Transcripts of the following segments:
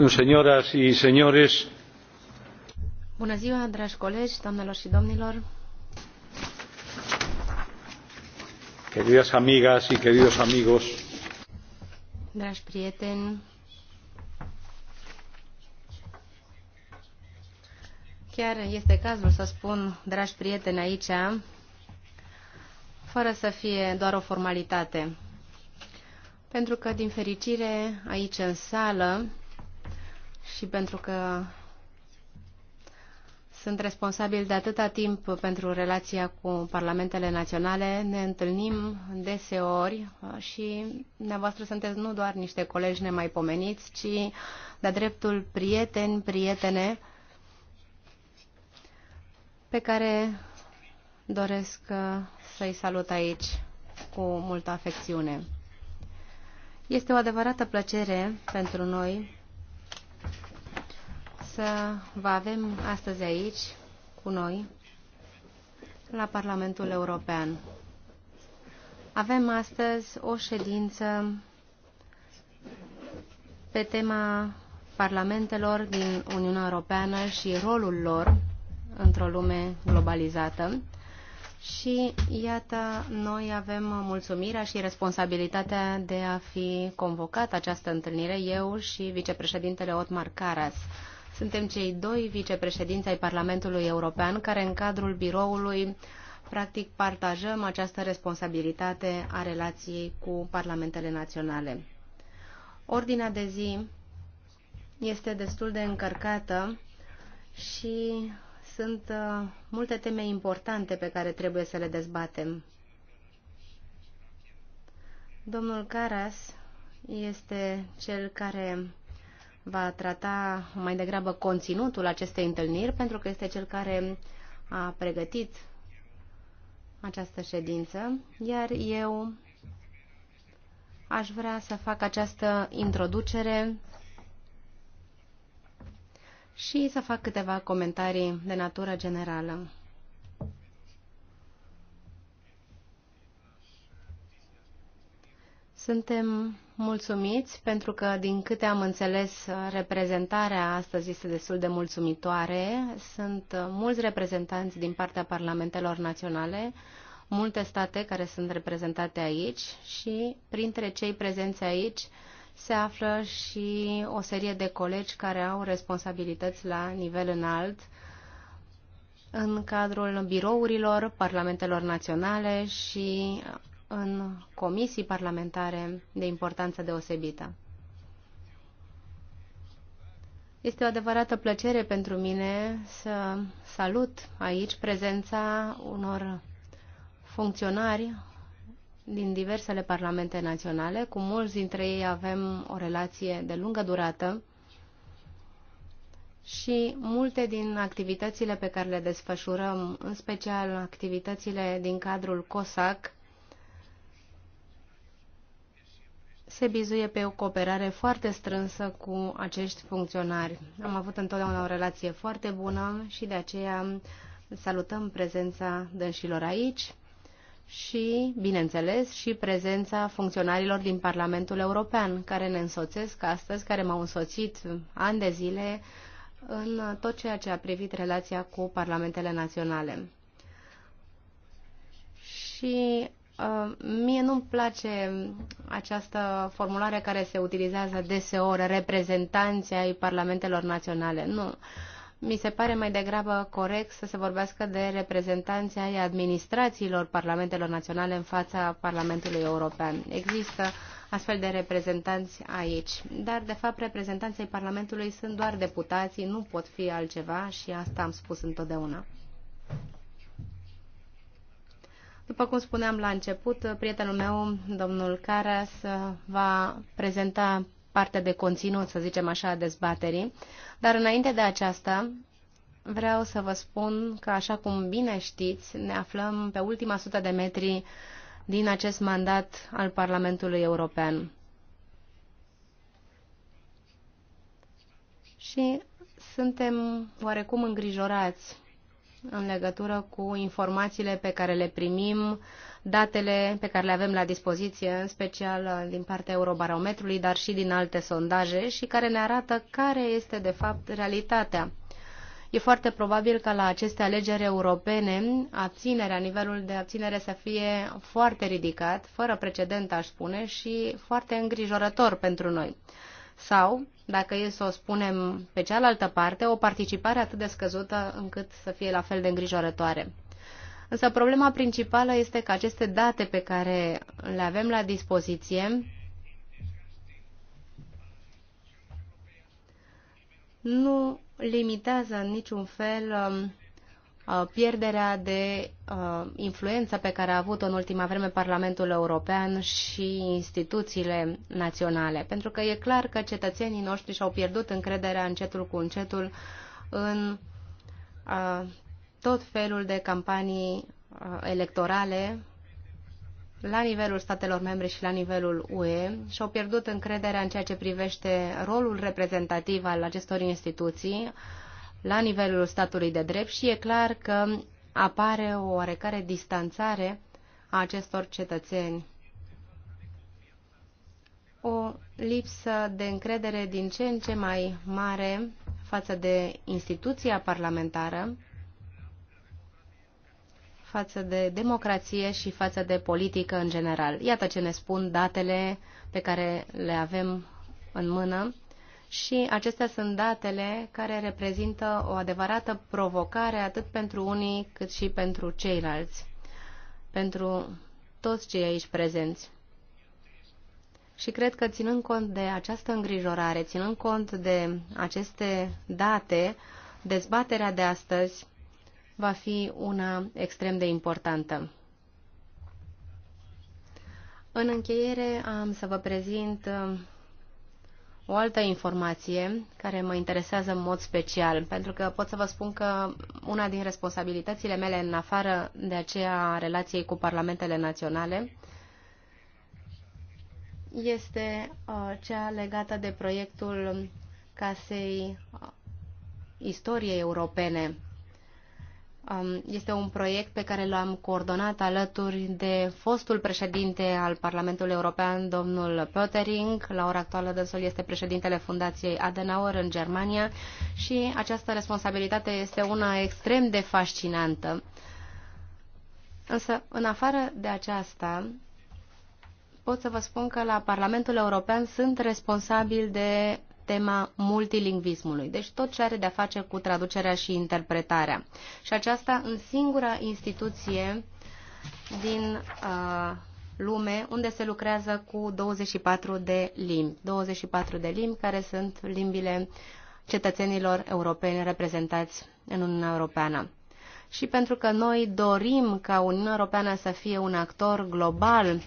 Bună ziua, dragi colegi, doamnelor și domnilor. Queridas amigas y queridos amigos. Dragi prieteni, chiar este cazul să spun, dragi prieteni, aici, fără să fie doar o formalitate. Pentru că, din fericire, aici în sală și pentru că sunt responsabil de atâta timp pentru relația cu parlamentele naționale. Ne întâlnim deseori și dumneavoastră sunteți nu doar niște colegi nemaipomeniți, ci de dreptul prieteni, prietene, pe care doresc să-i salut aici cu multă afecțiune. Este o adevărată plăcere pentru noi să vă avem astăzi aici, cu noi, la Parlamentul European. Avem astăzi o ședință pe tema parlamentelor din Uniunea Europeană și rolul lor într-o lume globalizată. Și iată, noi avem mulțumirea și responsabilitatea de a fi convocat această întâlnire, eu și vicepreședintele Otmar Caras. Suntem cei doi vicepreședinți ai Parlamentului European care în cadrul biroului practic partajăm această responsabilitate a relației cu parlamentele naționale. Ordinea de zi este destul de încărcată și sunt uh, multe teme importante pe care trebuie să le dezbatem. Domnul Caras este cel care va trata mai degrabă conținutul acestei întâlniri, pentru că este cel care a pregătit această ședință, iar eu aș vrea să fac această introducere și să fac câteva comentarii de natură generală. Suntem mulțumiți pentru că, din câte am înțeles, reprezentarea astăzi este destul de mulțumitoare. Sunt uh, mulți reprezentanți din partea parlamentelor naționale, multe state care sunt reprezentate aici și, printre cei prezenți aici, se află și o serie de colegi care au responsabilități la nivel înalt în cadrul birourilor parlamentelor naționale și în comisii parlamentare de importanță deosebită. Este o adevărată plăcere pentru mine să salut aici prezența unor funcționari din diversele parlamente naționale. Cu mulți dintre ei avem o relație de lungă durată și multe din activitățile pe care le desfășurăm, în special activitățile din cadrul COSAC, se bizuie pe o cooperare foarte strânsă cu acești funcționari. Am avut întotdeauna o relație foarte bună și de aceea salutăm prezența dânșilor aici și, bineînțeles, și prezența funcționarilor din Parlamentul European, care ne însoțesc astăzi, care m-au însoțit ani de zile în tot ceea ce a privit relația cu parlamentele naționale. Și Uh, mie nu-mi place această formulare care se utilizează deseori, reprezentanții ai parlamentelor naționale. Nu. Mi se pare mai degrabă corect să se vorbească de reprezentanții ai administrațiilor parlamentelor naționale în fața Parlamentului European. Există astfel de reprezentanți aici, dar de fapt reprezentanții Parlamentului sunt doar deputații, nu pot fi altceva și asta am spus întotdeauna. După cum spuneam la început, prietenul meu, domnul Caras, va prezenta partea de conținut, să zicem așa, a dezbaterii. Dar înainte de aceasta, vreau să vă spun că, așa cum bine știți, ne aflăm pe ultima sută de metri din acest mandat al Parlamentului European. Și suntem oarecum îngrijorați în legătură cu informațiile pe care le primim, datele pe care le avem la dispoziție, în special din partea Eurobarometrului, dar și din alte sondaje și care ne arată care este de fapt realitatea. E foarte probabil ca la aceste alegeri europene abținerea, nivelul de abținere să fie foarte ridicat, fără precedent, aș spune, și foarte îngrijorător pentru noi. Sau dacă e să o spunem pe cealaltă parte, o participare atât de scăzută încât să fie la fel de îngrijorătoare. Însă problema principală este că aceste date pe care le avem la dispoziție nu limitează în niciun fel um, Uh, pierderea de uh, influență pe care a avut-o în ultima vreme Parlamentul European și instituțiile naționale. Pentru că e clar că cetățenii noștri și-au pierdut încrederea încetul cu încetul în uh, tot felul de campanii electorale la nivelul statelor membre și la nivelul UE și-au pierdut încrederea în ceea ce privește rolul reprezentativ al acestor instituții, la nivelul statului de drept și e clar că apare o oarecare distanțare a acestor cetățeni. O lipsă de încredere din ce în ce mai mare față de instituția parlamentară, față de democrație și față de politică în general. Iată ce ne spun datele pe care le avem în mână și acestea sunt datele care reprezintă o adevărată provocare atât pentru unii cât și pentru ceilalți, pentru toți cei aici prezenți. Și cred că ținând cont de această îngrijorare, ținând cont de aceste date, dezbaterea de astăzi va fi una extrem de importantă. În încheiere am să vă prezint o altă informație care mă interesează în mod special, pentru că pot să vă spun că una din responsabilitățile mele, în afară de aceea relației cu parlamentele naționale, este uh, cea legată de proiectul Casei uh, Istoriei Europene, Um, este un proiect pe care l-am coordonat alături de fostul președinte al Parlamentului European, domnul Pöttering. La ora actuală dânsul este președintele Fundației Adenauer în Germania și această responsabilitate este una extrem de fascinantă. Însă, în afară de aceasta, pot să vă spun că la Parlamentul European sunt responsabil de tema multilingvismului, deci tot ce are de-a face cu traducerea și interpretarea. Și aceasta în singura instituție din uh, lume unde se lucrează cu 24 de limbi, 24 de limbi care sunt limbile cetățenilor europeni reprezentați în Uniunea Europeană. Și pentru că noi dorim ca Uniunea Europeană să fie un actor global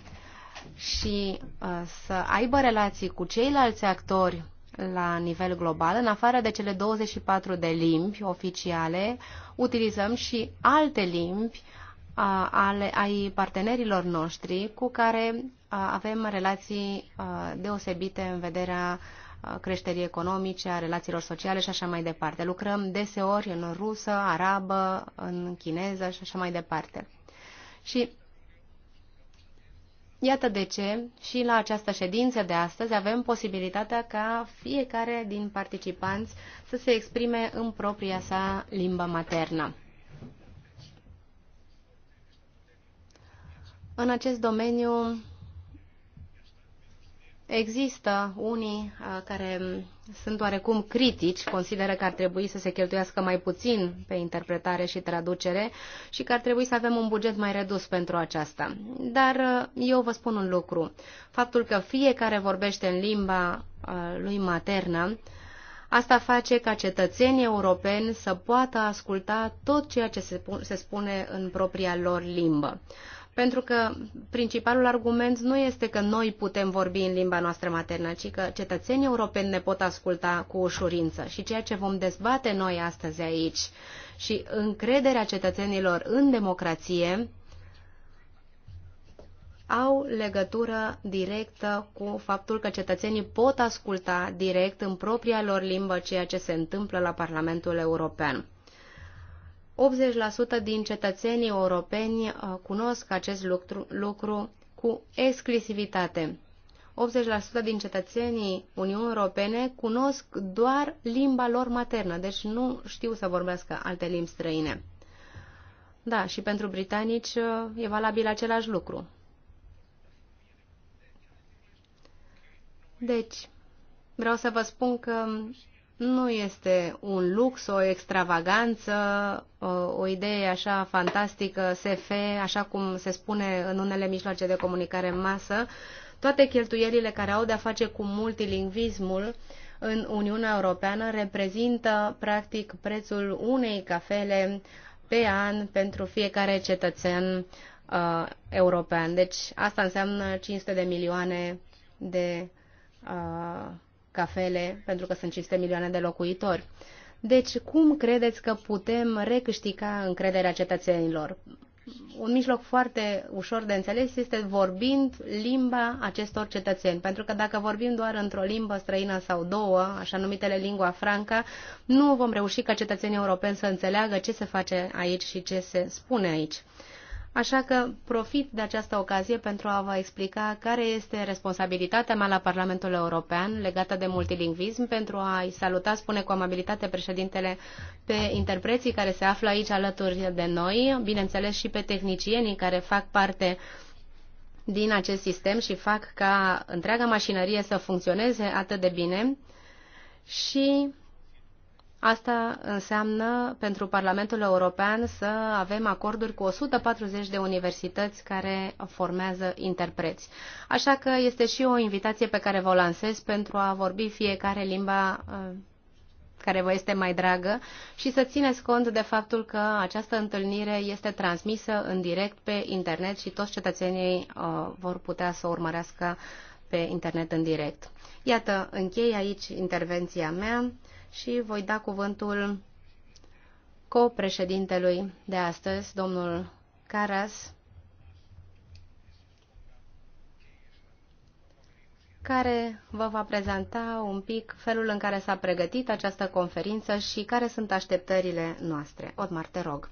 și uh, să aibă relații cu ceilalți actori la nivel global, în afară de cele 24 de limbi oficiale, utilizăm și alte limbi a, ale, ai partenerilor noștri cu care a, avem relații a, deosebite în vederea creșterii economice, a relațiilor sociale și așa mai departe. Lucrăm deseori în rusă, arabă, în chineză și așa mai departe. Și Iată de ce și la această ședință de astăzi avem posibilitatea ca fiecare din participanți să se exprime în propria sa limbă maternă. În acest domeniu există unii uh, care sunt oarecum critici, consideră că ar trebui să se cheltuiască mai puțin pe interpretare și traducere și că ar trebui să avem un buget mai redus pentru aceasta. Dar uh, eu vă spun un lucru. Faptul că fiecare vorbește în limba uh, lui maternă, asta face ca cetățenii europeni să poată asculta tot ceea ce se spune în propria lor limbă. Pentru că principalul argument nu este că noi putem vorbi în limba noastră maternă, ci că cetățenii europeni ne pot asculta cu ușurință. Și ceea ce vom dezbate noi astăzi aici și încrederea cetățenilor în democrație au legătură directă cu faptul că cetățenii pot asculta direct în propria lor limbă ceea ce se întâmplă la Parlamentul European. 80% din cetățenii europeni uh, cunosc acest lucru, lucru cu exclusivitate. 80% din cetățenii Uniunii Europene cunosc doar limba lor maternă, deci nu știu să vorbească alte limbi străine. Da, și pentru britanici uh, e valabil același lucru. Deci, vreau să vă spun că nu este un lux, o extravaganță, o idee așa fantastică, SF, așa cum se spune în unele mijloace de comunicare în masă, toate cheltuielile care au de-a face cu multilingvismul în Uniunea Europeană reprezintă practic prețul unei cafele pe an pentru fiecare cetățean uh, european. Deci asta înseamnă 500 de milioane de uh, cafele, pentru că sunt 500 milioane de locuitori. Deci, cum credeți că putem recâștiga încrederea cetățenilor? Un mijloc foarte ușor de înțeles este vorbind limba acestor cetățeni, pentru că dacă vorbim doar într-o limbă străină sau două, așa numitele lingua franca, nu vom reuși ca cetățenii europeni să înțeleagă ce se face aici și ce se spune aici. Așa că profit de această ocazie pentru a vă explica care este responsabilitatea mea la Parlamentul European legată de multilingvism pentru a-i saluta, spune cu amabilitate președintele, pe interpreții care se află aici alături de noi, bineînțeles și pe tehnicienii care fac parte din acest sistem și fac ca întreaga mașinărie să funcționeze atât de bine și Asta înseamnă pentru Parlamentul European să avem acorduri cu 140 de universități care formează interpreți. Așa că este și o invitație pe care vă lansez pentru a vorbi fiecare limba uh, care vă este mai dragă și să țineți cont de faptul că această întâlnire este transmisă în direct pe internet și toți cetățenii uh, vor putea să o urmărească pe internet în direct. Iată, închei aici intervenția mea și voi da cuvântul copreședintelui de astăzi, domnul Caras, care vă va prezenta un pic felul în care s-a pregătit această conferință și care sunt așteptările noastre. Otmar, te rog.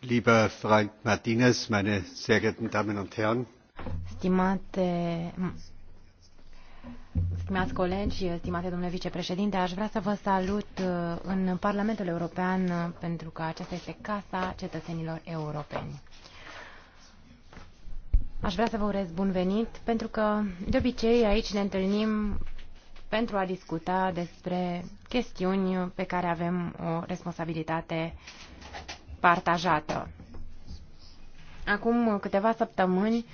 Lieber Frank Martinez, meine sehr geehrten Damen und Herren, Stimate Stimați colegi, stimate domnule vicepreședinte, aș vrea să vă salut uh, în Parlamentul European uh, pentru că aceasta este casa cetățenilor europeni. Aș vrea să vă urez bun venit pentru că de obicei aici ne întâlnim pentru a discuta despre chestiuni pe care avem o responsabilitate partajată. Acum câteva săptămâni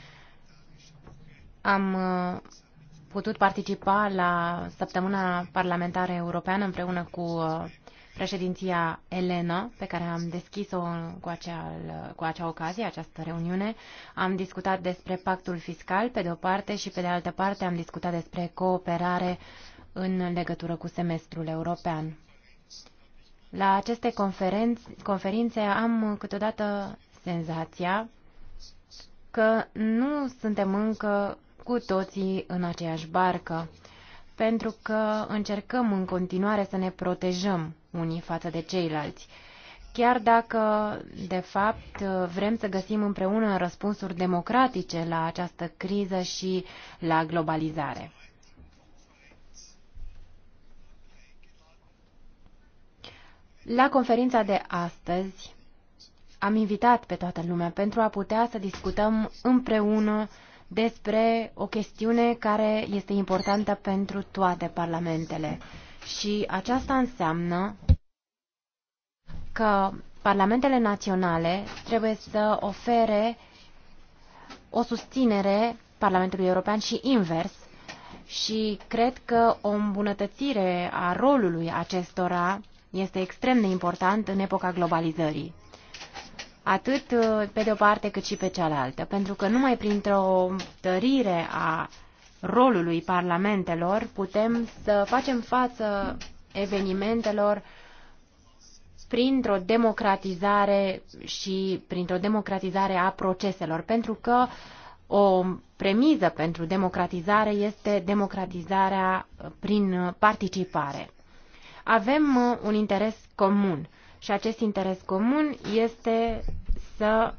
am uh, putut participa la săptămâna parlamentară europeană împreună cu uh, președinția Elena, pe care am deschis-o cu, acea cu acea ocazie, această reuniune. Am discutat despre pactul fiscal, pe de o parte, și pe de altă parte am discutat despre cooperare în legătură cu semestrul european. La aceste conferințe am câteodată senzația că nu suntem încă cu toții în aceeași barcă, pentru că încercăm în continuare să ne protejăm unii față de ceilalți. Chiar dacă, de fapt, vrem să găsim împreună răspunsuri democratice la această criză și la globalizare. La conferința de astăzi am invitat pe toată lumea pentru a putea să discutăm împreună despre o chestiune care este importantă pentru toate parlamentele. Și aceasta înseamnă că parlamentele naționale trebuie să ofere o susținere Parlamentului European și invers. Și cred că o îmbunătățire a rolului acestora este extrem de important în epoca globalizării atât uh, pe de o parte cât și pe cealaltă, pentru că numai printr-o tărire a rolului parlamentelor putem să facem față evenimentelor printr-o democratizare și printr-o democratizare a proceselor, pentru că o premiză pentru democratizare este democratizarea prin participare. Avem uh, un interes comun și acest interes comun este să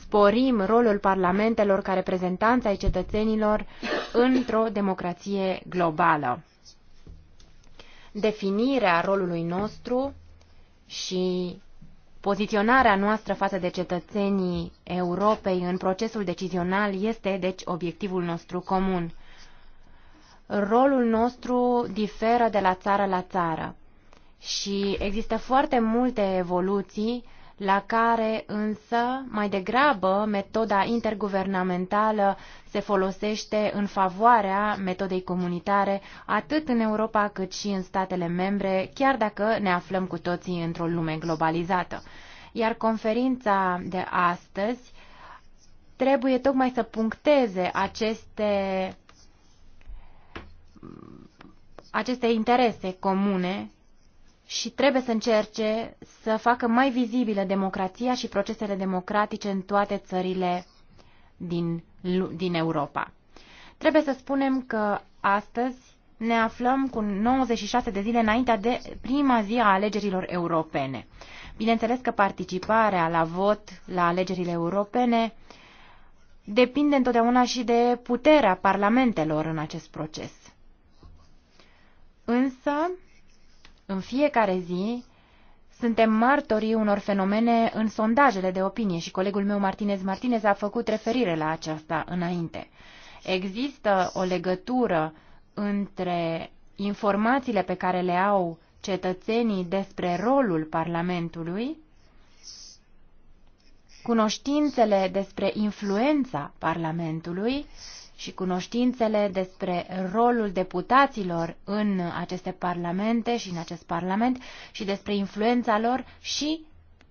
sporim rolul parlamentelor ca reprezentanți ai cetățenilor într-o democrație globală. Definirea rolului nostru și Poziționarea noastră față de cetățenii Europei în procesul decizional este, deci, obiectivul nostru comun. Rolul nostru diferă de la țară la țară. Și există foarte multe evoluții la care însă mai degrabă metoda interguvernamentală se folosește în favoarea metodei comunitare atât în Europa cât și în statele membre, chiar dacă ne aflăm cu toții într-o lume globalizată. Iar conferința de astăzi trebuie tocmai să puncteze aceste aceste interese comune și trebuie să încerce să facă mai vizibilă democrația și procesele democratice în toate țările din, din Europa. Trebuie să spunem că astăzi ne aflăm cu 96 de zile înaintea de prima zi a alegerilor europene. Bineînțeles că participarea la vot la alegerile europene depinde întotdeauna și de puterea parlamentelor în acest proces. Însă, în fiecare zi suntem martorii unor fenomene în sondajele de opinie și colegul meu Martinez Martinez a făcut referire la aceasta înainte. Există o legătură între informațiile pe care le au cetățenii despre rolul Parlamentului, cunoștințele despre influența Parlamentului și cunoștințele despre rolul deputaților în aceste parlamente și în acest parlament și despre influența lor și,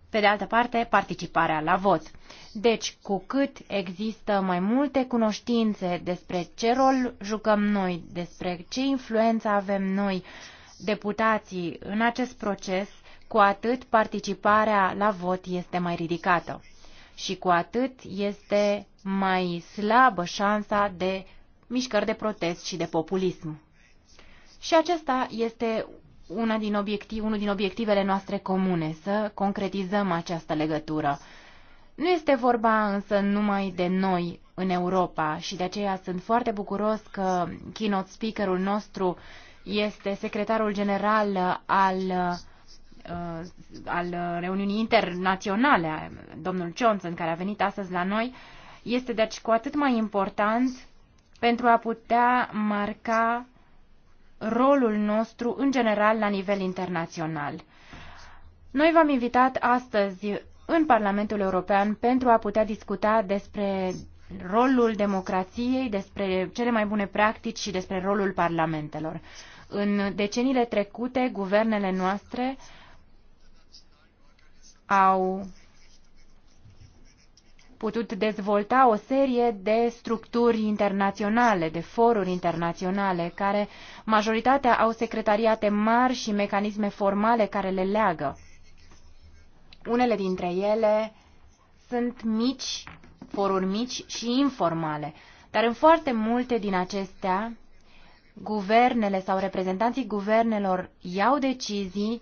pe de altă parte, participarea la vot. Deci, cu cât există mai multe cunoștințe despre ce rol jucăm noi, despre ce influență avem noi, deputații în acest proces, cu atât participarea la vot este mai ridicată și cu atât este mai slabă șansa de mișcări de protest și de populism. Și acesta este una din obiectiv, unul din obiectivele noastre comune, să concretizăm această legătură. Nu este vorba însă numai de noi în Europa și de aceea sunt foarte bucuros că keynote speakerul nostru este secretarul general al Uh, al reuniunii internaționale, domnul Johnson, care a venit astăzi la noi, este deci cu atât mai important pentru a putea marca rolul nostru în general la nivel internațional. Noi v-am invitat astăzi în Parlamentul European pentru a putea discuta despre rolul democrației, despre cele mai bune practici și despre rolul parlamentelor. În deceniile trecute, guvernele noastre au putut dezvolta o serie de structuri internaționale, de foruri internaționale, care majoritatea au secretariate mari și mecanisme formale care le leagă. Unele dintre ele sunt mici, foruri mici și informale, dar în foarte multe din acestea, guvernele sau reprezentanții guvernelor iau decizii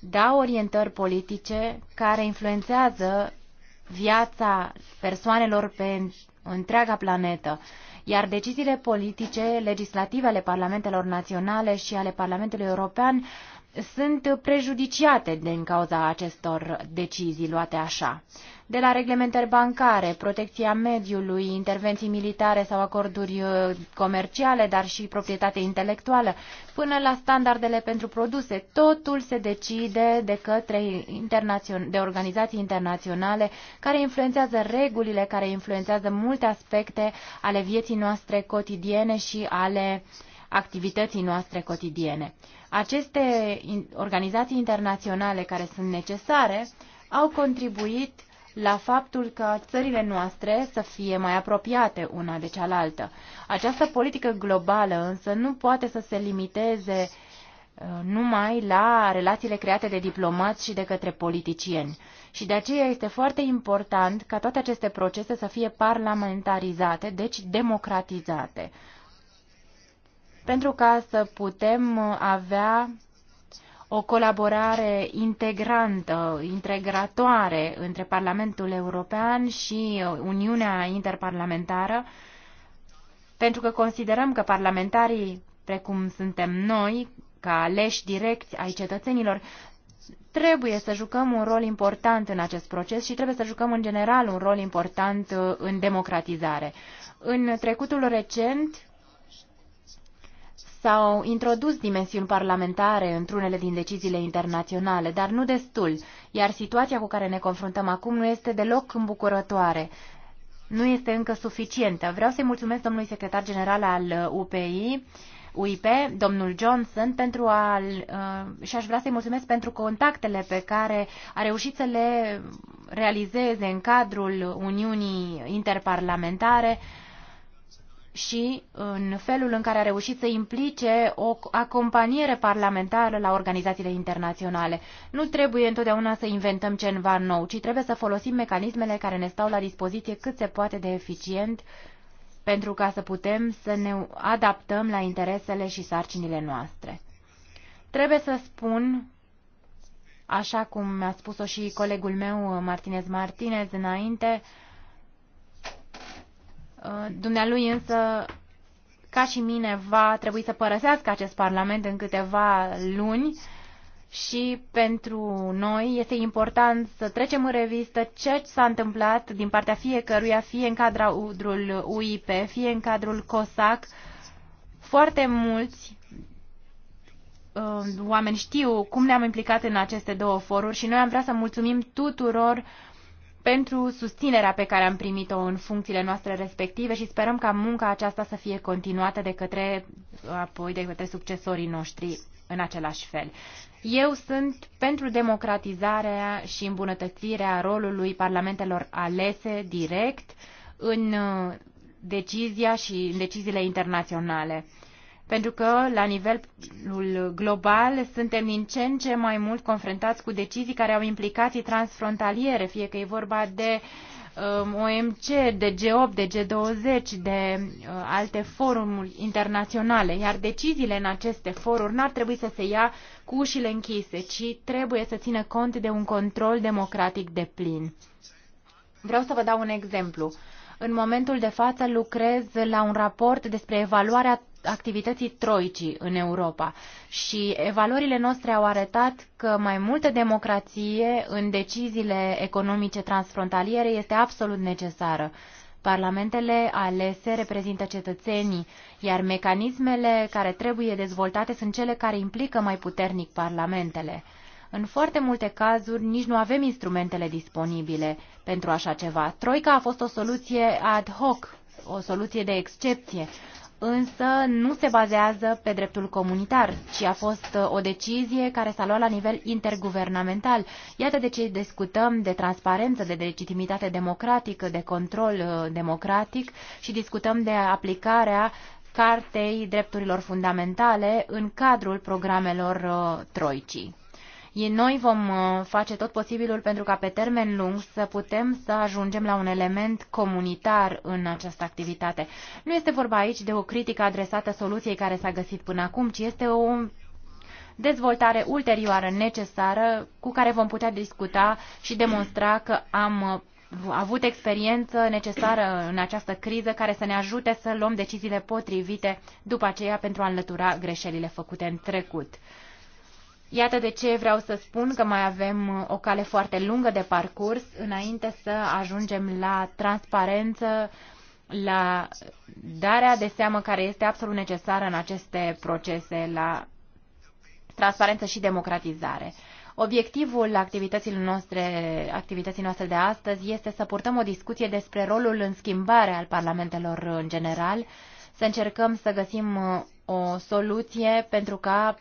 da orientări politice care influențează viața persoanelor pe întreaga planetă, iar deciziile politice, legislative ale parlamentelor naționale și ale Parlamentului European sunt prejudiciate din cauza acestor decizii luate așa. De la reglementări bancare, protecția mediului, intervenții militare sau acorduri uh, comerciale, dar și proprietate intelectuală, până la standardele pentru produse, totul se decide de către de organizații internaționale care influențează regulile, care influențează multe aspecte ale vieții noastre cotidiene și ale uh, activității noastre cotidiene. Aceste organizații internaționale care sunt necesare au contribuit la faptul că țările noastre să fie mai apropiate una de cealaltă. Această politică globală însă nu poate să se limiteze uh, numai la relațiile create de diplomați și de către politicieni. Și de aceea este foarte important ca toate aceste procese să fie parlamentarizate, deci democratizate pentru ca să putem avea o colaborare integrantă, integratoare între Parlamentul European și Uniunea Interparlamentară, pentru că considerăm că parlamentarii, precum suntem noi, ca aleși direcți ai cetățenilor, trebuie să jucăm un rol important în acest proces și trebuie să jucăm în general un rol important în democratizare. În trecutul recent, S-au introdus dimensiuni parlamentare într-unele din deciziile internaționale, dar nu destul, iar situația cu care ne confruntăm acum nu este deloc îmbucurătoare. Nu este încă suficientă. Vreau să-i mulțumesc domnului secretar general al UPI, uh, UIP, domnul Johnson, pentru a uh, și aș vrea să-i mulțumesc pentru contactele pe care a reușit să le realizeze în cadrul Uniunii Interparlamentare și în felul în care a reușit să implice o acompaniere parlamentară la organizațiile internaționale. Nu trebuie întotdeauna să inventăm ceva nou, ci trebuie să folosim mecanismele care ne stau la dispoziție cât se poate de eficient pentru ca să putem să ne adaptăm la interesele și sarcinile noastre. Trebuie să spun, așa cum mi-a spus-o și colegul meu Martinez Martinez înainte, Uh, dumnealui însă, ca și mine, va trebui să părăsească acest Parlament în câteva luni și pentru noi este important să trecem în revistă ce s-a întâmplat din partea fiecăruia, fie în cadrul UIP, fie în cadrul COSAC. Foarte mulți uh, oameni știu cum ne-am implicat în aceste două foruri și noi am vrea să mulțumim tuturor uh, pentru susținerea pe care am primit-o în funcțiile noastre respective și sperăm ca munca aceasta să fie continuată de către, apoi de către succesorii noștri în același fel. Eu sunt pentru democratizarea și îmbunătățirea rolului parlamentelor alese direct în uh, decizia și în deciziile internaționale pentru că la nivelul global suntem din ce în ce mai mult confruntați cu decizii care au implicații transfrontaliere, fie că e vorba de um, OMC, de G8, de G20, de uh, alte forumuri internaționale, iar deciziile în aceste foruri n-ar trebui să se ia cu ușile închise, ci trebuie să țină cont de un control democratic de plin. Vreau să vă dau un exemplu. În momentul de față lucrez la un raport despre evaluarea activității troicii în Europa și evaluările noastre au arătat că mai multă democrație în deciziile economice transfrontaliere este absolut necesară. Parlamentele alese reprezintă cetățenii, iar mecanismele care trebuie dezvoltate sunt cele care implică mai puternic parlamentele. În foarte multe cazuri nici nu avem instrumentele disponibile pentru așa ceva. Troica a fost o soluție ad hoc, o soluție de excepție, însă nu se bazează pe dreptul comunitar, ci a fost uh, o decizie care s-a luat la nivel interguvernamental. Iată de ce discutăm de transparență, de legitimitate democratică, de control uh, democratic și discutăm de aplicarea Cartei Drepturilor Fundamentale în cadrul programelor uh, Troicii. Noi vom uh, face tot posibilul pentru ca pe termen lung să putem să ajungem la un element comunitar în această activitate. Nu este vorba aici de o critică adresată soluției care s-a găsit până acum, ci este o dezvoltare ulterioară necesară cu care vom putea discuta și demonstra că am uh, avut experiență necesară în această criză care să ne ajute să luăm deciziile potrivite după aceea pentru a înlătura greșelile făcute în trecut. Iată de ce vreau să spun că mai avem uh, o cale foarte lungă de parcurs înainte să ajungem la transparență, la darea de seamă care este absolut necesară în aceste procese, la transparență și democratizare. Obiectivul activităților noastre, activității noastre de astăzi este să purtăm o discuție despre rolul în schimbare al parlamentelor în general, să încercăm să găsim uh, o soluție pentru ca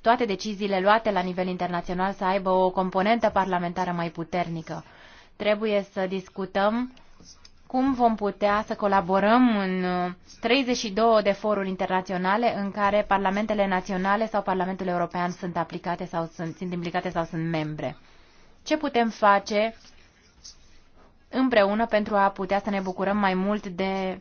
toate deciziile luate la nivel internațional să aibă o componentă parlamentară mai puternică. Trebuie să discutăm cum vom putea să colaborăm în 32 uh, de foruri internaționale în care parlamentele naționale sau Parlamentul European sunt aplicate sau sunt, sunt implicate sau sunt membre. Ce putem face împreună pentru a putea să ne bucurăm mai mult de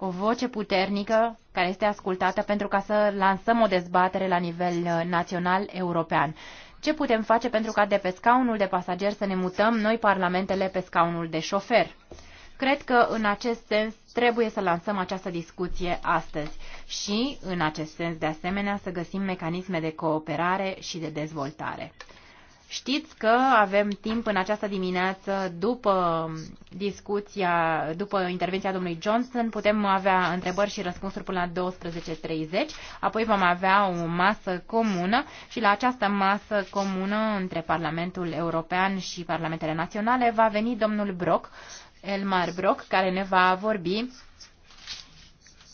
o voce puternică care este ascultată pentru ca să lansăm o dezbatere la nivel uh, național european. Ce putem face pentru ca de pe scaunul de pasager să ne mutăm noi parlamentele pe scaunul de șofer? Cred că în acest sens trebuie să lansăm această discuție astăzi și, în acest sens de asemenea, să găsim mecanisme de cooperare și de dezvoltare. Știți că avem timp în această dimineață, după discuția, după intervenția domnului Johnson, putem avea întrebări și răspunsuri până la 12.30, apoi vom avea o masă comună și la această masă comună între Parlamentul European și Parlamentele Naționale va veni domnul Brock, Elmar Brock, care ne va vorbi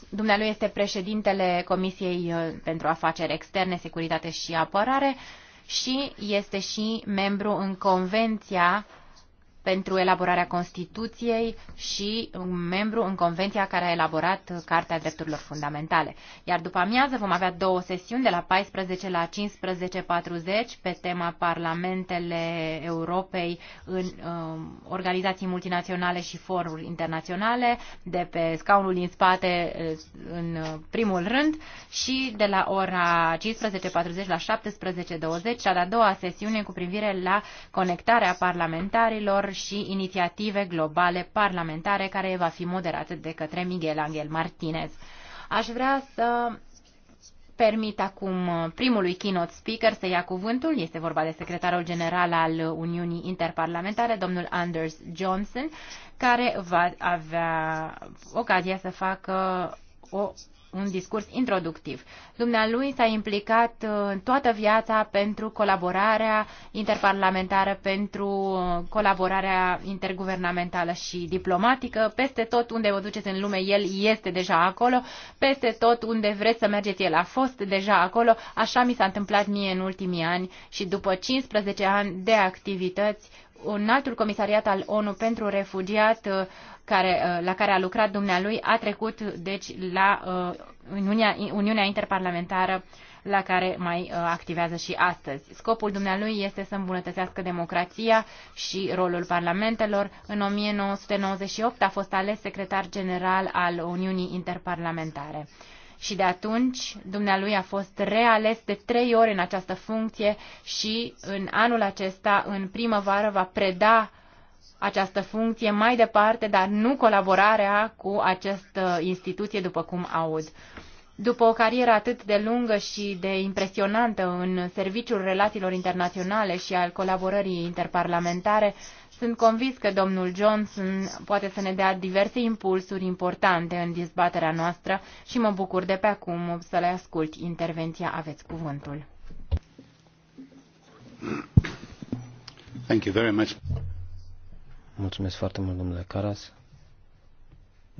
Dumnealui este președintele Comisiei uh, pentru Afaceri Externe, Securitate și Apărare și este și membru în Convenția pentru elaborarea Constituției și un membru în convenția care a elaborat Cartea Drepturilor Fundamentale. Iar după amiază vom avea două sesiuni de la 14 la 15.40 pe tema Parlamentele Europei în um, organizații multinaționale și foruri internaționale, de pe scaunul din spate uh, în uh, primul rând și de la ora 15.40 la 17.20 cea de-a doua sesiune cu privire la conectarea parlamentarilor și inițiative globale parlamentare care va fi moderată de către Miguel Angel Martinez. Aș vrea să permit acum primului keynote speaker să ia cuvântul. Este vorba de secretarul general al Uniunii Interparlamentare, domnul Anders Johnson, care va avea ocazia să facă o un discurs introductiv. Dumnealui s-a implicat în uh, toată viața pentru colaborarea interparlamentară, pentru uh, colaborarea interguvernamentală și diplomatică. Peste tot unde vă duceți în lume, el este deja acolo. Peste tot unde vreți să mergeți, el a fost deja acolo. Așa mi s-a întâmplat mie în ultimii ani și după 15 ani de activități un altul comisariat al ONU pentru refugiat uh, care, uh, la care a lucrat dumnealui a trecut deci la uh, Uniunea, Uniunea Interparlamentară la care mai activează și astăzi. Scopul dumnealui este să îmbunătățească democrația și rolul parlamentelor. În 1998 a fost ales secretar general al Uniunii Interparlamentare și de atunci dumnealui a fost reales de trei ori în această funcție și în anul acesta, în primăvară, va preda această funcție mai departe, dar nu colaborarea cu această instituție, după cum aud. După o carieră atât de lungă și de impresionantă în serviciul relațiilor internaționale și al colaborării interparlamentare, sunt convins că domnul Johnson poate să ne dea diverse impulsuri importante în dezbaterea noastră și mă bucur de pe acum să le ascult intervenția. Aveți cuvântul. Thank you very much. Mulțumesc foarte mult, domnule Caras.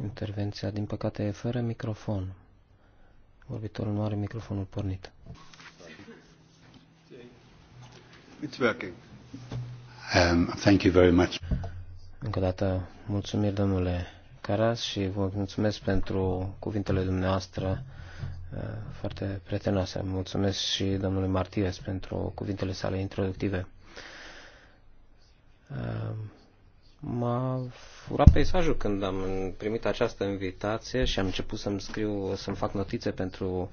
Intervenția, din păcate, e fără microfon. Vorbitorul nu are microfonul pornit. It's working. Um, thank you very much. Încă o dată, mulțumiri, domnule Caras, și vă mulțumesc pentru cuvintele dumneavoastră uh, foarte prietenoase. Mulțumesc și domnului Martires pentru cuvintele sale introductive. Um, m-a furat peisajul când am primit această invitație și am început să-mi scriu, să-mi fac notițe pentru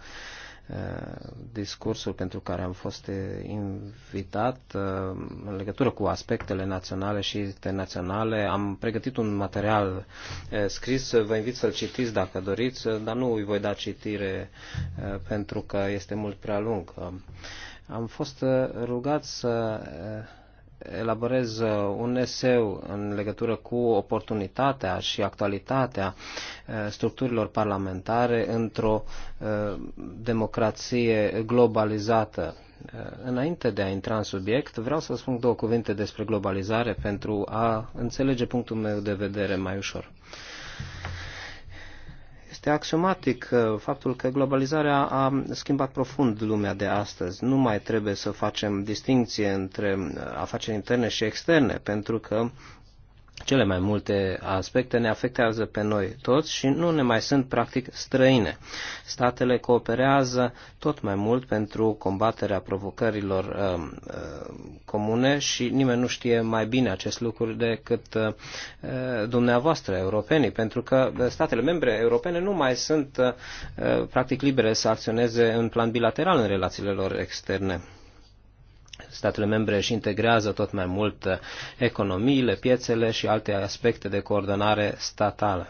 Uh, discursul pentru care am fost invitat uh, în legătură cu aspectele naționale și internaționale. Am pregătit un material uh, scris, vă invit să-l citiți dacă doriți, dar nu îi voi da citire pentru că este mult prea lung. Am fost rugat să elaborez uh, un eseu în legătură cu oportunitatea și actualitatea uh, structurilor parlamentare într-o uh, democrație globalizată. Înainte de a intra în subiect, vreau să spun două cuvinte despre globalizare pentru a înțelege punctul meu de vedere mai ușor. Este axiomatic uh, faptul că globalizarea a schimbat profund lumea de astăzi. Nu mai trebuie să facem distinție între uh, afaceri interne și externe, pentru că cele mai multe aspecte ne afectează pe noi toți și nu ne mai sunt practic străine. Statele cooperează tot mai mult pentru combaterea provocărilor uh, uh, comune și nimeni nu știe mai bine acest lucru decât uh, uh dumneavoastră, europenii, pentru că statele membre europene nu mai sunt uh, uh, practic libere să acționeze în plan bilateral în relațiile lor externe statele membre își integrează tot mai mult uh, economiile, piețele și alte aspecte de coordonare statală.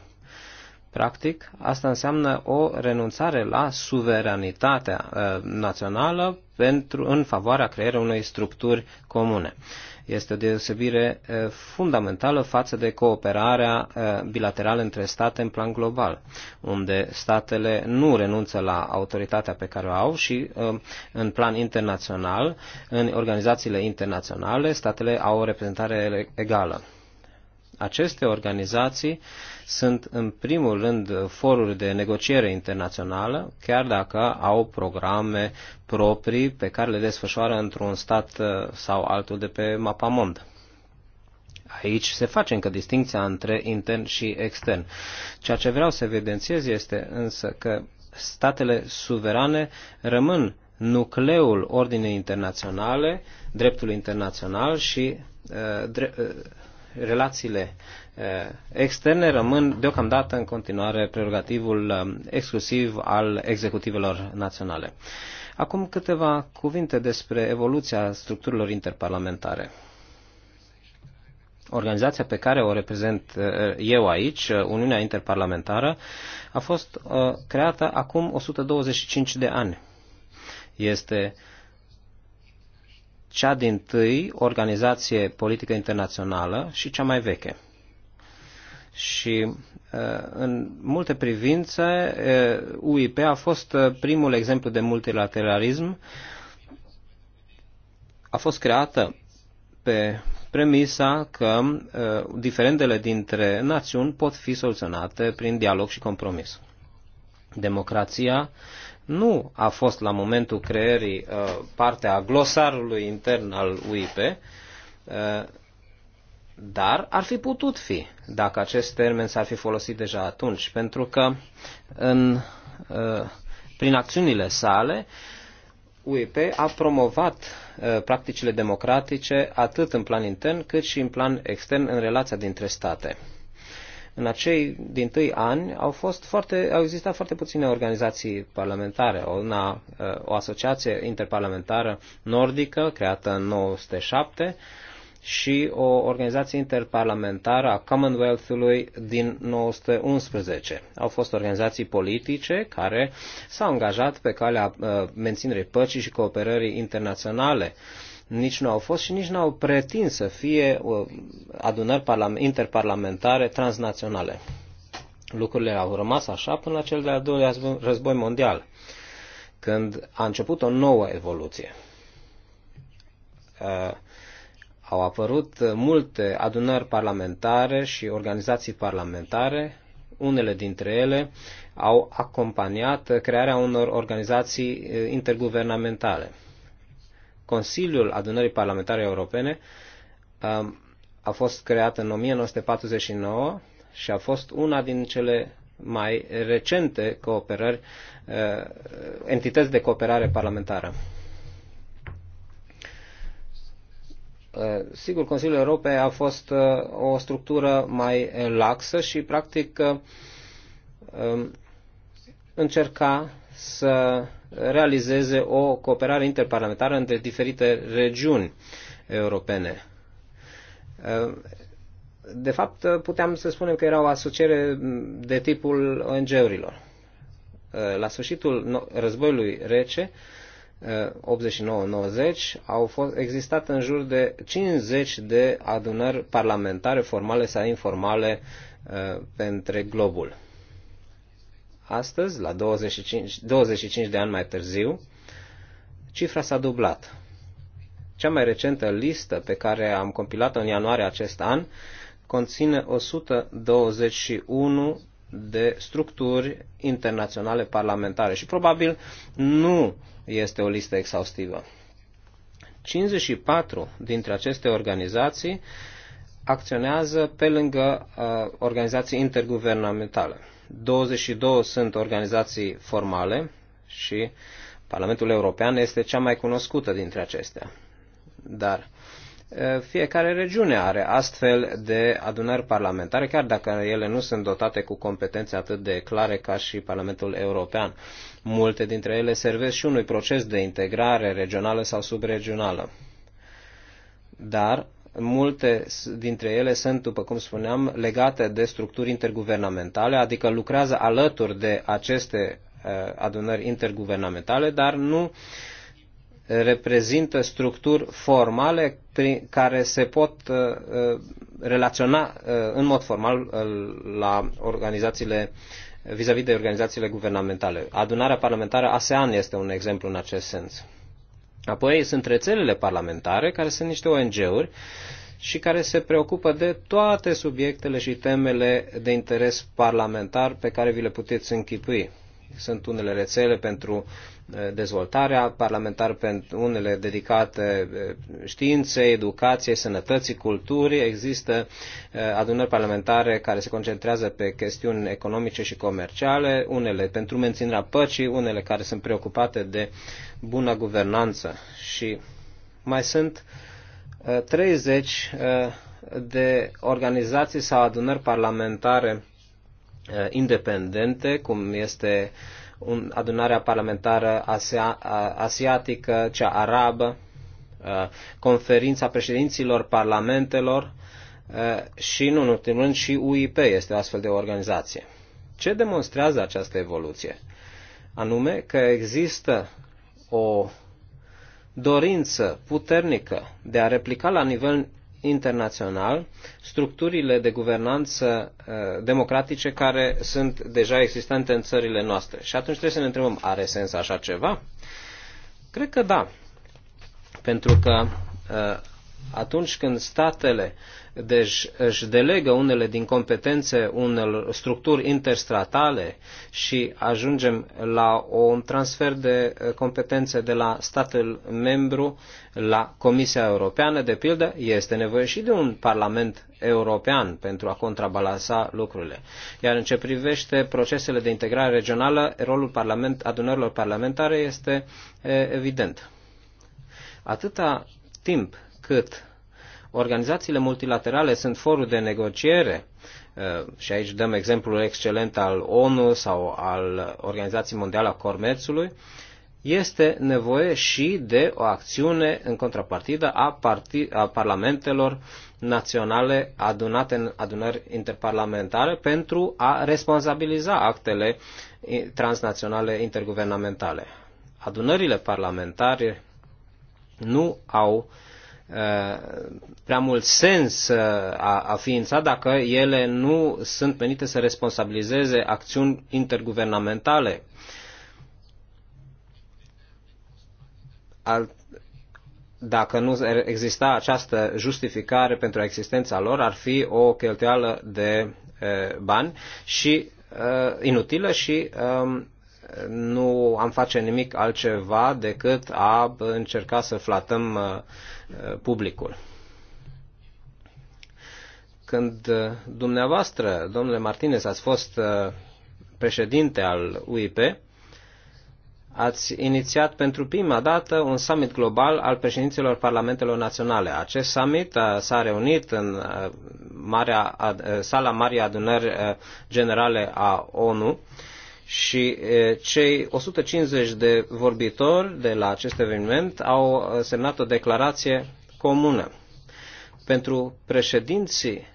Practic, asta înseamnă o renunțare la suveranitatea uh, națională pentru, în favoarea creierii unei structuri comune. Este o deosebire fundamentală față de cooperarea bilaterală între state în plan global, unde statele nu renunță la autoritatea pe care o au și în plan internațional, în organizațiile internaționale, statele au o reprezentare egală. Aceste organizații sunt în primul rând foruri de negociere internațională, chiar dacă au programe proprii pe care le desfășoară într-un stat uh, sau altul de pe mapamond. Aici se face încă distinția între intern și extern. Ceea ce vreau să evidențiez este însă că statele suverane rămân nucleul ordinei internaționale, dreptul internațional și uh, dre- uh, relațiile Eh, externe rămân deocamdată în continuare prerogativul eh, exclusiv al executivelor naționale. Acum câteva cuvinte despre evoluția structurilor interparlamentare. Organizația pe care o reprezent eh, eu aici, Uniunea Interparlamentară, a fost creată acum 125 de ani. Este cea din tâi organizație politică internațională și cea mai veche și uh, în multe privințe UIP uh, a fost uh, primul exemplu de multilateralism. A fost creată pe premisa că diferendele dintre națiuni pot fi soluționate prin dialog și compromis. Democrația nu a fost la momentul creierii partea glosarului intern al UIP, dar ar fi putut fi dacă acest termen s-ar fi folosit deja atunci, pentru că în, uh, prin acțiunile sale UIP a promovat uh, practicile democratice atât în plan intern cât și în plan extern în relația dintre state. În acei din tâi ani au, fost foarte, au existat foarte puține organizații parlamentare. Una, uh, o asociație interparlamentară nordică creată în 1907 și o organizație interparlamentară a Commonwealth-ului din 1911. Au fost organizații politice care s-au angajat pe calea uh, menținerii păcii și cooperării internaționale. Nici nu au fost și nici nu au pretins să fie uh, adunări interparlamentare transnaționale. Lucrurile au rămas așa până la cel de-al doilea război mondial, când a început o nouă evoluție. Uh, au apărut multe adunări parlamentare și organizații parlamentare, unele dintre ele au acompaniat crearea unor organizații eh, interguvernamentale. Consiliul Adunării Parlamentare Europene ehm, a fost creat în 1949 și a fost una din cele mai recente cooperări, eh, entități de cooperare parlamentară. Eh, sigur, Consiliul Europei a fost eh, o structură mai laxă și, practic, eh, încerca să realizeze o cooperare interparlamentară între diferite regiuni europene. De fapt, puteam să spunem că era o asociere de tipul ONG-urilor. La sfârșitul războiului rece, 89-90 au fost, existat în jur de 50 de adunări parlamentare formale sau informale uh, pe întreg globul. Astăzi, la 25, 25 de ani mai târziu, cifra s-a dublat. Cea mai recentă listă pe care am compilat-o în ianuarie acest an conține 121 de structuri internaționale parlamentare și probabil nu este o listă exhaustivă. 54 dintre aceste organizații acționează pe lângă uh, organizații interguvernamentale. 22 sunt organizații formale și Parlamentul European este cea mai cunoscută dintre acestea. Dar fiecare regiune are astfel de adunări parlamentare, chiar dacă ele nu sunt dotate cu competențe atât de clare ca și Parlamentul European. Multe dintre ele servesc și unui proces de integrare regională sau subregională. Dar multe dintre ele sunt, după cum spuneam, legate de structuri interguvernamentale, adică lucrează alături de aceste adunări interguvernamentale, dar nu uh, reprezintă structuri formale prin care se pot uh, uh, relaționa uh, în mod formal la organizațiile vis-a-vis -vis de organizațiile guvernamentale. Adunarea parlamentară ASEAN este un exemplu în acest sens. Apoi sunt rețelele parlamentare, care sunt niște ONG-uri și care se preocupă de toate subiectele și temele de interes parlamentar pe care vi le puteți închipui. Sunt unele rețele pentru dezvoltarea, parlamentară, pentru unele dedicate eh, științei, educației, sănătății, culturii. Există eh, adunări parlamentare care se concentrează pe chestiuni economice și comerciale, unele pentru menținerea păcii, unele care sunt preocupate de bună guvernanță. Și mai sunt 30 eh, de organizații sau adunări parlamentare independente, cum este uh, adunarea parlamentară asiatică, cea arabă, conferința președinților parlamentelor și, nu în ultimul rând, și UIP este o astfel de organizație. Ce demonstrează această evoluție? Anume că există o dorință puternică de a replica la nivel internațional structurile de guvernanță uh, democratice care sunt deja existente în țările noastre. Și atunci trebuie să ne întrebăm, are sens așa ceva? Cred că da. Pentru că uh, atunci când statele deci își delegă unele din competențe unele structuri interstatale și ajungem la un transfer de eh, competențe de la statul membru la Comisia Europeană, de pildă, este nevoie și de un Parlament european pentru a contrabalansa lucrurile. Iar în ce privește procesele de integrare regională, rolul parlament, adunărilor parlamentare este eh, evident. Atâta timp cât organizațiile multilaterale sunt forul de negociere, uh, și aici dăm exemplul excelent al ONU sau al Organizației Mondiale a Comerțului, este nevoie și de o acțiune în contrapartidă a, parti, a parlamentelor naționale adunate în adunări interparlamentare pentru a responsabiliza actele transnaționale interguvernamentale. Adunările parlamentare nu au uh, Uh, prea mult sens uh, a, a fi dacă ele nu sunt menite să responsabilizeze acțiuni interguvernamentale. Al, dacă nu exista această justificare pentru existența lor, ar fi o cheltuială de e, uh, bani și e, inutilă și e, um, nu am face nimic altceva decât a încerca să flatăm uh, publicul. Când uh, dumneavoastră, domnule Martinez, ați fost uh, președinte al UIP, ați inițiat pentru prima dată un summit global al președinților parlamentelor naționale. Acest summit s-a reunit în Marea, sala Marii Adunări Generale a ONU și cei 150 de vorbitori de la acest eveniment au semnat o declarație comună. Pentru președinții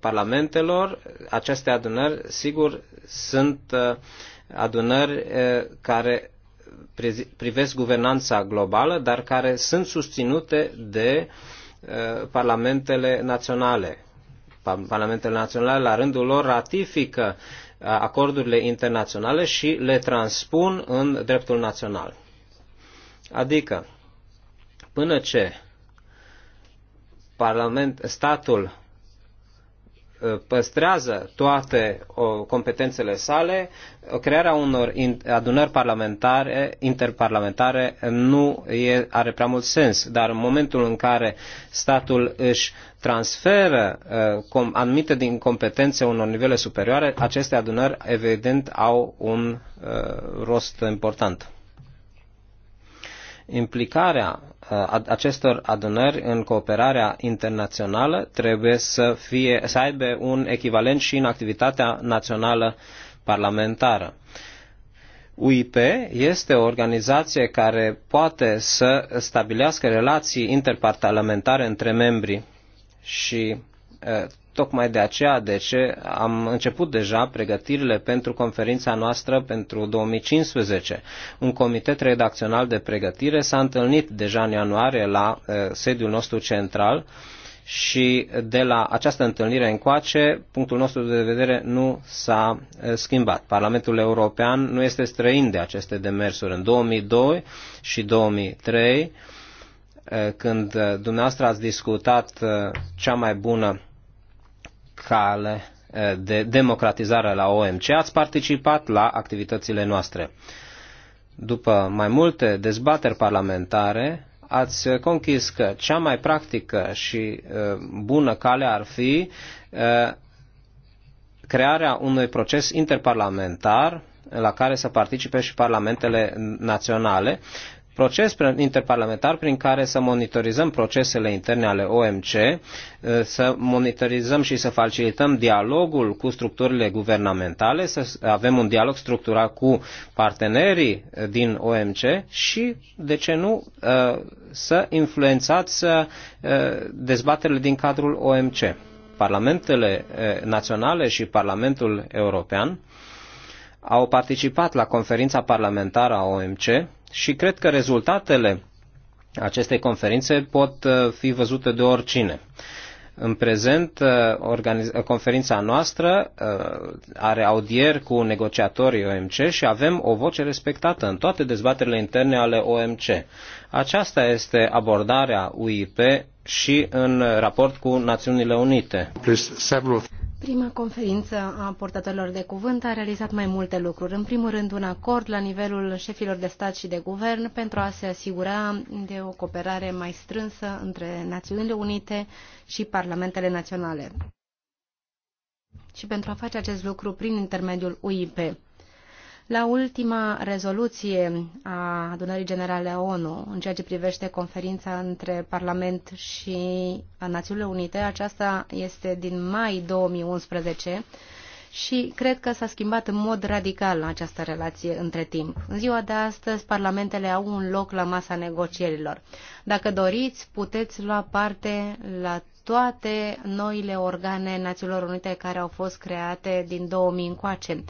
parlamentelor, aceste adunări, sigur, sunt adunări care privesc guvernanța globală, dar care sunt susținute de parlamentele naționale. Parlamentele naționale, la rândul lor, ratifică uh, acordurile internaționale și le transpun în dreptul național. Adică, până ce Parlament, statul Uh, păstrează toate uh, competențele sale, uh, crearea unor adunări parlamentare, interparlamentare nu e, are prea mult sens, dar în momentul în care statul își transferă anumite din competențe unor nivele superioare, aceste adunări evident au un rost important implicarea uh, acestor adunări în cooperarea internațională trebuie să, fie, să aibă un echivalent și în activitatea națională parlamentară. UIP este o organizație care poate să stabilească relații interparlamentare între membri și uh, Tocmai de aceea, de ce am început deja pregătirile pentru conferința noastră pentru 2015. Un comitet redacțional de pregătire s-a întâlnit deja în ianuarie la uh, sediul nostru central și de la această întâlnire încoace, punctul nostru de vedere nu s-a eh, schimbat. Parlamentul European nu este străin de aceste demersuri. În 2002 și 2003, eh, când dumneavoastră ați discutat cea mai bună cale eh, de democratizare la OMC, ați participat la activitățile noastre. După mai multe dezbateri parlamentare, ați conchis că cea mai practică și eh, bună cale ar fi eh, crearea unui proces interparlamentar la care să participe și parlamentele naționale proces interparlamentar prin care să monitorizăm procesele interne ale OMC, eh, să monitorizăm și să facilităm dialogul cu structurile guvernamentale, să avem un dialog structurat cu partenerii eh, din OMC și, de ce nu, eh, să influențați dezbaterile din cadrul OMC. Parlamentele naționale și Parlamentul European au participat la conferința parlamentară a OMC și cred că rezultatele acestei conferințe pot uh, fi văzute de oricine. În prezent, uh, uh, conferința noastră are audieri cu negociatorii OMC și avem o voce respectată în toate dezbaterile interne ale OMC. Aceasta este abordarea UIP și în raport cu Națiunile Unite. Prima conferință a portatorilor de cuvânt a realizat mai multe lucruri. În primul rând, un acord la nivelul șefilor de stat și de guvern pentru a se asigura de o cooperare mai strânsă între Națiunile Unite și parlamentele naționale. Și pentru a face acest lucru prin intermediul UIP. La ultima rezoluție a adunării generale a ONU, în ceea ce privește conferința între Parlament și Națiunile Unite, aceasta este din mai 2011, și cred că s-a schimbat în mod radical această relație între timp. În ziua de astăzi, parlamentele au un loc la masa negocierilor. Dacă doriți, puteți lua parte la toate noile organe Națiunilor Unite care au fost create din 2000 încoace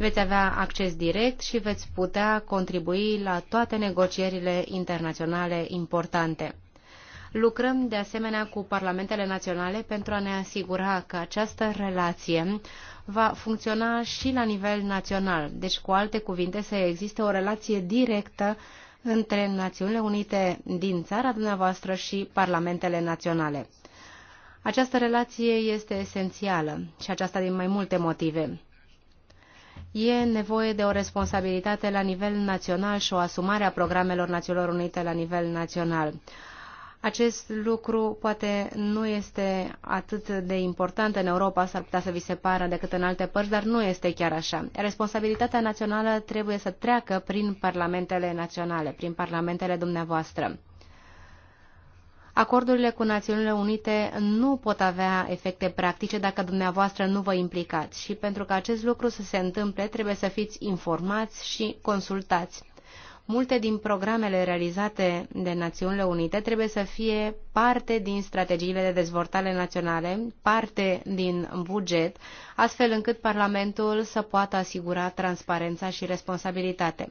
veți avea acces direct și veți putea contribui la toate negocierile internaționale importante. Lucrăm de asemenea cu parlamentele naționale pentru a ne asigura că această relație va funcționa și la nivel național. Deci, cu alte cuvinte, să existe o relație directă între Națiunile Unite din țara dumneavoastră și parlamentele naționale. Această relație este esențială și aceasta din mai multe motive. E nevoie de o responsabilitate la nivel național și o asumare a programelor Națiunilor Unite la nivel național. Acest lucru poate nu este atât de important în Europa, s-ar putea să vi se pară decât în alte părți, dar nu este chiar așa. Responsabilitatea națională trebuie să treacă prin parlamentele naționale, prin parlamentele dumneavoastră. Acordurile cu Națiunile Unite nu pot avea efecte practice dacă dumneavoastră nu vă implicați și pentru că acest lucru să se întâmple trebuie să fiți informați și consultați. Multe din programele realizate de Națiunile Unite trebuie să fie parte din strategiile de dezvoltare naționale, parte din buget, astfel încât Parlamentul să poată asigura transparența și responsabilitate.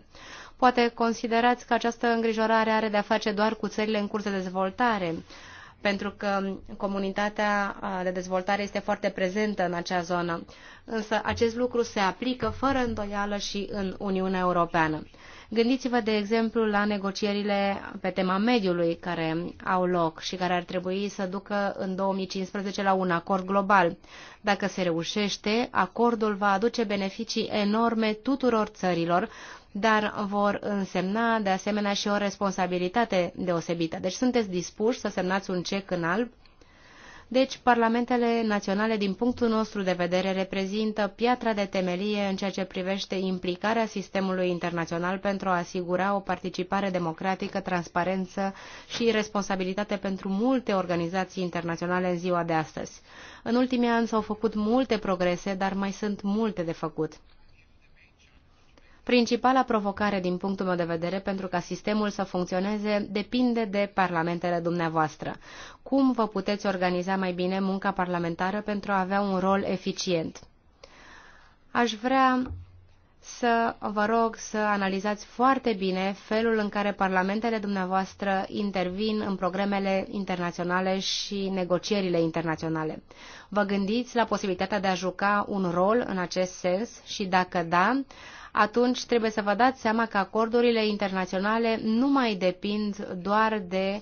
Poate considerați că această îngrijorare are de-a face doar cu țările în curs de dezvoltare, pentru că comunitatea de dezvoltare este foarte prezentă în acea zonă. Însă acest lucru se aplică fără îndoială și în Uniunea Europeană. Gândiți-vă, de exemplu, la negocierile pe tema mediului care au loc și care ar trebui să ducă în 2015 la un acord global. Dacă se reușește, acordul va aduce beneficii enorme tuturor țărilor, dar vor însemna de asemenea și o responsabilitate deosebită. Deci sunteți dispuși să semnați un cec în alb? Deci, parlamentele naționale, din punctul nostru de vedere, reprezintă piatra de temelie în ceea ce privește implicarea sistemului internațional pentru a asigura o participare democratică, transparență și responsabilitate pentru multe organizații internaționale în ziua de astăzi. În ultimii ani s-au făcut multe progrese, dar mai sunt multe de făcut. Principala provocare din punctul meu de vedere pentru ca sistemul să funcționeze depinde de parlamentele dumneavoastră. Cum vă puteți organiza mai bine munca parlamentară pentru a avea un rol eficient? Aș vrea să vă rog să analizați foarte bine felul în care parlamentele dumneavoastră intervin în programele internaționale și negocierile internaționale. Vă gândiți la posibilitatea de a juca un rol în acest sens și dacă da, atunci trebuie să vă dați seama că acordurile internaționale nu mai depind doar de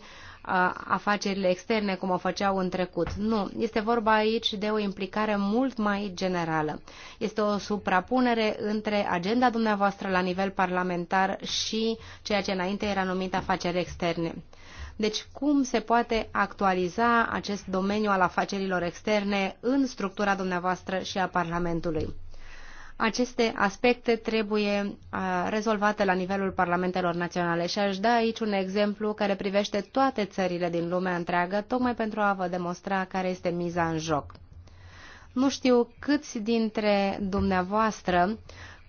afacerile externe, cum o făceau în trecut. Nu, este vorba aici de o implicare mult mai generală. Este o suprapunere între agenda dumneavoastră la nivel parlamentar și ceea ce înainte era numit afaceri externe. Deci cum se poate actualiza acest domeniu al afacerilor externe în structura dumneavoastră și a Parlamentului? Aceste aspecte trebuie uh, rezolvate la nivelul parlamentelor naționale și aș da aici un exemplu care privește toate țările din lumea întreagă, tocmai pentru a vă demonstra care este miza în joc. Nu știu câți dintre dumneavoastră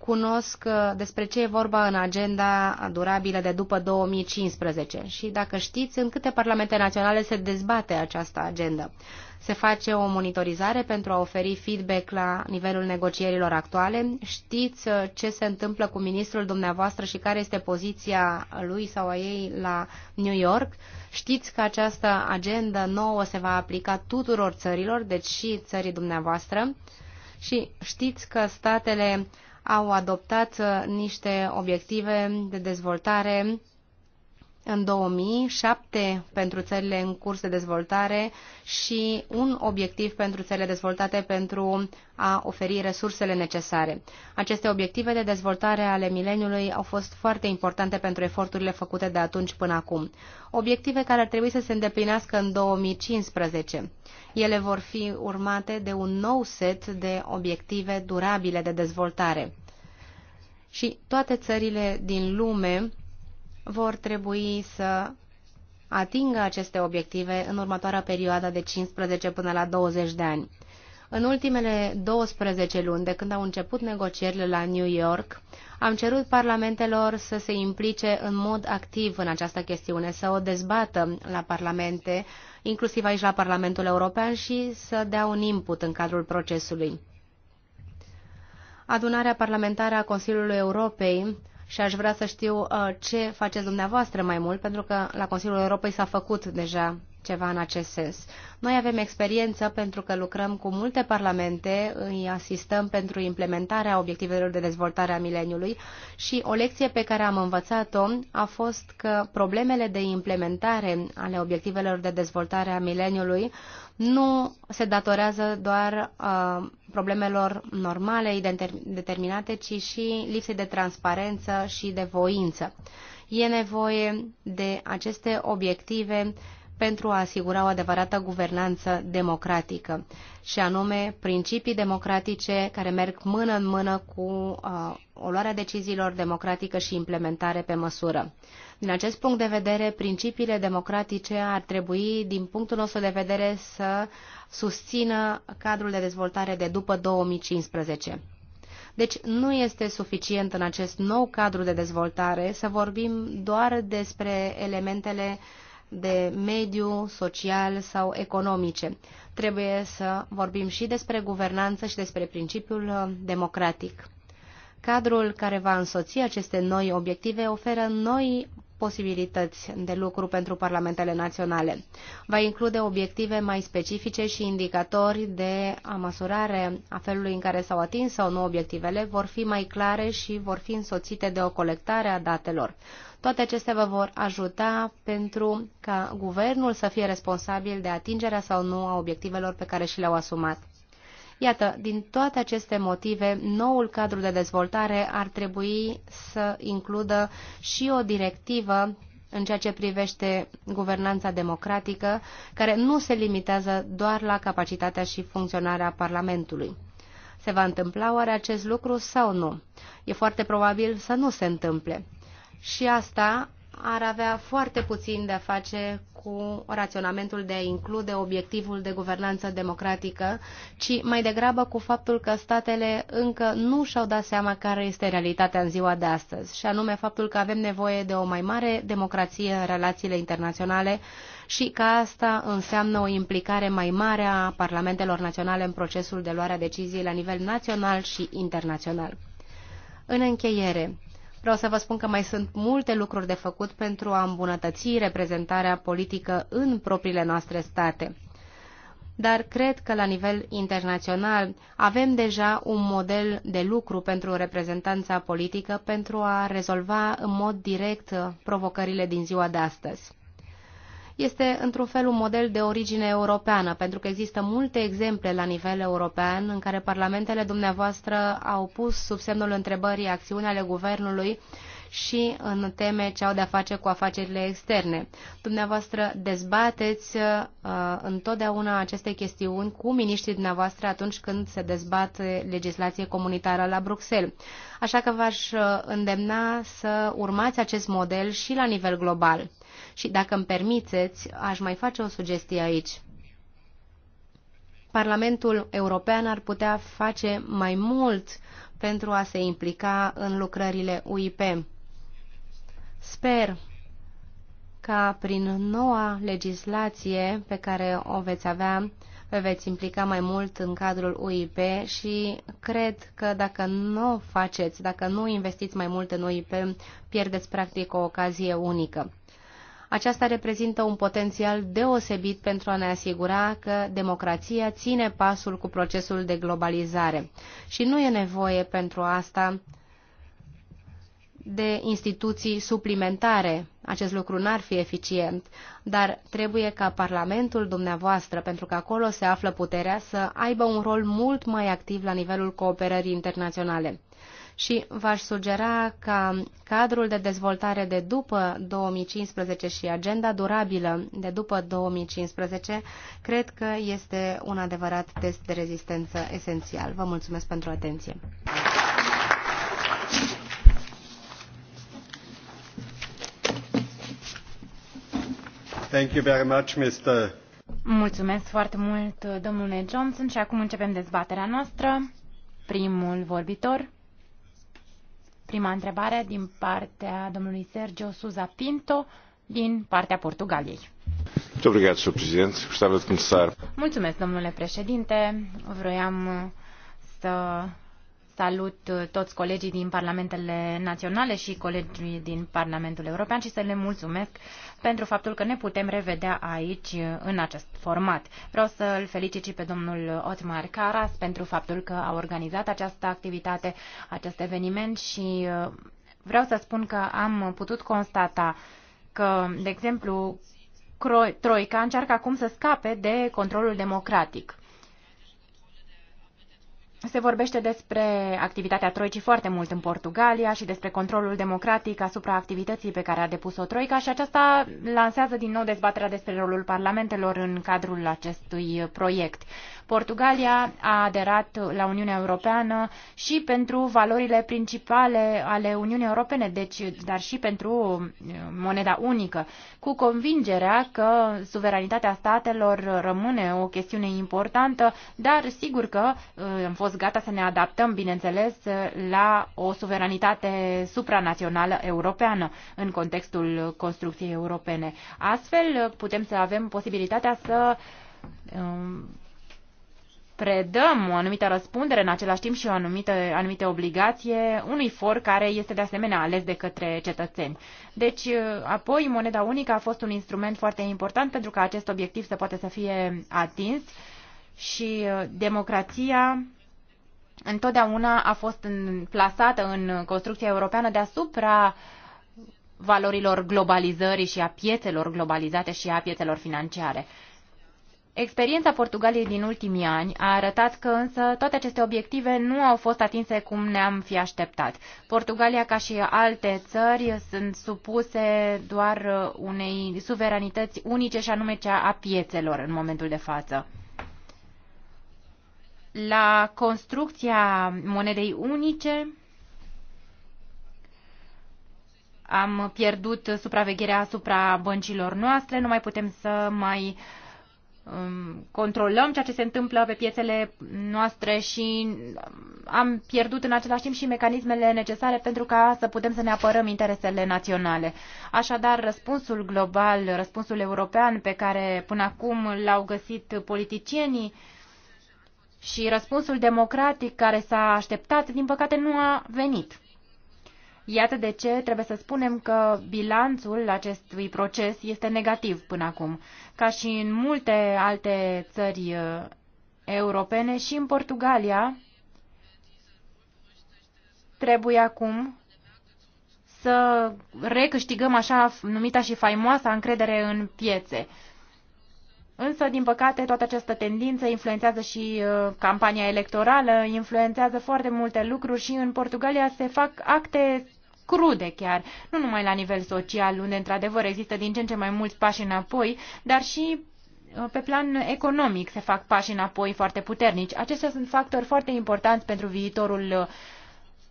cunosc uh, despre ce e vorba în agenda durabilă de după 2015 și dacă știți, în câte parlamente naționale se dezbate această agendă. Se face o monitorizare pentru a oferi feedback la nivelul negocierilor actuale. Știți uh, ce se întâmplă cu ministrul dumneavoastră și care este poziția lui sau a ei la New York. Știți că această agendă nouă se va aplica tuturor țărilor, deci și țării dumneavoastră. Și știți că statele uh, au adoptat uh, niște obiective de dezvoltare în 2000, 7 pentru țările în curs de dezvoltare și un obiectiv pentru țările dezvoltate pentru a oferi resursele necesare. Aceste obiective de dezvoltare ale mileniului au fost foarte importante pentru eforturile făcute de atunci până acum. Obiective care ar trebui să se îndeplinească în 2015. Ele vor fi urmate de un nou set de obiective durabile de dezvoltare. Și toate țările din lume vor trebui să atingă aceste obiective în următoarea perioadă de 15 până la 20 de ani. În ultimele 12 luni, de când au început negocierile la New York, am cerut parlamentelor să se implice în mod activ în această chestiune, să o dezbată la parlamente, inclusiv aici la Parlamentul European, și să dea un input în cadrul procesului. Adunarea parlamentară a Consiliului Europei și aș vrea să știu uh, ce faceți dumneavoastră mai mult, pentru că la Consiliul Europei s-a făcut deja ceva în acest sens. Noi avem experiență pentru că lucrăm cu multe parlamente, îi asistăm pentru implementarea obiectivelor de dezvoltare a mileniului și o lecție pe care am învățat-o a fost că problemele de implementare ale obiectivelor de dezvoltare a mileniului nu se datorează doar uh, problemelor normale determinate, ci și lipsei de transparență și de voință. E nevoie de aceste obiective pentru a asigura o adevărată guvernanță democratică, și anume principii democratice care merg mână în mână cu uh, o luare a deciziilor democratică și implementare pe măsură. Din acest punct de vedere, principiile democratice ar trebui, din punctul nostru de vedere, să susțină cadrul de dezvoltare de după 2015. Deci nu este suficient în acest nou cadru de dezvoltare să vorbim doar despre elementele uh, de mediu, social sau economice. Trebuie să vorbim și despre guvernanță și despre principiul uh, democratic. Cadrul care va însoți aceste noi obiective oferă noi posibilități de lucru pentru parlamentele naționale. Va include obiective mai specifice și indicatori de măsurare a felului în care s-au atins sau nu obiectivele, vor fi mai clare și vor fi însoțite de o colectare a datelor. Toate acestea vă vor ajuta pentru ca guvernul să fie responsabil de atingerea sau nu a obiectivelor pe care și le-au asumat. Iată, din toate aceste motive, noul cadru de dezvoltare ar trebui să includă și o directivă în ceea ce privește guvernanța democratică, care nu se limitează doar la capacitatea și funcționarea Parlamentului. Se va întâmpla oare acest lucru sau nu? E foarte probabil să nu se întâmple. Și asta ar avea foarte puțin de a face cu raționamentul de a include obiectivul de guvernanță democratică, ci mai degrabă cu faptul că statele încă nu și-au dat seama care este realitatea în ziua de astăzi, și anume faptul că avem nevoie de o mai mare democrație în relațiile internaționale și că asta înseamnă o implicare mai mare a parlamentelor naționale în procesul de luare a deciziei la nivel național și internațional. În încheiere, Vreau să vă spun că mai sunt multe lucruri de făcut pentru a îmbunătăți reprezentarea politică în propriile noastre state. Dar cred că la nivel internațional avem deja un model de lucru pentru reprezentanța politică pentru a rezolva în mod direct provocările din ziua de astăzi este într-un fel un model de origine europeană, pentru că există multe exemple la nivel european în care parlamentele dumneavoastră au pus sub semnul întrebării acțiunea ale guvernului și în teme ce au de-a face cu afacerile externe. Dumneavoastră dezbateți uh, întotdeauna aceste chestiuni cu miniștrii dumneavoastră atunci când se dezbat legislație comunitară la Bruxelles. Așa că v-aș uh, îndemna să urmați acest model și la nivel global. Și dacă îmi permiteți, aș mai face o sugestie aici. Parlamentul European ar putea face mai mult pentru a se implica în lucrările UIP. Sper ca prin noua legislație pe care o veți avea, vă veți implica mai mult în cadrul UIP și cred că dacă nu faceți, dacă nu investiți mai mult în UIP, pierdeți practic o ocazie unică. Aceasta reprezintă un potențial deosebit pentru a ne asigura că democrația ține pasul cu procesul de globalizare. Și nu e nevoie pentru asta de instituții suplimentare. Acest lucru n-ar fi eficient, dar trebuie ca Parlamentul dumneavoastră, pentru că acolo se află puterea, să aibă un rol mult mai activ la nivelul cooperării internaționale și v-aș sugera ca cadrul de dezvoltare de după 2015 și agenda durabilă de după 2015 cred că este un adevărat test de rezistență esențial. Vă mulțumesc pentru atenție. Thank you very much, Mr. Mulțumesc foarte mult, domnule Johnson, și acum începem dezbaterea noastră. Primul vorbitor Prima întrebare din partea domnului Sergio Suza Pinto din partea Portugaliei. Mulțumesc, domnule președinte. Vroiam să salut uh, toți colegii din parlamentele naționale și colegii din Parlamentul European și să le mulțumesc pentru faptul că ne putem revedea aici uh, în acest format. Vreau să l felicit și pe domnul Otmar Caras pentru faptul că a organizat această activitate, acest eveniment și uh, vreau să spun că am putut constata că, de exemplu, Troica încearcă acum să scape de controlul democratic. Se vorbește despre activitatea Troicii foarte mult în Portugalia și despre controlul democratic asupra activității pe care a depus-o Troica și aceasta lansează din nou dezbaterea despre rolul parlamentelor în cadrul acestui proiect. Portugalia a aderat la Uniunea Europeană și pentru valorile principale ale Uniunii Europene, deci, dar și pentru uh, moneda unică, cu convingerea că suveranitatea statelor rămâne o chestiune importantă, dar sigur că am uh, fost fost gata să ne adaptăm, bineînțeles, la o suveranitate supranațională europeană în contextul construcției europene. Astfel putem să avem posibilitatea să um, predăm o anumită răspundere, în același timp și o anumită, anumită obligație unui for care este de asemenea ales de către cetățeni. Deci, apoi, moneda unică a fost un instrument foarte important pentru ca acest obiectiv să poate să fie atins și uh, democrația întotdeauna a fost în, plasată în construcția europeană deasupra valorilor globalizării și a piețelor globalizate și a piețelor financiare. Experiența Portugaliei din ultimii ani a arătat că însă toate aceste obiective nu au fost atinse cum ne-am fi așteptat. Portugalia, ca și alte țări, sunt supuse doar uh, unei suveranități unice și anume cea a piețelor în momentul de față la construcția monedei unice am pierdut supravegherea asupra băncilor noastre, nu mai putem să mai um, controlăm ceea ce se întâmplă pe piețele noastre și um, am pierdut în același timp și mecanismele necesare pentru ca să putem să ne apărăm interesele naționale. Așadar, răspunsul global, răspunsul european pe care până acum l-au găsit politicienii, și răspunsul democratic care s-a așteptat, din păcate, nu a venit. Iată de ce trebuie să spunem că bilanțul acestui proces este negativ până acum. Ca și în multe alte țări uh, europene și în Portugalia, trebuie acum să recâștigăm așa numita și faimoasa încredere în piețe. Însă, din păcate, toată această tendință influențează și uh, campania electorală, influențează foarte multe lucruri și în Portugalia se fac acte crude chiar, nu numai la nivel social, unde într-adevăr există din ce în ce mai mulți pași înapoi, dar și uh, pe plan economic se fac pași înapoi foarte puternici. Acestea sunt factori foarte importanți pentru viitorul uh,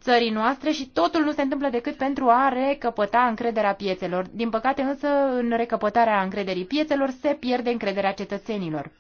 țării noastre și totul nu se întâmplă decât pentru a recăpăta încrederea piețelor. Din păcate însă, în recăpătarea încrederii piețelor se pierde încrederea cetățenilor.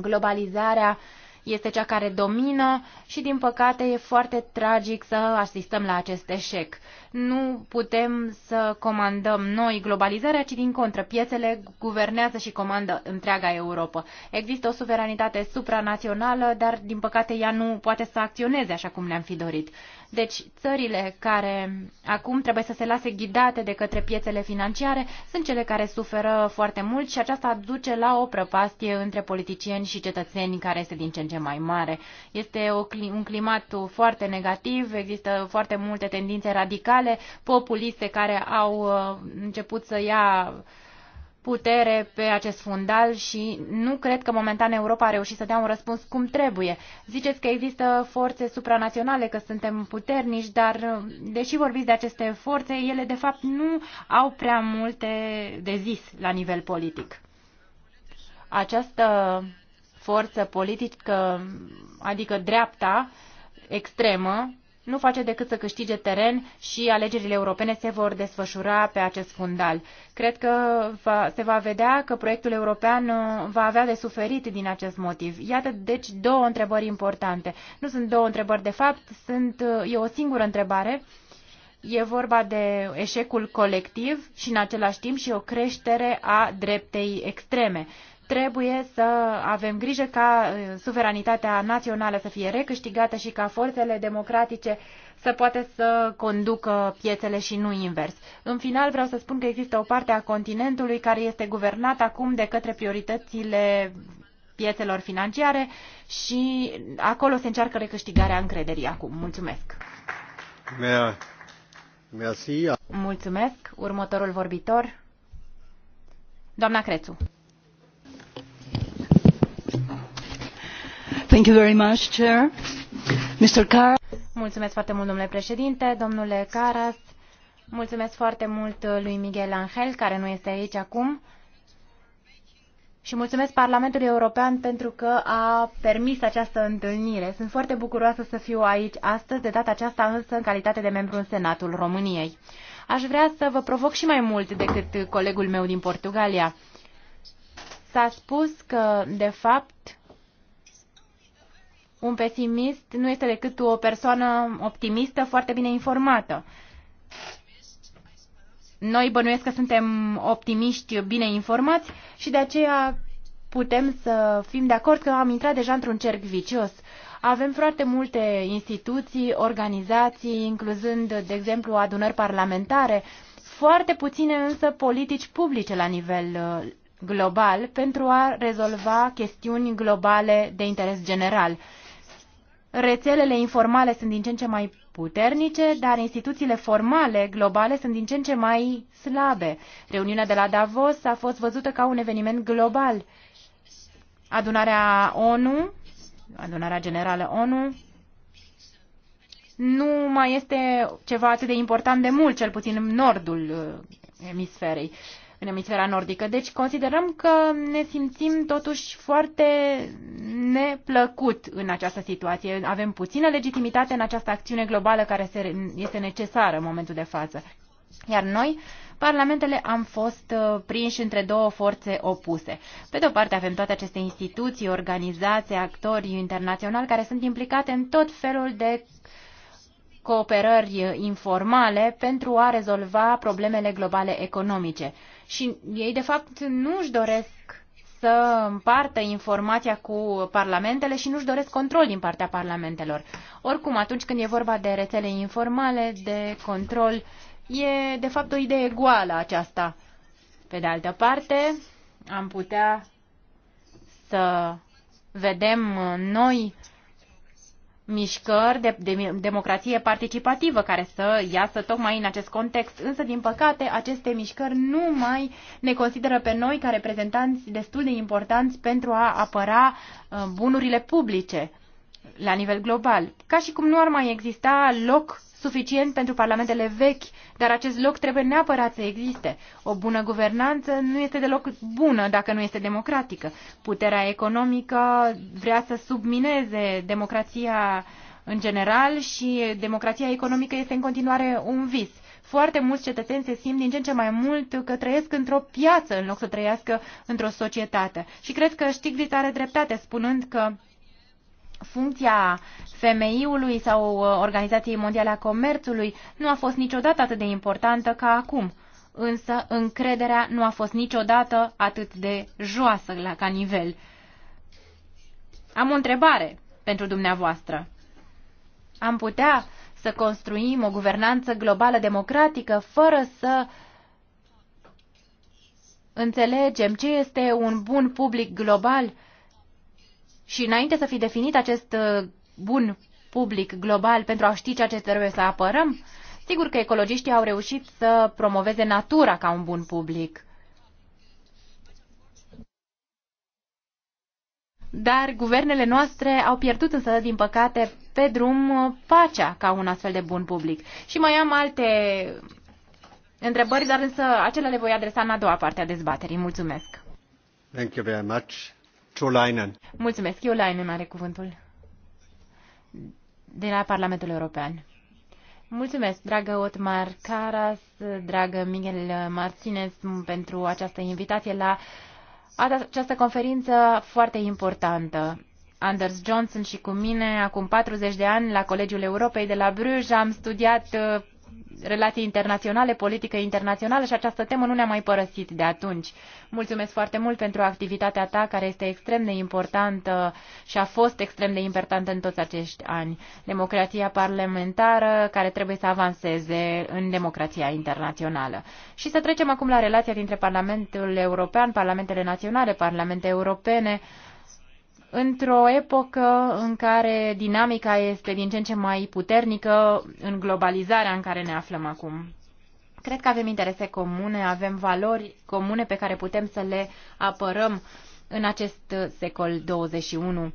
Globalizarea este cea care domină și, din păcate, e foarte tragic să asistăm la acest eșec. Nu putem să comandăm noi globalizarea, ci, din contră, piețele guvernează și comandă întreaga Europa. Există o suveranitate supranațională, dar, din păcate, ea nu poate să acționeze așa cum ne-am fi dorit. Deci, țările care acum trebuie să se lase ghidate de către piețele financiare sunt cele care suferă foarte mult și aceasta duce la o prăpastie între politicieni și cetățeni care este din ce în ce mai mare. Este o, un climat foarte negativ, există foarte multe tendințe radicale, populiste care au uh, început să ia putere pe acest fundal și nu cred că momentan Europa a reușit să dea un răspuns cum trebuie. Ziceți că există forțe supranaționale, că suntem puternici, dar deși vorbiți de aceste forțe, ele de fapt nu au prea multe de zis la nivel politic. Această forță politică, adică dreapta extremă, nu face decât să câștige teren și alegerile europene se vor desfășura pe acest fundal. Cred că va, se va vedea că proiectul european uh, va avea de suferit din acest motiv. Iată, deci, două întrebări importante. Nu sunt două întrebări, de fapt, sunt, uh, e o singură întrebare. E vorba de eșecul colectiv și, în același timp, și o creștere a dreptei extreme. Trebuie să avem grijă ca uh, suveranitatea națională să fie recâștigată și ca forțele democratice să poată să conducă piețele și nu invers. În final vreau să spun că există o parte a continentului care este guvernată acum de către prioritățile piețelor financiare și acolo se încearcă recâștigarea încrederii acum. Mulțumesc! Mulțumesc! Următorul vorbitor, doamna Crețu. Mulțumesc foarte mult, domnule președinte, domnule Caras. Mulțumesc foarte mult uh, lui Miguel Angel, care nu este aici acum. Și mulțumesc Parlamentului European pentru că a permis această întâlnire. Sunt foarte bucuroasă să fiu aici astăzi, de data aceasta însă în calitate de membru în Senatul României. Aș vrea să vă provoc și mai mult decât colegul meu din Portugalia. S-a spus că, de fapt, un pesimist nu este decât o persoană optimistă foarte bine informată. Noi bănuiesc că suntem optimiști bine informați și de aceea putem să fim de acord că am intrat deja într-un cerc vicios. Avem foarte multe instituții, organizații, incluzând, de exemplu, adunări parlamentare, foarte puține însă politici publice la nivel uh, global pentru a rezolva chestiuni globale de interes general. Rețelele informale sunt din ce în ce mai puternice, dar instituțiile formale globale sunt din ce în ce mai slabe. Reuniunea de la Davos a fost văzută ca un eveniment global. Adunarea ONU, adunarea generală ONU, nu mai este ceva atât de important de mult, cel puțin în nordul uh, emisferei. Uh, în emisfera nordică. Deci considerăm că ne simțim totuși foarte neplăcut în această situație. Avem puțină legitimitate în această acțiune globală care este necesară în momentul de față. Iar noi, parlamentele, am fost uh, prinși între două forțe opuse. Pe de o parte avem toate aceste instituții, organizații, actori internaționali care sunt implicate în tot felul de cooperări uh, informale pentru a rezolva problemele globale economice și ei de fapt nu își doresc să împartă informația cu parlamentele și nu își doresc control din partea parlamentelor. Oricum, atunci când e vorba de rețele informale, de control, e de fapt o idee goală aceasta. Pe de altă parte, am putea să vedem noi uh, mișcări de, de democrație participativă care să iasă tocmai în acest context. Însă, din păcate, aceste mișcări nu mai ne consideră pe noi ca reprezentanți destul de importanți pentru a apăra uh, bunurile publice la nivel global, ca și cum nu ar mai exista loc suficient pentru parlamentele vechi dar acest loc trebuie neapărat să existe. O bună guvernanță nu este deloc bună dacă nu este democratică. Puterea economică vrea să submineze democrația în general și democrația economică este în continuare un vis foarte mulți cetățeni se simt din ce în ce mai mult că trăiesc într-o piață în loc să trăiască într-o societate. Și cred că Stiglitz are dreptate spunând că funcția femeiului sau uh, Organizației Mondiale a Comerțului nu a fost niciodată atât de importantă ca acum. Însă încrederea nu a fost niciodată atât de joasă la ca nivel. Am o întrebare pentru dumneavoastră. Am putea să construim o guvernanță globală democratică fără să înțelegem ce este un bun public global? Și înainte să fi definit acest uh, bun public global pentru a ști ceea ce trebuie să apărăm, sigur că ecologiștii au reușit să promoveze natura ca un bun public. Dar guvernele noastre au pierdut însă, din păcate, pe drum uh, pacea ca un astfel de bun public. Și mai am alte întrebări, dar însă acelea le voi adresa în a doua parte a dezbaterii. Mulțumesc! Thank you very much. Ciolainen. Mulțumesc. Ciolainen are cuvântul de la Parlamentul European. Mulțumesc, dragă Otmar Caras, dragă Miguel Martinez, pentru această invitație la această conferință foarte importantă. Anders Johnson și cu mine, acum 40 de ani, la Colegiul Europei de la Bruges, am studiat uh, relații internaționale, politică internațională și această temă nu ne-a mai părăsit de atunci. Mulțumesc foarte mult pentru activitatea ta care este extrem de importantă și a fost extrem de importantă în toți acești ani. Democrația parlamentară care trebuie să avanseze în democrația internațională. Și să trecem acum la relația dintre Parlamentul European, Parlamentele Naționale, Parlamente Europene, într-o epocă în care dinamica este din ce în ce mai puternică în globalizarea în care ne aflăm acum. Cred că avem interese comune, avem valori comune pe care putem să le apărăm în acest secol 21.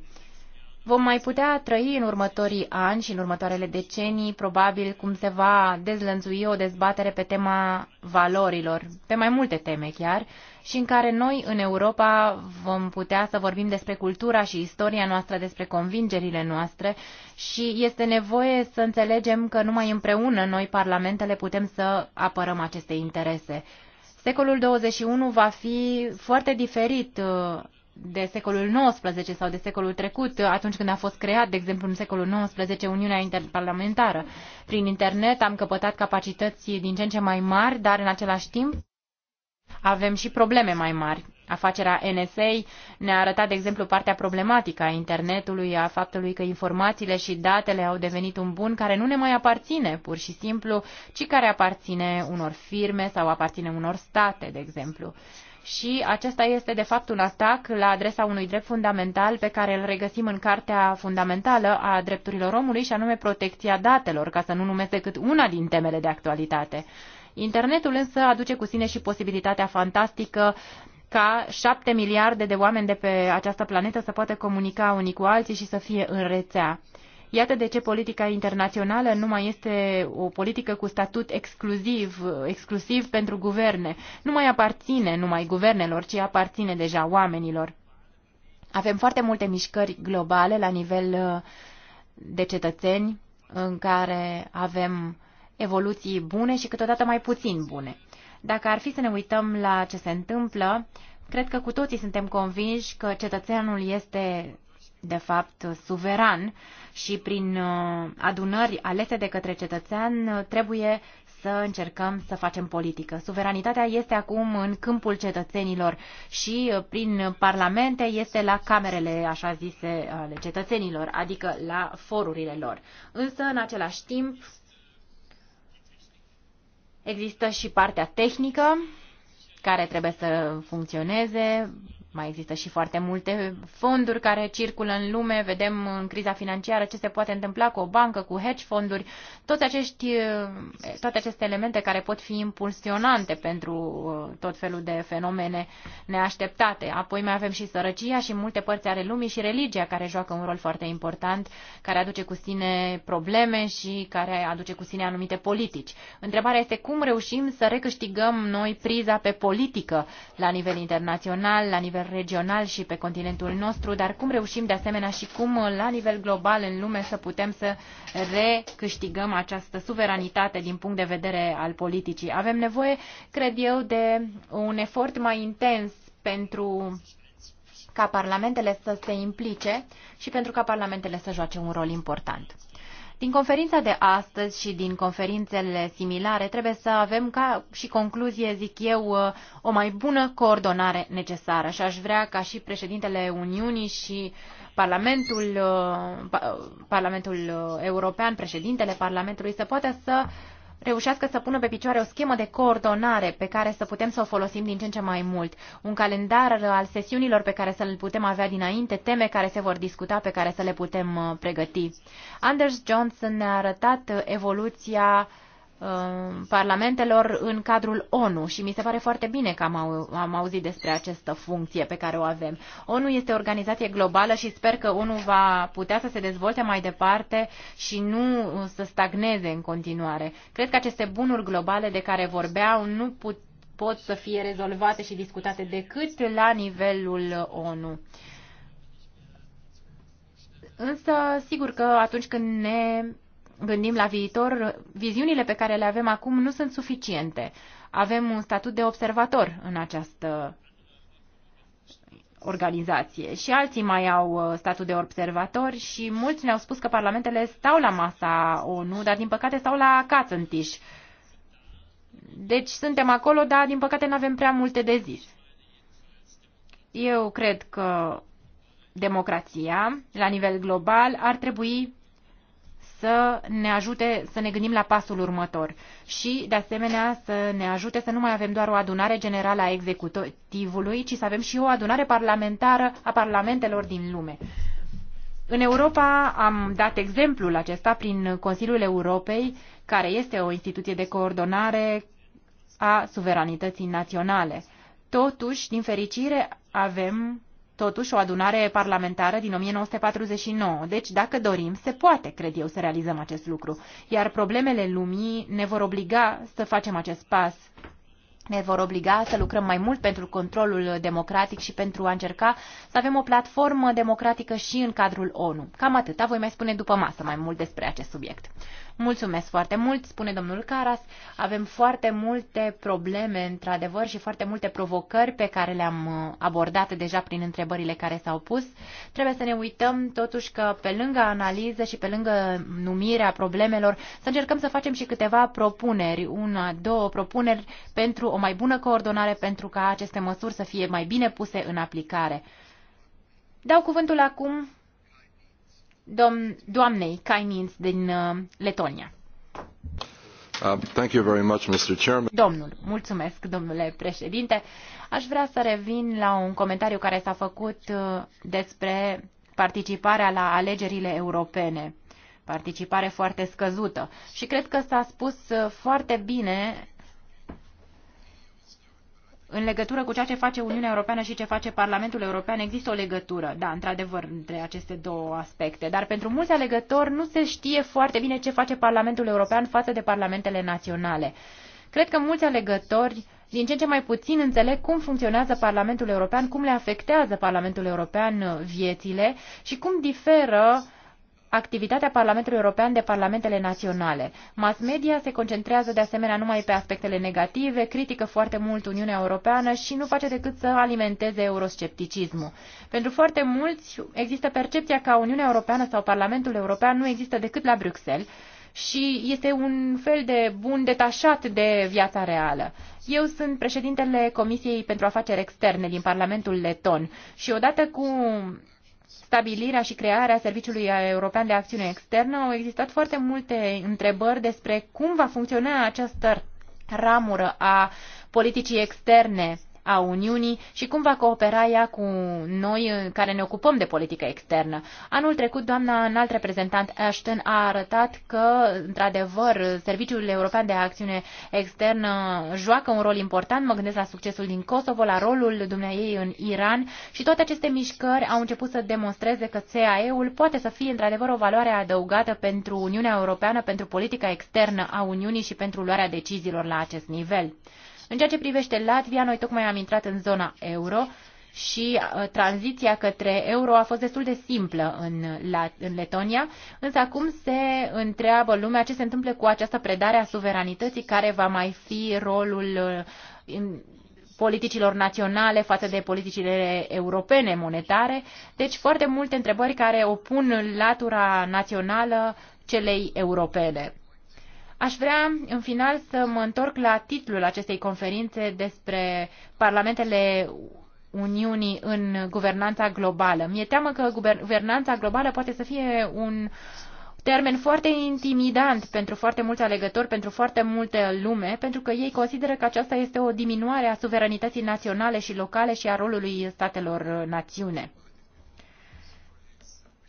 Vom mai putea trăi în următorii ani și în următoarele decenii, probabil, cum se va dezlănțui o dezbatere pe tema valorilor, pe mai multe teme chiar, și în care noi, în Europa, vom putea să vorbim despre cultura și istoria noastră, despre convingerile noastre și este nevoie să înțelegem că numai împreună noi, parlamentele, putem să apărăm aceste interese. Secolul 21 va fi foarte diferit uh, de secolul XIX sau de secolul trecut, uh, atunci când a fost creat, de exemplu, în secolul XIX, Uniunea Interparlamentară. Prin internet am căpătat capacități din ce în ce mai mari, dar în același timp avem și probleme mai mari. Afacerea NSA ne-a arătat, de exemplu, partea problematică a internetului, a faptului că informațiile și datele au devenit un bun care nu ne mai aparține, pur și simplu, ci care aparține unor firme sau aparține unor state, de exemplu. Și acesta este, de fapt, un atac la adresa unui drept fundamental pe care îl regăsim în Cartea Fundamentală a Drepturilor Omului, și anume protecția datelor, ca să nu numesc decât una din temele de actualitate. Internetul însă aduce cu sine și posibilitatea fantastică ca șapte miliarde de oameni de pe această planetă să poată comunica unii cu alții și să fie în rețea. Iată de ce politica internațională nu mai este o politică cu statut exclusiv, exclusiv pentru guverne. Nu mai aparține numai guvernelor, ci aparține deja oamenilor. Avem foarte multe mișcări globale la nivel uh, de cetățeni în care avem uh, evoluții bune și câteodată mai puțin bune. Dacă ar fi să ne uităm la ce se întâmplă, cred că cu toții suntem convinși că cetățeanul este de fapt suveran și prin uh, adunări alese de către cetățean uh, trebuie să încercăm să facem politică. Suveranitatea este acum în câmpul cetățenilor și uh, prin parlamente este la camerele așa zise ale cetățenilor, adică la forurile lor. Însă, în același timp, Există și partea tehnică care trebuie să funcționeze, mai există și foarte multe fonduri care circulă în lume. Vedem în criza financiară ce se poate întâmpla cu o bancă, cu hedge fonduri, toți acești, toate aceste elemente care pot fi impulsionante pentru uh, tot felul de fenomene neașteptate. Apoi mai avem și sărăcia și multe părți ale lumii și religia care joacă un rol foarte important, care aduce cu sine probleme și care aduce cu sine anumite politici. Întrebarea este cum reușim să recâștigăm noi priza pe politică la nivel internațional, la nivel regional și pe continentul nostru, dar cum reușim de asemenea și cum la nivel global în lume să putem să recâștigăm această suveranitate din punct de vedere al politicii. Avem nevoie, cred eu, de un efort mai intens pentru ca parlamentele să se implice și pentru ca parlamentele să joace un rol important. Din conferința de astăzi și din conferințele similare trebuie să avem ca și concluzie, zic eu, o mai bună coordonare necesară și aș vrea ca și președintele Uniunii și Parlamentul, uh, Parlamentul uh, European, președintele Parlamentului să poată să uh, reușească să pună pe picioare o schemă de coordonare pe care să putem să o folosim din ce în ce mai mult, un calendar al sesiunilor pe care să le putem avea dinainte, teme care se vor discuta, pe care să le putem uh, pregăti. Anders Johnson ne-a arătat uh, evoluția uh, Um, parlamentelor în cadrul ONU și mi se pare foarte bine că am, au, am auzit despre această funcție pe care o avem. ONU este o organizație globală și sper că ONU va putea să se dezvolte mai departe și nu uh, să stagneze în continuare. Cred că aceste bunuri globale de care vorbeau nu put, pot să fie rezolvate și discutate decât la nivelul ONU. Însă, sigur că atunci când ne gândim la viitor, viziunile pe care le avem acum nu sunt suficiente. Avem un statut de observator în această organizație și alții mai au uh, statut de observatori și mulți ne-au spus că parlamentele stau la masa ONU, dar din păcate stau la cață tiș. Deci suntem acolo, dar din păcate nu avem prea multe de zis. Eu cred că democrația, la nivel global, ar trebui să ne ajute să ne gândim la pasul următor și, de asemenea, să ne ajute să nu mai avem doar o adunare generală a executivului, ci să avem și o adunare parlamentară a parlamentelor din lume. În Europa am dat exemplul acesta prin Consiliul Europei, care este o instituție de coordonare a suveranității naționale. Totuși, din fericire, avem totuși o adunare parlamentară din 1949. Deci, dacă dorim, se poate, cred eu, să realizăm acest lucru. Iar problemele lumii ne vor obliga să facem acest pas ne vor obliga să lucrăm mai mult pentru controlul democratic și pentru a încerca să avem o platformă democratică și în cadrul ONU. Cam atâta, voi mai spune după masă mai mult despre acest subiect. Mulțumesc foarte mult, spune domnul Caras. Avem foarte multe probleme, într-adevăr, și foarte multe provocări pe care le-am uh, abordat deja prin întrebările care s-au pus. Trebuie să ne uităm, totuși, că pe lângă analiză și pe lângă numirea problemelor, să încercăm să facem și câteva propuneri, una, două propuneri pentru o mai bună coordonare pentru ca aceste măsuri să fie mai bine puse în aplicare. Dau cuvântul acum dom- doamnei Kainins din uh, Letonia. Uh, thank you very much, Mr. Chairman. Domnul, mulțumesc, domnule președinte. Aș vrea să revin la un comentariu care s-a făcut uh, despre participarea la alegerile europene. Participare foarte scăzută. Și cred că s-a spus uh, foarte bine în legătură cu ceea ce face Uniunea Europeană și ce face Parlamentul European, există o legătură, da, într-adevăr, între aceste două aspecte. Dar pentru mulți alegători nu se știe foarte bine ce face Parlamentul European față de parlamentele naționale. Cred că mulți alegători din ce în ce mai puțin înțeleg cum funcționează Parlamentul European, cum le afectează Parlamentul European uh, viețile și cum diferă uh, activitatea Parlamentului European de parlamentele naționale. Mass media se concentrează de asemenea numai pe aspectele negative, critică foarte mult Uniunea Europeană și nu face decât să alimenteze euroscepticismul. Pentru foarte mulți există percepția că Uniunea Europeană sau Parlamentul European nu există decât la Bruxelles și este un fel de bun detașat de viața reală. Eu sunt președintele Comisiei pentru Afaceri Externe din Parlamentul Leton și odată cu stabilirea și crearea Serviciului European de Acțiune Externă, au existat foarte multe întrebări despre cum va funcționa această ramură a politicii externe a Uniunii și cum va coopera ea cu noi care ne ocupăm de politică externă. Anul trecut, doamna înalt reprezentant Ashton a arătat că, într-adevăr, Serviciul European de Acțiune Externă joacă un rol important. Mă gândesc la succesul din Kosovo, la rolul dumneai în Iran și toate aceste mișcări au început să demonstreze că CAE-ul poate să fie, într-adevăr, o valoare adăugată pentru Uniunea Europeană, pentru politica externă a Uniunii și pentru luarea deciziilor la acest nivel. În ceea ce privește Latvia, noi tocmai am intrat în zona euro și uh, tranziția către euro a fost destul de simplă în, la, în Letonia, însă acum se întreabă lumea ce se întâmplă cu această predare a suveranității, care va mai fi rolul uh, in, politicilor naționale față de politicile europene monetare. Deci foarte multe întrebări care opun latura națională celei europene. Aș vrea, în final, să mă întorc la titlul acestei conferințe despre parlamentele Uniunii în guvernanța globală. Mi-e teamă că guvernanța globală poate să fie un termen foarte intimidant pentru foarte mulți alegători, pentru foarte multe lume, pentru că ei consideră că aceasta este o diminuare a suveranității naționale și locale și a rolului statelor națiune.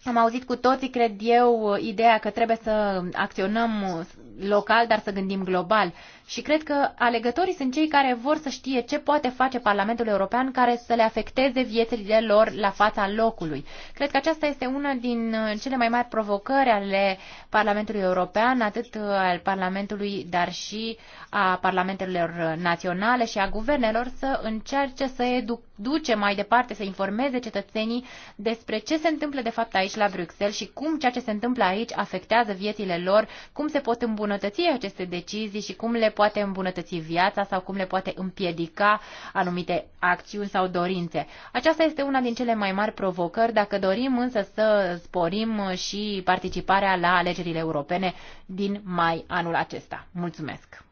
Am auzit cu toții, cred eu, ideea că trebuie să acționăm local, dar să gândim global. Și cred că alegătorii sunt cei care vor să știe ce poate face Parlamentul European care să le afecteze viețile lor la fața locului. Cred că aceasta este una din uh, cele mai mari provocări ale Parlamentului European, atât uh, al Parlamentului, dar și a Parlamentelor uh, naționale și a guvernelor să încerce să educe mai departe, să informeze cetățenii despre ce se întâmplă de fapt aici la Bruxelles și cum ceea ce se întâmplă aici afectează viețile lor, cum se pot îmbunătăți aceste decizii și cum le poate îmbunătăți viața sau cum le poate împiedica anumite acțiuni sau dorințe. Aceasta este una din cele mai mari provocări dacă dorim însă să sporim și participarea la alegerile europene din mai anul acesta. Mulțumesc!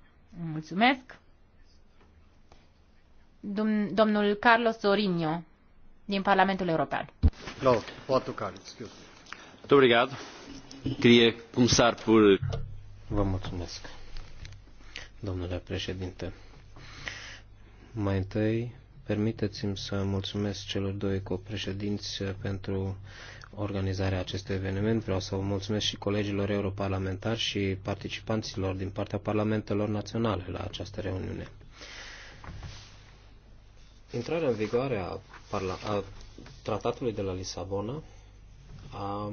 Mulțumesc! domnul Carlos Sorinio din Parlamentul European. No, poate Carlos, Obrigado. Queria começar por Vă mulțumesc domnule președinte. Mai întâi, permiteți-mi să mulțumesc celor doi copreședinți pentru organizarea acestui eveniment. Vreau să vă mulțumesc și colegilor europarlamentari și participanților din partea parlamentelor naționale la această reuniune. Intrarea în vigoare a, parla- a tratatului de la Lisabona a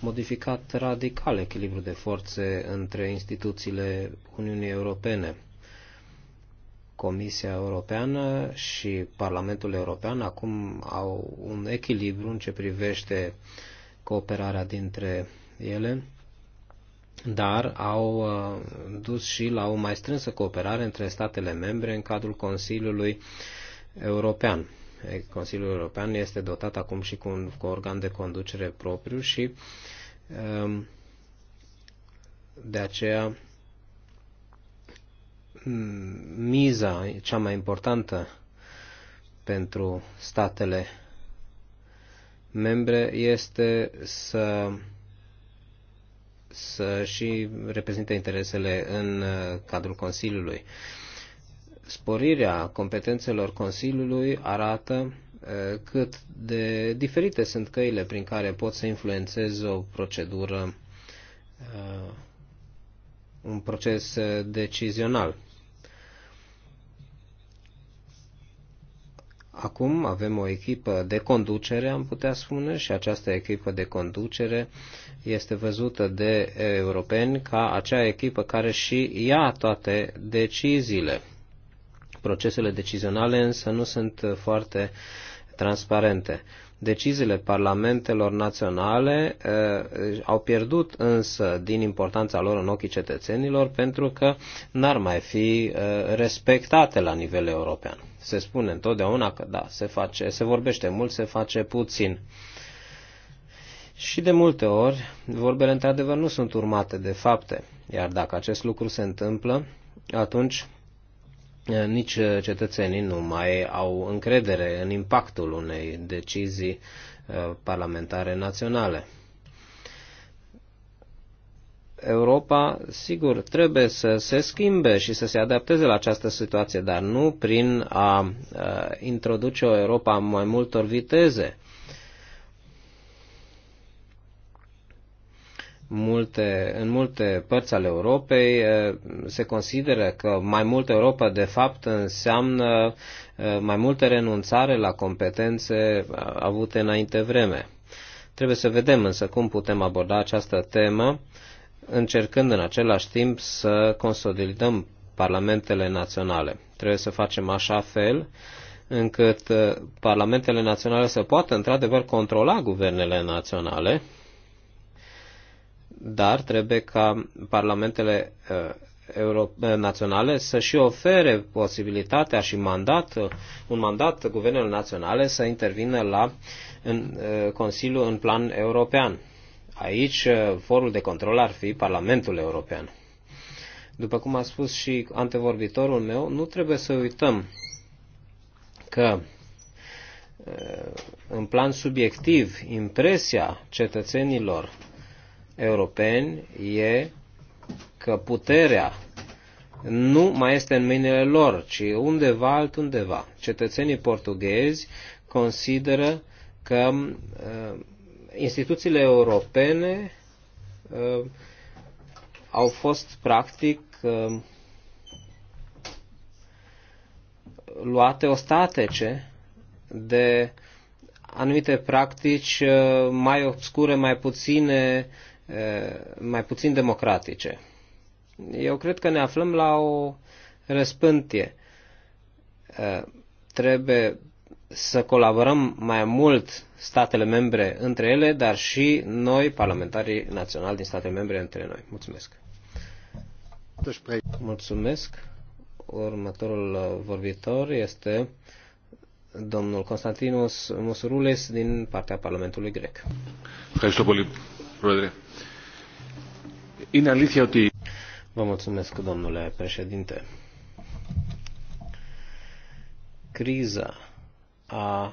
modificat radical echilibrul de forțe între instituțiile Uniunii Europene. Comisia Europeană și Parlamentul European acum au un echilibru în ce privește cooperarea dintre ele, dar au uh, dus și la o mai strânsă cooperare între statele membre în cadrul Consiliului European. Consiliul European este dotat acum și cu un cu organ de conducere propriu și um, de aceea miza cea mai importantă pentru statele membre este să să și reprezinte interesele în uh, cadrul Consiliului. Uh, sporirea competențelor Consiliului arată cât de diferite sunt căile prin care pot să influențeze o procedură, un proces decizional. Acum avem o echipă de conducere, am putea spune, și această echipă de conducere este văzută de europeni ca acea echipă care și ia toate deciziile Procesele decizionale însă nu sunt foarte transparente. Deciziile parlamentelor naționale uh, au pierdut însă din importanța lor în ochii cetățenilor pentru că n-ar mai fi uh, respectate la nivel european. Se spune întotdeauna că da, se, face, se vorbește mult, se face puțin. Și de multe ori, vorbele într-adevăr nu sunt urmate de fapte, iar dacă acest lucru se întâmplă, atunci nici cetățenii nu mai au încredere în impactul unei decizii uh, parlamentare naționale. Europa, sigur, trebuie să se schimbe și să se adapteze la această situație, dar nu prin a uh, introduce o Europa mai multor viteze. multe, în multe părți ale Europei se consideră că mai multă Europa de fapt înseamnă mai multă renunțare la competențe avute înainte vreme. Trebuie să vedem însă cum putem aborda această temă, încercând în același timp să consolidăm parlamentele naționale. Trebuie să facem așa fel încât parlamentele naționale să poată într-adevăr controla guvernele naționale dar trebuie ca parlamentele eh, euro, eh, naționale să și ofere posibilitatea și mandat, eh, un mandat guvernelor naționale să intervină la în, Consiliu în plan european. Aici forul de control ar fi Parlamentul European. După cum a spus și antevorbitorul meu, nu trebuie să uităm că în plan subiectiv, impresia cetățenilor europeni e că puterea nu mai este în mâinile lor, ci undeva altundeva. Cetățenii portughezi consideră că uh, instituțiile europene uh, au fost practic uh, luate ostatece de anumite practici uh, mai obscure, mai puține uh, Eh, mai puțin democratice. Eu cred că ne aflăm la o răspântie. Eh, trebuie să colaborăm mai mult statele membre între ele, dar și noi, parlamentarii naționali din statele membre între noi. Mulțumesc. Mulțumesc. Următorul eh, vorbitor este domnul Constantinus Musurules din partea Parlamentului grec. Mulțumesc. Είναι αλήθεια ότι... Vă mulțumesc, domnule președinte. Criza a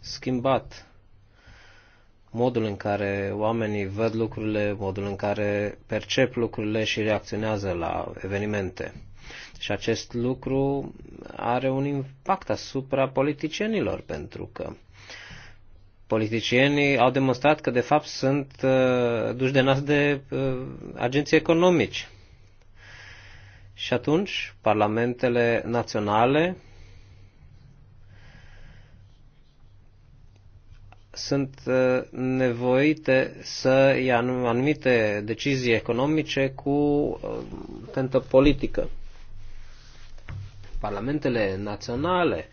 schimbat modul în care oamenii văd lucrurile, modul în care percep lucrurile și reacționează la evenimente. Și acest lucru are un impact asupra politicienilor, pentru că politicienii au demonstrat că de fapt sunt uh, duși de nas de uh, agenții economici. Și atunci, parlamentele naționale sunt uh, nevoite să ia anumite decizii economice cu uh, tentă politică. Parlamentele naționale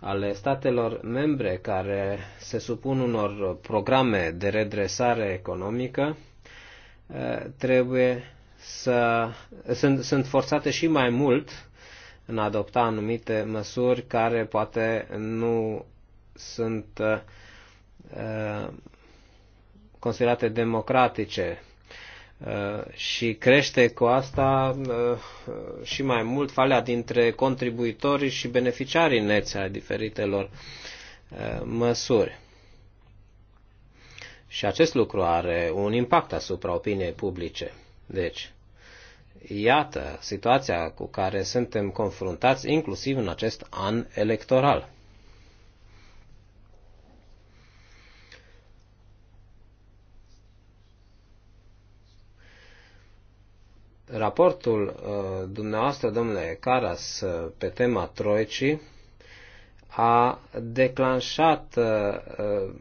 ale statelor membre care se supun unor programe de redresare economică eh, trebuie să sunt, sunt forțate și mai mult în a adopta anumite măsuri care poate nu sunt uh, considerate democratice Uh, și crește cu asta uh, uh, și mai mult falea dintre contribuitorii și beneficiarii neți ai diferitelor măsuri. Și acest lucru are un impact asupra opiniei publice. Deci, iată situația cu care suntem confruntați inclusiv în acest an electoral. raportul uh, dumneavoastră, domnule Caras, uh, pe tema Troicii a declanșat uh,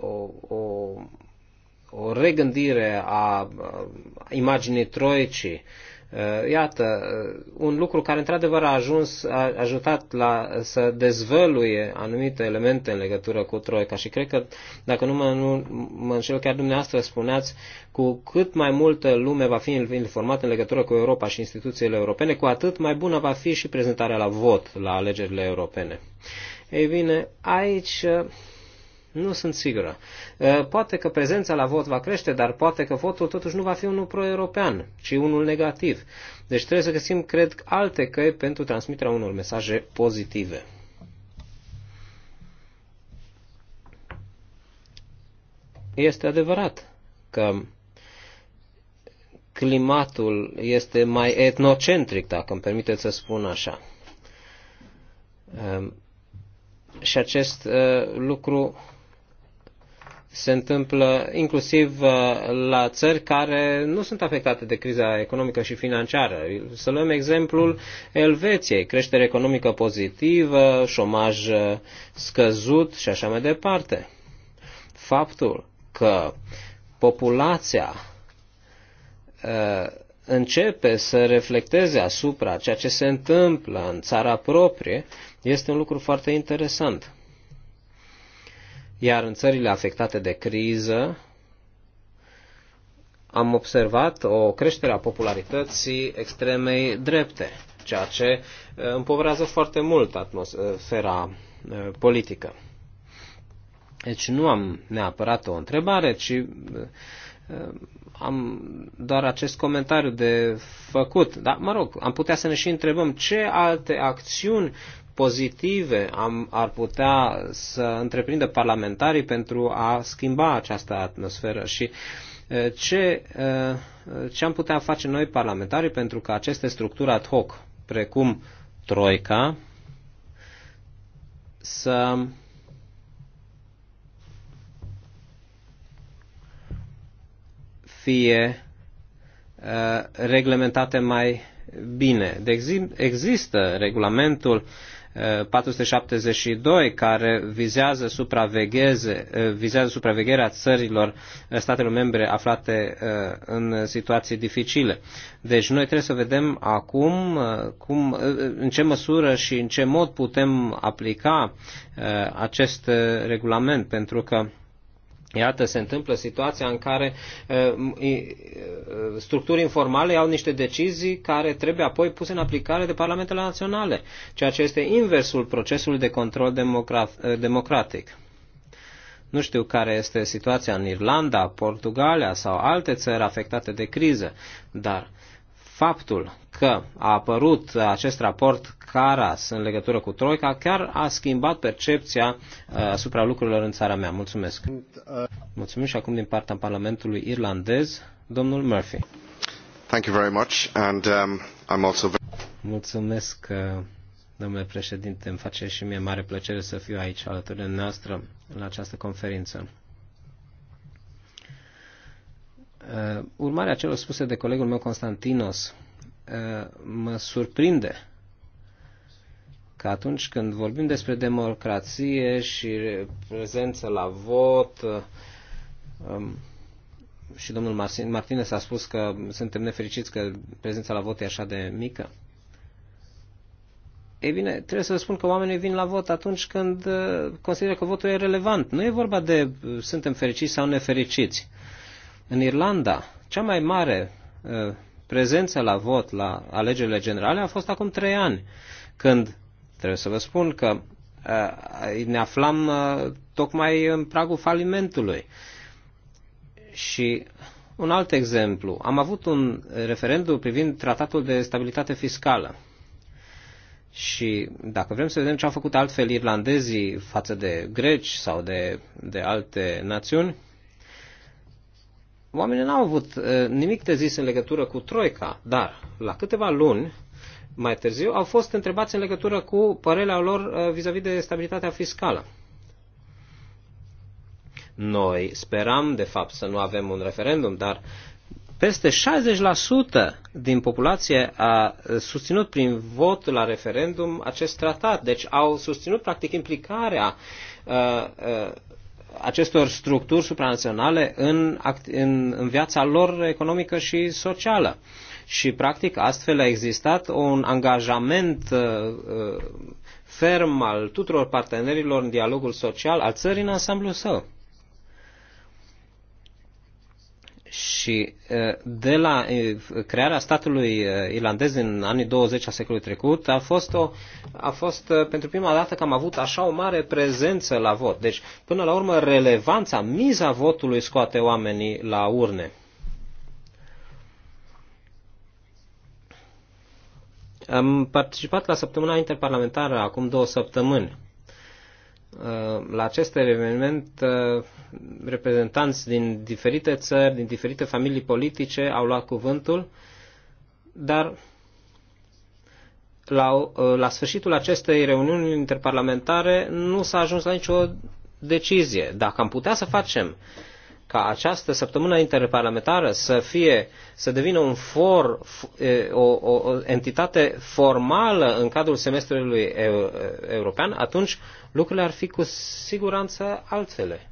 o, o, o regândire a imaginii Troicii Uh, iată, uh, un lucru care într-adevăr a ajuns, a ajutat la uh, să dezvăluie anumite elemente în legătură cu Troica și cred că, dacă nu mă, nu mă înșel, chiar dumneavoastră spuneați, cu cât mai multă lume va fi informată în legătură cu Europa și instituțiile europene, cu atât mai bună va fi și prezentarea la vot la alegerile europene. Ei bine, aici nu sunt sigură. Ă, poate că prezența la vot va crește, dar poate că votul totuși nu va fi unul pro-european, ci unul negativ. Deci trebuie să găsim, cred, alte căi pentru transmiterea unor mesaje pozitive. Este adevărat că climatul este mai etnocentric, dacă îmi permiteți să spun așa. Ă, și acest ă, lucru se întâmplă inclusiv uh, la țări care nu sunt afectate de criza economică și financiară. Să luăm exemplul Elveției, creștere economică pozitivă, șomaj uh, scăzut și așa mai departe. Faptul că populația uh, începe să reflecteze asupra ceea ce se întâmplă în țara proprie este un lucru foarte interesant. Iar în țările afectate de criză, am observat o creștere a popularității extremei drepte, ceea ce uh, împovrează foarte mult atmosfera uh, politică. Deci nu am neapărat o întrebare, ci uh, am doar acest comentariu de făcut. Dar, mă rog, am putea să ne și întrebăm ce alte acțiuni pozitive am, ar putea să întreprindă parlamentarii pentru a schimba această atmosferă și ce, ce am putea face noi parlamentarii pentru că aceste structuri ad hoc, precum Troica, să fie reglementate mai bine. De exist, există regulamentul 472 care vizează, supravegheze, vizează supravegherea țărilor, statelor membre aflate uh, în situații dificile. Deci noi trebuie să vedem acum uh, cum, uh, în ce măsură și în ce mod putem aplica acest regulament, pentru că Iată, se întâmplă situația în care uh, uh, structuri informale au niște decizii care trebuie apoi puse în aplicare de parlamentele naționale, ceea ce este inversul procesului de control uh, democratic. Nu știu care este situația în Irlanda, Portugalia sau alte țări afectate de criză, dar faptul că a apărut acest raport Caras în legătură cu Troica chiar a schimbat percepția uh, asupra lucrurilor în țara mea. Mulțumesc. Mulțumim și acum din partea Parlamentului irlandez, domnul Murphy. Thank you very much and um, I'm also very... Mulțumesc, uh, domnule președinte, îmi face și mie mare plăcere să fiu aici alături de noastră la această conferință. Uh, urmarea celor spuse de colegul meu Constantinos, uh, mă surprinde că atunci când vorbim despre democrație și prezență la vot, uh, um, și domnul Martinez a spus că suntem nefericiți că prezența la vot e așa de mică. Ei bine, trebuie să vă spun că oamenii vin la vot atunci când consideră că votul e relevant. Nu e vorba de suntem fericiți sau nefericiți. Uh, în Irlanda, cea mai mare ă, prezență la vot la alegerile generale a fost acum trei ani, când, trebuie să vă spun că ă, ne aflam ă, tocmai în pragul falimentului. Și un alt exemplu. Am avut un referendum privind tratatul de stabilitate fiscală. Și dacă vrem să vedem ce au făcut altfel irlandezii față de greci sau de, de alte națiuni, Oamenii n-au avut uh, nimic de zis în legătură cu Troica, dar la câteva luni mai târziu au fost întrebați în legătură cu părerea lor uh, vis-a-vis -vis de stabilitatea fiscală. Noi speram, de fapt, să nu avem un referendum, dar peste 60% din populație a uh, susținut prin vot la referendum acest tratat. Deci au susținut, practic, implicarea uh, uh, acestor structuri supranaționale în, în, în viața lor economică și socială. Și, practic, astfel a existat un angajament uh, uh ferm al tuturor partenerilor în dialogul social al țării în ansamblul său. Și de la crearea statului irlandez în anii 20 a secolului trecut a fost, o, a fost pentru prima dată că am avut așa o mare prezență la vot. Deci, până la urmă, relevanța, miza votului scoate oamenii la urne. Am participat la săptămâna interparlamentară acum două săptămâni Uh, la acest eveniment uh, reprezentanți din diferite țări, din diferite familii politice au luat cuvântul, dar la, uh, la sfârșitul acestei reuniuni interparlamentare nu s-a ajuns la nicio decizie. Dacă am putea să facem ca această săptămână interparlamentară să fie, să devină un for, o, o, o entitate formală în cadrul semestrului european, atunci uh, lucrurile ar fi cu siguranță altfele.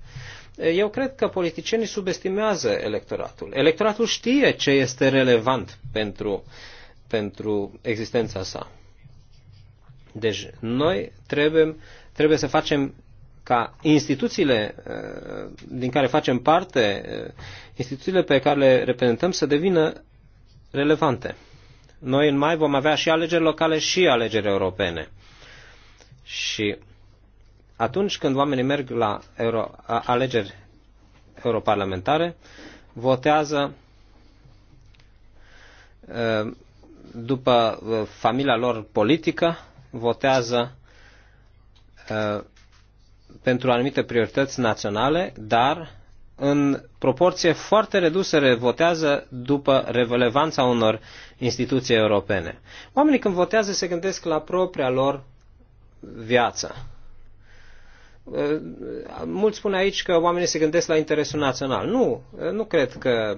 Eu cred că politicienii subestimează electoratul. Electoratul știe ce este relevant pentru, pentru existența sa. Deci noi trebuie, trebuie să facem ca instituțiile eh, din care facem parte, eh, instituțiile pe care le reprezentăm să devină relevante. Noi în mai vom avea și alegeri locale și alegeri europene. Și atunci când oamenii merg la euro, alegeri europarlamentare, votează uh, după uh, familia lor politică, votează uh, pentru anumite priorități naționale, dar în proporție foarte redusă votează după relevanța unor instituții europene. Oamenii când votează se gândesc la propria lor viață Uh, mulți spun aici că oamenii se gândesc la interesul național. Nu, uh, nu cred că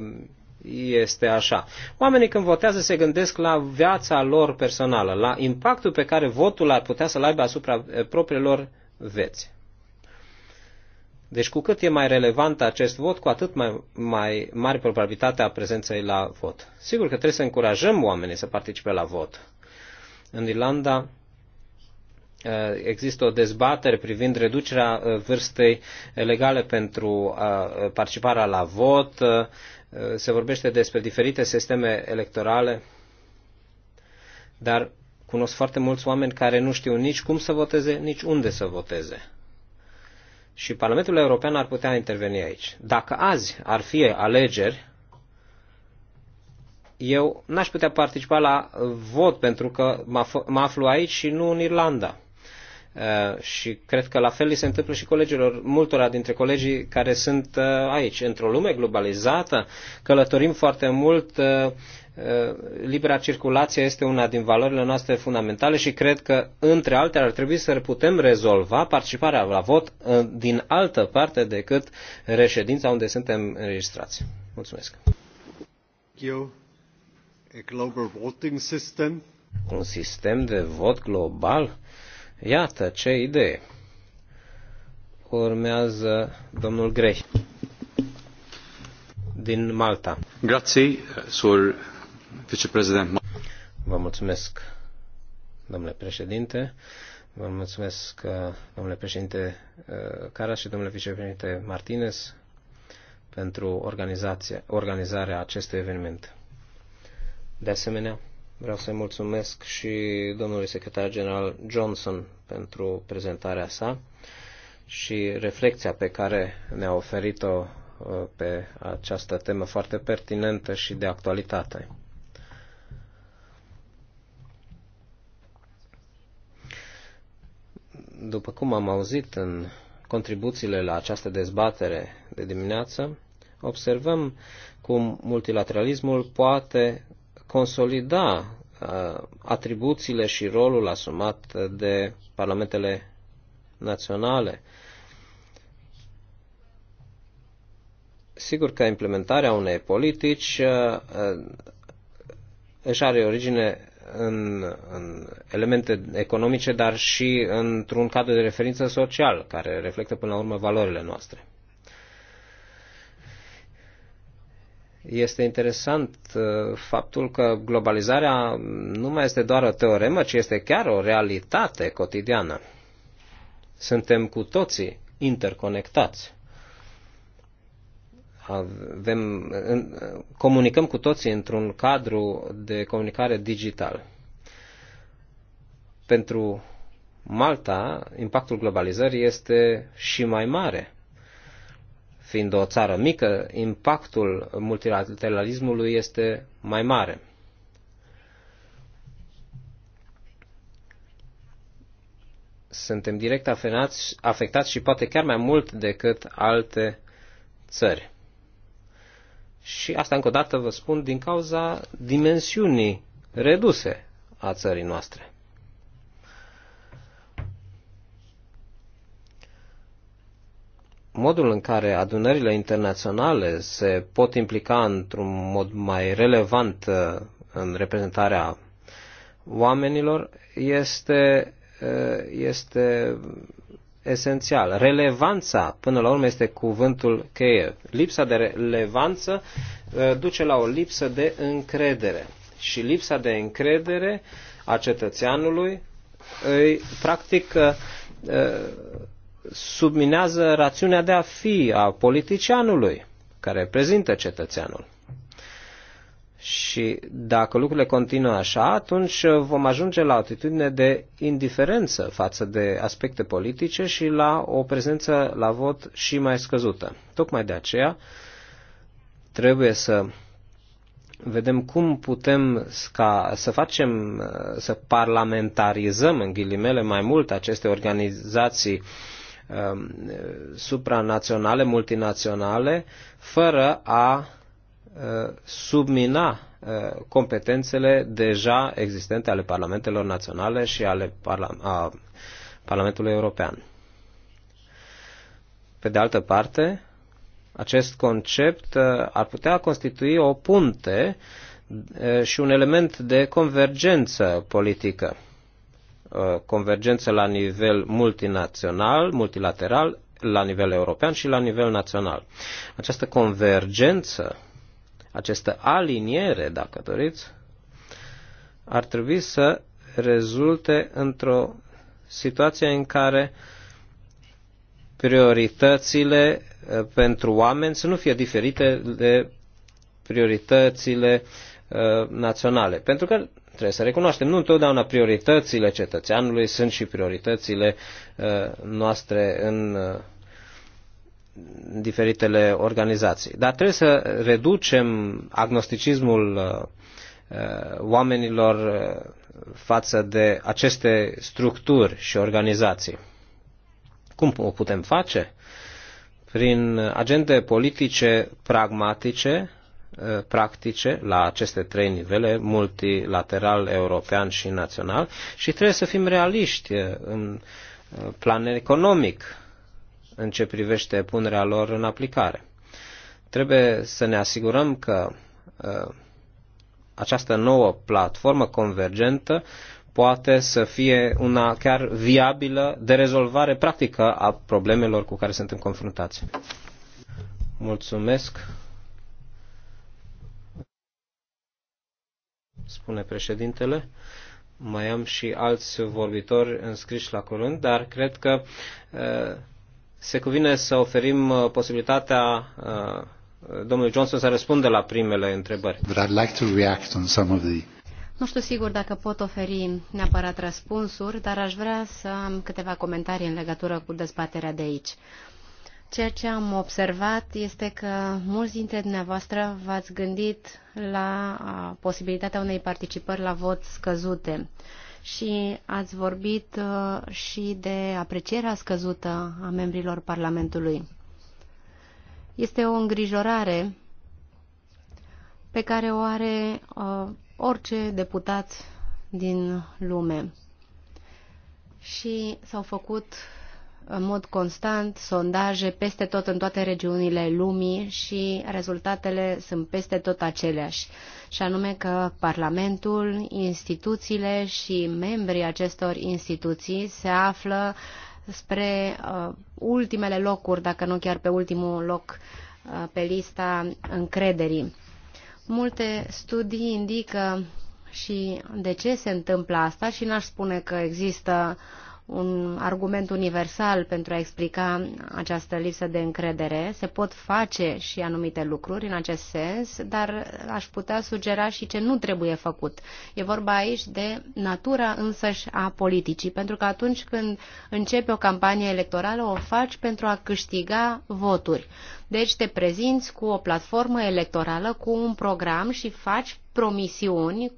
este așa. Oamenii când votează se gândesc la viața lor personală, la impactul pe care votul ar putea să-l aibă asupra uh, propriilor veți. Deci cu cât e mai relevant acest vot, cu atât mai, mai mare probabilitatea prezenței la vot. Sigur că trebuie să încurajăm oamenii să participe la vot. În Irlanda, Uh, există o dezbatere privind reducerea uh, vârstei legale pentru uh, participarea la vot, se vorbește despre diferite sisteme electorale, dar cunosc foarte mulți oameni care nu știu nici cum să voteze, nici unde să voteze. Și Parlamentul European ar putea interveni aici. Dacă azi ar fi alegeri, eu n-aș putea participa la vot pentru că mă aflu aici și nu în Irlanda. Uh, și cred că la fel li se întâmplă și colegilor, multora dintre colegii care sunt uh, aici, într-o lume globalizată, călătorim foarte mult, uh, libera circulație este una din valorile noastre fundamentale și cred că, între altele, ar trebui să putem rezolva participarea la vot din altă parte decât reședința unde suntem înregistrați. Mulțumesc! Eu, a global voting system. Un sistem de vot global? Uh, Iată ce idee. Urmează domnul Grei din Malta. Grazie, sur vicepreședinte. Vă mulțumesc, domnule președinte. Vă mulțumesc, uh, domnule președinte uh, Caras și domnule vicepreședinte Martinez, pentru organizarea acestui eveniment. De asemenea, Vreau să-i mulțumesc și domnului secretar general Johnson pentru prezentarea sa și reflexia pe care ne-a oferit-o uh, pe această temă foarte pertinentă și de actualitate. După cum am auzit în contribuțiile la această dezbatere de dimineață, observăm cum multilateralismul poate consolida uh, atribuțiile și rolul asumat de parlamentele naționale. Sigur că implementarea unei politici uh, uh, își are origine în, în elemente economice, dar și într-un cadru de referință social, care reflectă până la urmă valorile noastre. Este interesant uh, faptul că globalizarea nu mai este doar o teoremă, ci este chiar o realitate cotidiană. Suntem cu toții interconectați. Avem, comunicăm cu toții într-un cadru de comunicare digital. Pentru Malta, impactul globalizării este și mai mare Fiind o țară mică, impactul multilateralismului este mai mare. Suntem direct afectați, afectați și poate chiar mai mult decât alte țări. Și asta încă o dată vă spun din cauza dimensiunii reduse a țării noastre. modul în care adunările internaționale se pot implica într-un mod mai relevant uh, în reprezentarea oamenilor este, uh, este esențial. Relevanța, până la urmă, este cuvântul cheie. Lipsa de relevanță uh, duce la o lipsă de încredere. Și lipsa de încredere a cetățeanului îi, practic, subminează rațiunea de a fi a politicianului care reprezintă cetățeanul. Și dacă lucrurile continuă așa, atunci vom ajunge la o atitudine de indiferență față de aspecte politice și la o prezență la vot și mai scăzută. Tocmai de aceea trebuie să vedem cum putem ca, să facem, să parlamentarizăm în ghilimele mai mult aceste organizații uh, Um, supranaționale, multinaționale, fără a uh, submina uh, competențele deja existente ale parlamentelor naționale și ale parla a Parlamentului European. Pe de altă parte, acest concept uh, ar putea constitui o punte și un element de convergență politică Uh, convergență la nivel multinațional, multilateral, la nivel european și la nivel național. Această convergență, această aliniere, dacă doriți, ar trebui să rezulte într-o situație în care prioritățile uh, pentru oameni să nu fie diferite de prioritățile uh, naționale. Pentru că Trebuie să recunoaștem, nu întotdeauna prioritățile cetățeanului sunt și prioritățile uh, noastre în uh, diferitele organizații. Dar trebuie să reducem agnosticismul uh, oamenilor față de aceste structuri și organizații. Cum o putem face? Prin agende politice pragmatice Eh, practice la aceste trei nivele, multilateral, european și național, și trebuie să fim realiști eh, în eh, plan economic în ce privește punerea lor în aplicare. Trebuie să ne asigurăm că această nouă platformă convergentă poate să fie una chiar viabilă de rezolvare practică a problemelor cu care suntem confruntați. Mulțumesc! spune președintele. Mai am și alți vorbitori înscriși la curând, dar cred că uh, se cuvine să oferim uh, posibilitatea uh, domnului Johnson să răspundă la primele întrebări. But I'd like to react on some of the... Nu știu sigur dacă pot oferi neapărat răspunsuri, dar aș vrea să am câteva comentarii în legătură cu dezbaterea de aici. Ceea ce am observat este că mulți dintre dumneavoastră v-ați gândit la posibilitatea unei participări la vot scăzute și ați vorbit uh, și de aprecierea scăzută a membrilor Parlamentului. Este o îngrijorare pe care o are uh, orice deputat din lume. Și s-au făcut în mod constant sondaje peste tot în toate regiunile lumii și rezultatele sunt peste tot aceleași, și anume că Parlamentul, instituțiile și membrii acestor instituții se află spre uh, ultimele locuri, dacă nu chiar pe ultimul loc uh, pe lista încrederii. Multe studii indică și de ce se întâmplă asta și n-aș spune că există uh, un argument universal pentru a explica această lipsă de încredere. Se pot face și anumite lucruri în acest sens, dar aș putea sugera și ce nu trebuie făcut. E vorba aici de natura însăși a politicii, pentru că atunci când începe o campanie electorală, o faci pentru a câștiga voturi. Deci te prezinți cu o platformă electorală, cu un program și faci promisiuni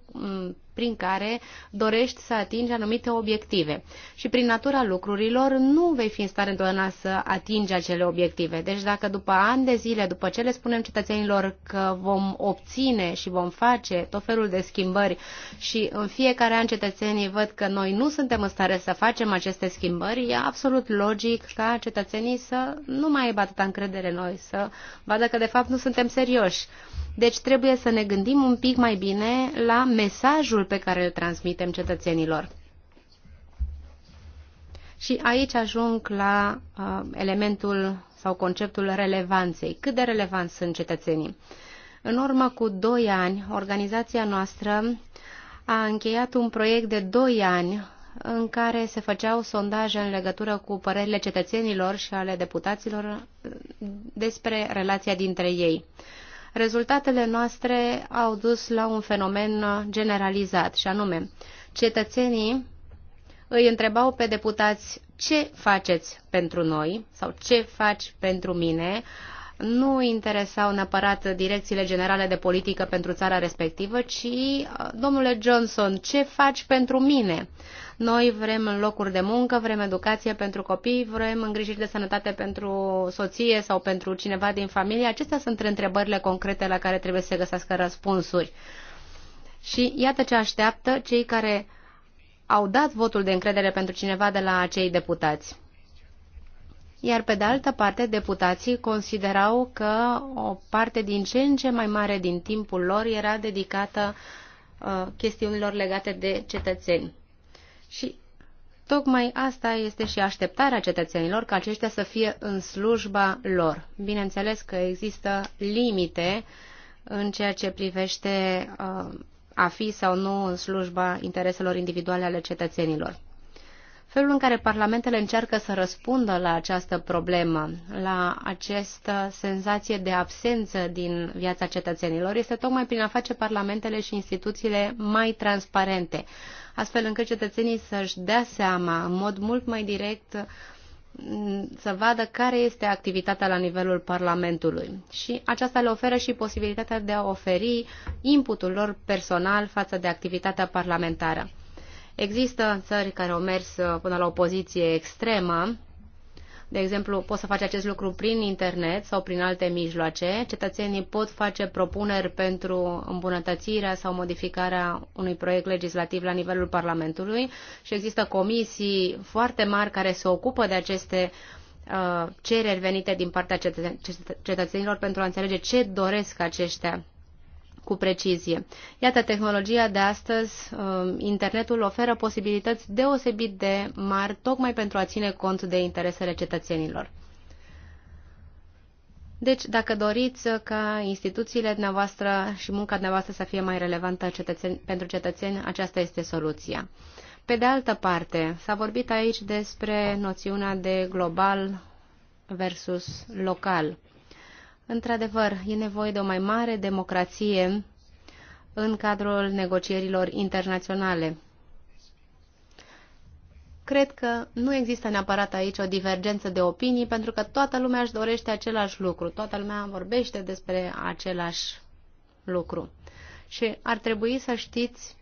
prin care dorești să atingi anumite obiective. Și prin natura lucrurilor nu vei fi în stare întotdeauna să atingi acele obiective. Deci dacă după ani de zile, după ce le spunem cetățenilor că vom obține și vom face tot felul de schimbări și în fiecare an cetățenii văd că noi nu suntem în stare să facem aceste schimbări, e absolut logic ca cetățenii să nu mai aibă atâta încredere în noi, să vadă că de fapt nu suntem serioși. Deci trebuie să ne gândim un pic mai bine la mesajul pe care îl transmitem cetățenilor. Și aici ajung la uh, elementul sau conceptul relevanței. Cât de relevanți sunt cetățenii? În urmă cu doi ani, organizația noastră a încheiat un proiect de doi ani în care se făceau sondaje în legătură cu părerile cetățenilor și ale deputaților uh, despre relația dintre ei. Rezultatele noastre au dus la un fenomen generalizat, și anume, cetățenii îi întrebau pe deputați ce faceți pentru noi sau ce faci pentru mine, nu interesau neapărat direcțiile generale de politică pentru țara respectivă, ci, uh, domnule Johnson, ce faci pentru mine? Noi vrem locuri de muncă, vrem educație pentru copii, vrem îngrijiri de sănătate pentru soție sau pentru cineva din familie. Acestea sunt întrebările concrete la care trebuie să se găsească răspunsuri. Și iată ce așteaptă cei care au dat votul de încredere pentru cineva de la acei deputați iar pe de altă parte deputații considerau că o parte din ce în ce mai mare din timpul lor era dedicată uh, chestiunilor legate de cetățeni. Și tocmai asta este și așteptarea cetățenilor, ca aceștia să fie în slujba lor. Bineînțeles că există limite în ceea ce privește uh, a fi sau nu în slujba intereselor individuale ale cetățenilor. Felul în care parlamentele încearcă să răspundă la această problemă, la această senzație de absență din viața cetățenilor, este tocmai prin a face parlamentele și instituțiile mai transparente, astfel încât cetățenii să-și dea seama în mod mult mai direct mm, să vadă care este activitatea la nivelul Parlamentului. Și aceasta le oferă și posibilitatea de a oferi inputul lor personal față de activitatea parlamentară. Există țări care au mers uh, până la o poziție extremă. De exemplu, poți să faci acest lucru prin internet sau prin alte mijloace. Cetățenii pot face propuneri pentru îmbunătățirea sau modificarea unui proiect legislativ la nivelul Parlamentului și există comisii foarte mari care se ocupă de aceste uh, cereri venite din partea cetățenilor pentru a înțelege ce doresc aceștia cu precizie. Iată, tehnologia de astăzi, uh, internetul oferă posibilități deosebit de mari, tocmai pentru a ține cont de interesele cetățenilor. Deci, dacă doriți ca instituțiile dumneavoastră și munca dumneavoastră să fie mai relevantă cetățeni, pentru cetățeni, aceasta este soluția. Pe de altă parte, s-a vorbit aici despre noțiunea de global versus local. Într-adevăr, e nevoie de o mai mare democrație în cadrul negocierilor internaționale. Cred că nu există neapărat aici o divergență de opinii, pentru că toată lumea își dorește același lucru, toată lumea vorbește despre același lucru. Și ar trebui să știți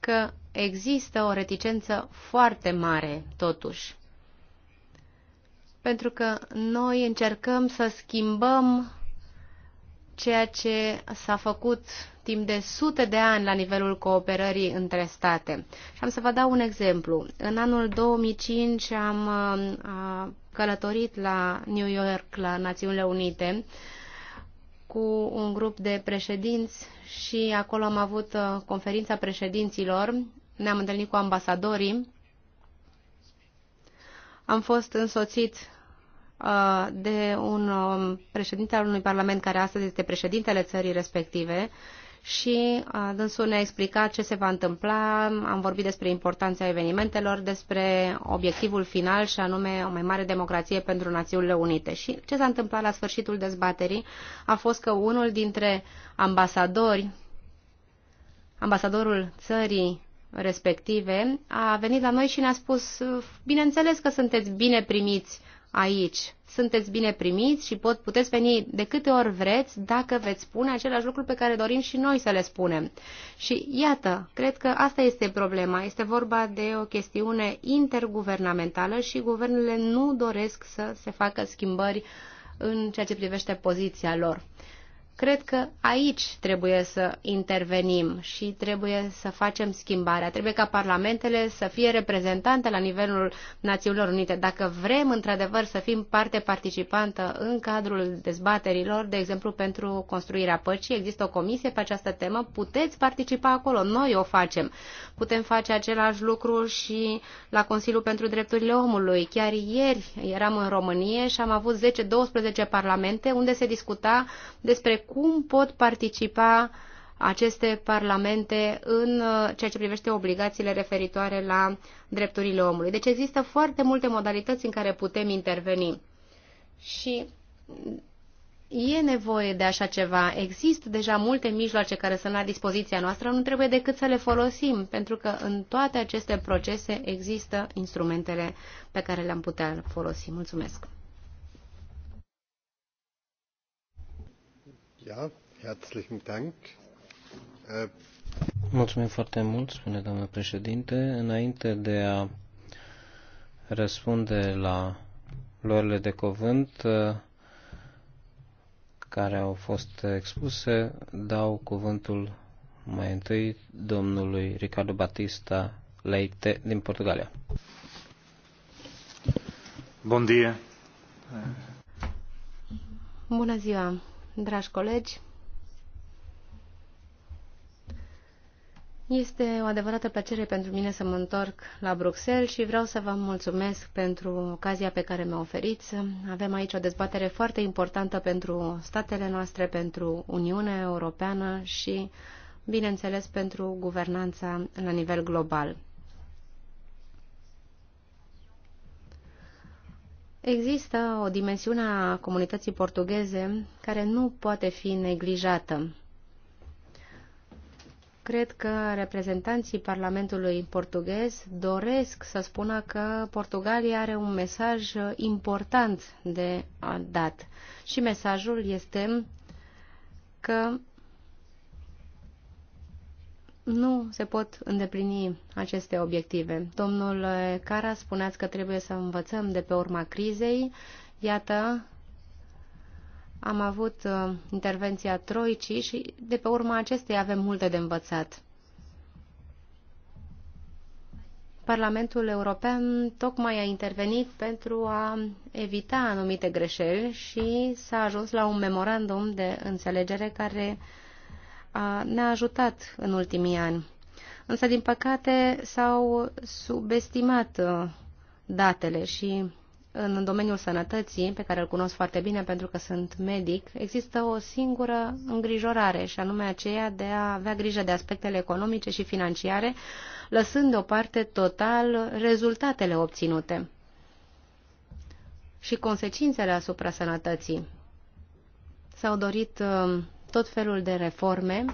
că există o reticență foarte mare, totuși pentru că noi încercăm să schimbăm ceea ce s-a făcut timp de sute de ani la nivelul cooperării între state. Și am să vă dau un exemplu. În anul 2005 am uh, călătorit la New York, la Națiunile Unite, cu un grup de președinți și acolo am avut uh, conferința președinților. Ne-am întâlnit cu ambasadorii. Am fost însoțit Uh, de un um, președinte al unui parlament care astăzi este președintele țării respective și uh, dânsul ne-a explicat ce se va întâmpla, am vorbit despre importanța evenimentelor, despre obiectivul final și anume o mai mare democrație pentru Națiunile Unite. Și ce s-a întâmplat la sfârșitul dezbaterii a fost că unul dintre ambasadori, ambasadorul țării respective, a venit la noi și ne-a spus, bineînțeles că sunteți bine primiți aici. Sunteți bine primiți și pot, puteți veni de câte ori vreți dacă veți spune același lucru pe care dorim și noi să le spunem. Și iată, cred că asta este problema. Este vorba de o chestiune interguvernamentală și guvernele nu doresc să se facă schimbări în ceea ce privește poziția lor. Cred că aici trebuie să intervenim și trebuie să facem schimbarea. Trebuie ca parlamentele să fie reprezentante la nivelul Națiunilor Unite. Dacă vrem într-adevăr să fim parte participantă în cadrul dezbaterilor, de exemplu pentru construirea păcii, există o comisie pe această temă, puteți participa acolo, noi o facem. Putem face același lucru și la Consiliul pentru Drepturile Omului. Chiar ieri eram în România și am avut 10-12 parlamente unde se discuta despre cum pot participa aceste parlamente în uh, ceea ce privește obligațiile referitoare la drepturile omului. Deci există foarte multe modalități în care putem interveni. Și e nevoie de așa ceva. Există deja multe mijloace care sunt la dispoziția noastră, nu trebuie decât să le folosim, pentru că în toate aceste procese există instrumentele pe care le-am putea folosi. Mulțumesc! Äh, Mulțumim foarte mult, spune doamna președinte. Înainte de a răspunde la luările de cuvânt uh, care au fost expuse, dau cuvântul mai întâi domnului Ricardo Batista Leite din Portugalia. Bun dia! Bună ziua! dragi colegi, este o adevărată plăcere pentru mine să mă întorc la Bruxelles și vreau să vă mulțumesc pentru ocazia pe care mi-a oferit. Avem aici o dezbatere foarte importantă pentru statele noastre, pentru Uniunea Europeană și, bineînțeles, pentru guvernanța la nivel global. Există o dimensiune a comunității portugheze care nu poate fi neglijată. Cred că reprezentanții Parlamentului portughez doresc să spună că Portugalia are un mesaj important de dat. Și mesajul este că nu se pot îndeplini aceste obiective. Domnul Cara, spuneați că trebuie să învățăm de pe urma crizei. Iată, am avut uh, intervenția Troicii și de pe urma acestei avem multe de învățat. Parlamentul European tocmai a intervenit pentru a evita anumite greșeli și s-a ajuns la un memorandum de înțelegere care ne-a ajutat în ultimii ani. Însă, din păcate, s-au subestimat uh, datele și în domeniul sănătății, pe care îl cunosc foarte bine pentru că sunt medic, există o singură îngrijorare și anume aceea de a avea grijă de aspectele economice și financiare, lăsând deoparte total rezultatele obținute și consecințele asupra sănătății. S-au dorit uh, tot felul de reforme,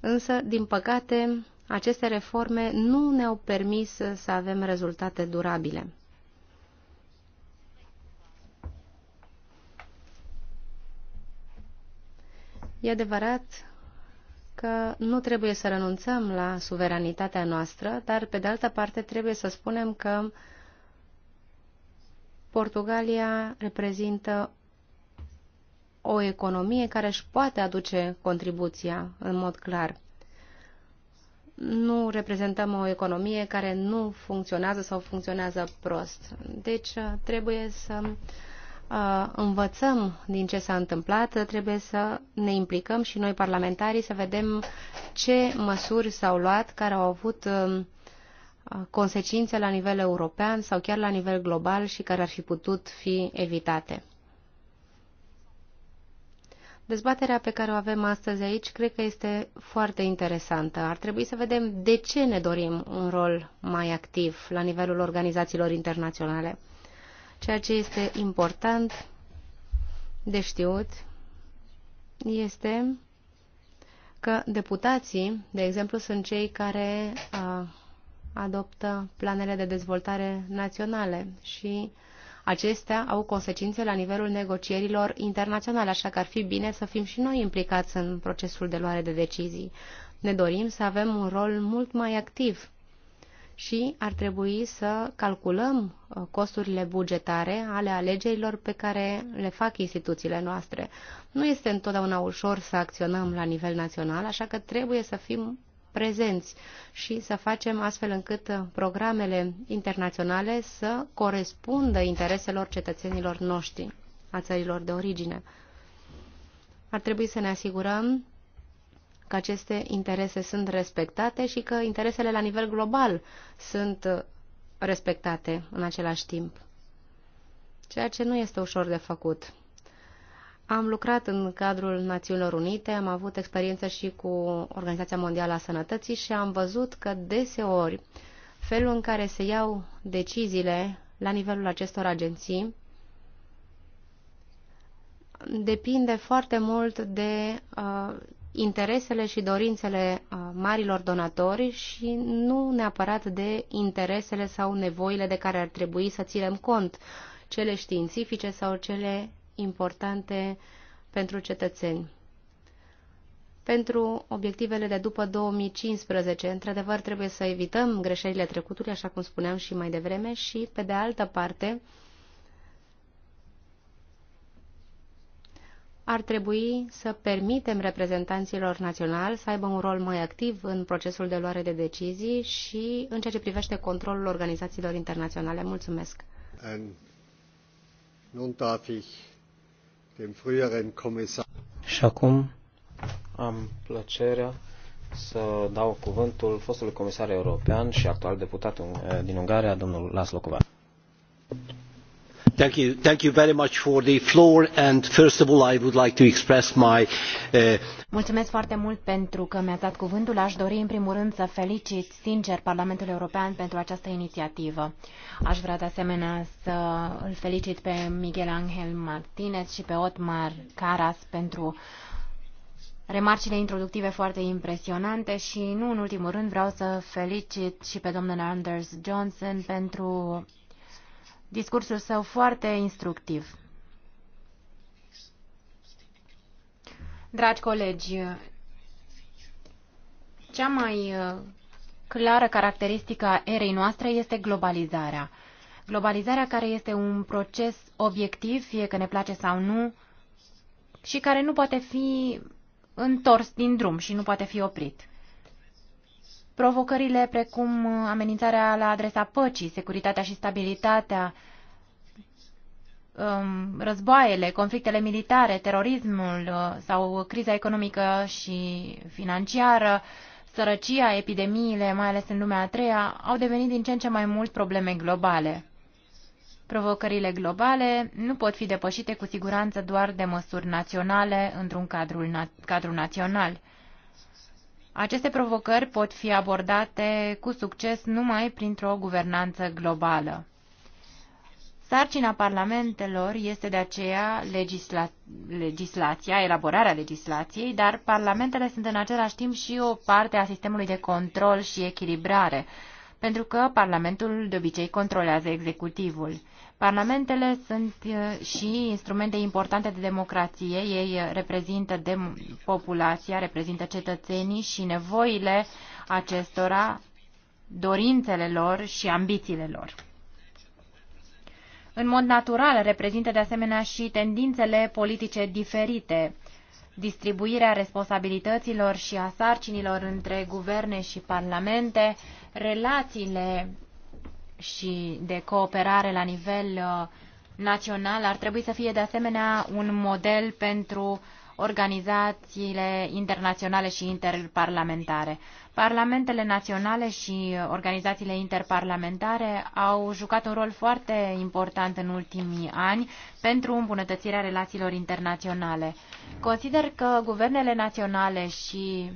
însă, din păcate, aceste reforme nu ne-au permis să avem rezultate durabile. E adevărat că nu trebuie să renunțăm la suveranitatea noastră, dar, pe de altă parte, trebuie să spunem că Portugalia reprezintă o economie care își poate aduce contribuția în mod clar. Nu reprezentăm o economie care nu funcționează sau funcționează prost. Deci uh, trebuie să uh, învățăm din ce s-a întâmplat, trebuie să ne implicăm și noi parlamentarii să vedem ce măsuri s-au luat care au avut uh, consecințe la nivel european sau chiar la nivel global și care ar fi putut fi evitate. Dezbaterea pe care o avem astăzi aici cred că este foarte interesantă. Ar trebui să vedem de ce ne dorim un rol mai activ la nivelul organizațiilor internaționale. Ceea ce este important de știut este că deputații, de exemplu, sunt cei care adoptă planele de dezvoltare naționale și uh, Acestea au consecințe la nivelul negocierilor internaționale, așa că ar fi bine să fim și noi implicați în procesul de luare de decizii. Ne dorim să avem un rol mult mai activ și ar trebui să calculăm uh, costurile bugetare ale alegerilor pe care le fac instituțiile noastre. Nu este întotdeauna ușor să acționăm la nivel național, așa că trebuie să fim prezenți și să facem astfel încât uh, programele internaționale să corespundă intereselor cetățenilor noștri, a țărilor de origine. Ar trebui să ne asigurăm că aceste interese sunt respectate și că interesele la nivel global sunt uh, respectate în același timp, ceea ce nu este ușor de făcut. Am lucrat în cadrul Națiunilor Unite, am avut experiență și cu Organizația Mondială a Sănătății și am văzut că deseori felul în care se iau deciziile la nivelul acestor agenții depinde foarte mult de uh, interesele și dorințele uh, marilor donatori și nu neapărat de interesele sau nevoile de care ar trebui să ținem cont, cele științifice sau cele importante pentru cetățeni. Pentru obiectivele de după 2015, într-adevăr, trebuie să evităm greșelile trecutului, așa cum spuneam și mai devreme, și, pe de altă parte, ar trebui să permitem reprezentanților naționali să aibă un rol mai activ în procesul de luare de decizii și în ceea ce privește controlul organizațiilor internaționale. Mulțumesc! Nun darf ich și acum am plăcerea să dau cuvântul fostului comisar european și actual deputat eh, din Ungaria, domnul Laszlo Kovács. Thank you, very much for the floor and first of all I would like to express my uh... Mulțumesc foarte mult pentru că mi-ați dat cuvântul. Aș dori în primul rând să felicit sincer Parlamentul European pentru această inițiativă. Aș vrea de asemenea să îl felicit pe Miguel Angel Martinez și pe Otmar Caras pentru remarcile introductive foarte impresionante și nu în ultimul rând vreau să felicit și pe domnul Anders Johnson pentru discursul său foarte instructiv. Dragi colegi, cea mai uh, clară caracteristică a erei noastre este globalizarea. Globalizarea care este un proces obiectiv, fie că ne place sau nu, și care nu poate fi întors din drum și nu poate fi oprit. Provocările precum uh, amenințarea la adresa păcii, securitatea și stabilitatea, um, războaiele, conflictele militare, terorismul uh, sau criza economică și financiară, sărăcia, epidemiile, mai ales în lumea a treia, au devenit din ce în ce mai mult probleme globale. Provocările globale nu pot fi depășite cu siguranță doar de măsuri naționale într-un cadru, na cadru național. Aceste provocări pot fi abordate cu succes numai printr-o guvernanță globală. Sarcina parlamentelor este de aceea legisla legislația, elaborarea legislației, dar parlamentele sunt în același timp și o parte a sistemului de control și echilibrare, pentru că parlamentul de obicei controlează executivul. Parlamentele sunt și instrumente importante de democrație, ei reprezintă de populația, reprezintă cetățenii și nevoile acestora, dorințele lor și ambițiile lor. În mod natural, reprezintă de asemenea și tendințele politice diferite, distribuirea responsabilităților și a sarcinilor între guverne și parlamente, relațiile și de cooperare la nivel uh, național ar trebui să fie de asemenea un model pentru organizațiile internaționale și interparlamentare. Parlamentele naționale și organizațiile interparlamentare au jucat un rol foarte important în ultimii ani pentru îmbunătățirea relațiilor internaționale. Consider că guvernele naționale și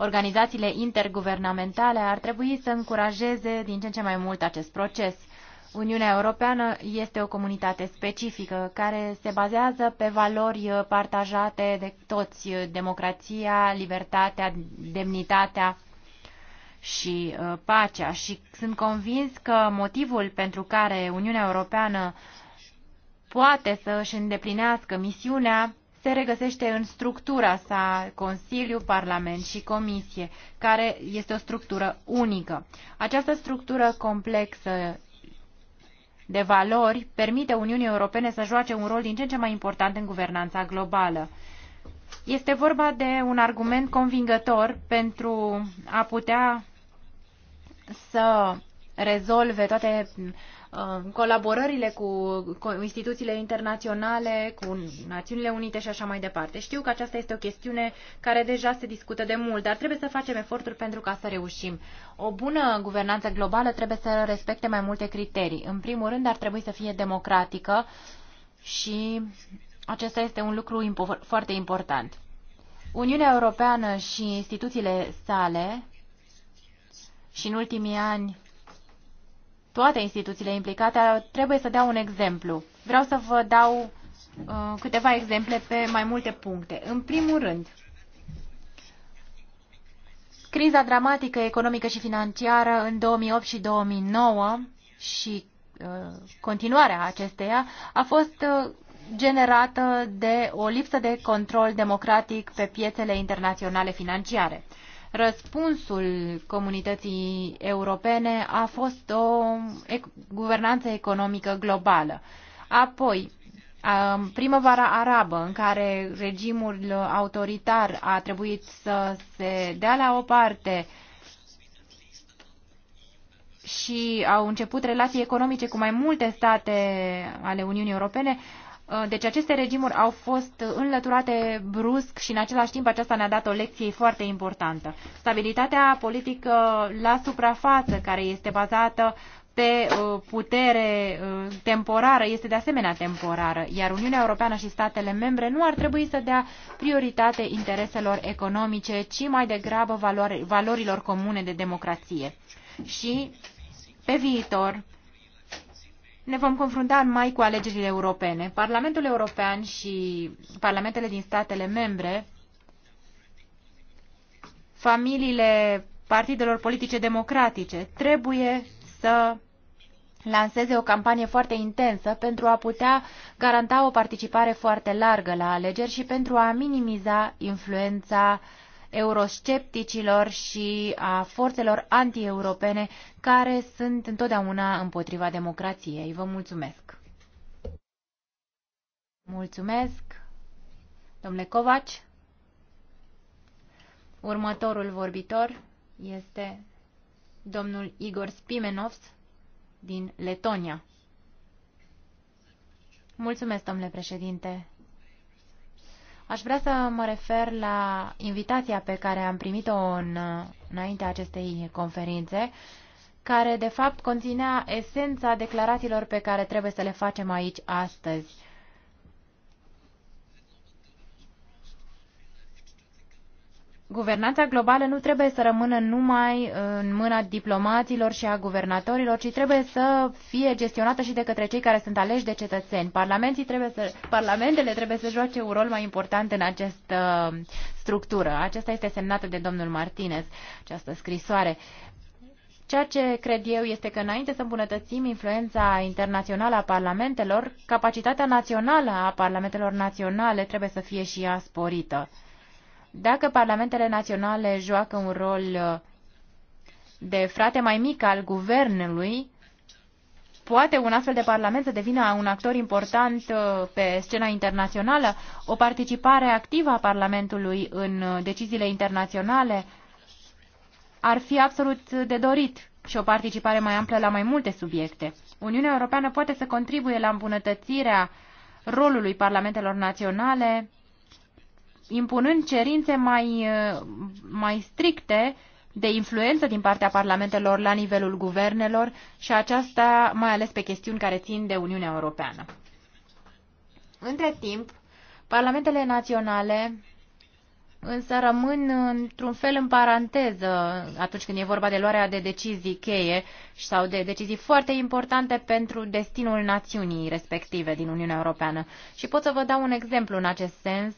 Organizațiile interguvernamentale ar trebui să încurajeze din ce în ce mai mult acest proces. Uniunea Europeană este o comunitate specifică care se bazează pe valori partajate de toți, democrația, libertatea, demnitatea și uh, pacea. Și sunt convins că motivul pentru care Uniunea Europeană poate să își îndeplinească misiunea se regăsește în structura sa, Consiliu, Parlament și Comisie, care este o structură unică. Această structură complexă de valori permite Uniunii Europene să joace un rol din ce în ce mai important în guvernanța globală. Este vorba de un argument convingător pentru a putea să rezolve toate Uh, colaborările cu instituțiile internaționale, cu Națiunile Unite și așa mai departe. Știu că aceasta este o chestiune care deja se discută de mult, dar trebuie să facem eforturi pentru ca să reușim. O bună guvernanță globală trebuie să respecte mai multe criterii. În primul rând, ar trebui să fie democratică și acesta este un lucru impo- foarte important. Uniunea Europeană și instituțiile sale și în ultimii ani toate instituțiile implicate trebuie să dea un exemplu. Vreau să vă dau uh, câteva exemple pe mai multe puncte. În primul rând, criza dramatică economică și financiară în 2008 și 2009 și uh, continuarea acesteia a fost uh, generată de o lipsă de control democratic pe piețele internaționale financiare răspunsul comunității europene a fost o guvernanță economică globală. Apoi, primăvara arabă, în care regimul autoritar a trebuit să se dea la o parte și au început relații economice cu mai multe state ale Uniunii Europene, Uh, deci aceste regimuri au fost înlăturate brusc și în același timp aceasta ne-a dat o lecție foarte importantă. Stabilitatea politică la suprafață, care este bazată pe uh, putere uh, temporară, este de asemenea temporară, iar Uniunea Europeană și statele membre nu ar trebui să dea prioritate intereselor economice, ci mai degrabă valorilor comune de democrație. Și pe viitor, ne vom confrunta în mai cu alegerile europene. Parlamentul European și parlamentele din statele membre, familiile partidelor politice democratice, trebuie să lanseze o campanie foarte intensă pentru a putea garanta o participare foarte largă la alegeri și pentru a minimiza influența uh, euroscepticilor și a forțelor antieuropene care sunt întotdeauna împotriva democrației. Vă mulțumesc! Mulțumesc! Domnule Covaci, următorul vorbitor este domnul Igor Spimenovs din Letonia. Mulțumesc, domnule președinte. Aș vrea să mă refer la invitația pe care am primit-o în, înaintea acestei conferințe, care de fapt conținea esența declarațiilor pe care trebuie să le facem aici astăzi. Guvernanța globală nu trebuie să rămână numai uh, în mâna diplomaților și a guvernatorilor, ci trebuie să fie gestionată și de către cei care sunt aleși de cetățeni. Parlamentii trebuie să, parlamentele trebuie să joace un rol mai important în această uh, structură. Aceasta este semnată de domnul Martinez, această scrisoare. Ceea ce cred eu este că înainte să îmbunătățim influența internațională a parlamentelor, capacitatea națională a parlamentelor naționale trebuie să fie și ea sporită. Dacă parlamentele naționale joacă un rol uh, de frate mai mic al guvernului, poate un astfel de parlament să devină un actor important uh, pe scena internațională, o participare activă a Parlamentului în uh, deciziile internaționale ar fi absolut de dorit și o participare mai amplă la mai multe subiecte. Uniunea Europeană poate să contribuie la îmbunătățirea rolului parlamentelor naționale impunând cerințe mai, uh, mai stricte de influență din partea parlamentelor la nivelul guvernelor și aceasta mai ales pe chestiuni care țin de Uniunea Europeană. Între timp, parlamentele naționale însă rămân într-un fel în paranteză atunci când e vorba de luarea de decizii cheie sau de decizii foarte importante pentru destinul națiunii respective din Uniunea Europeană. Și pot să vă dau un exemplu în acest sens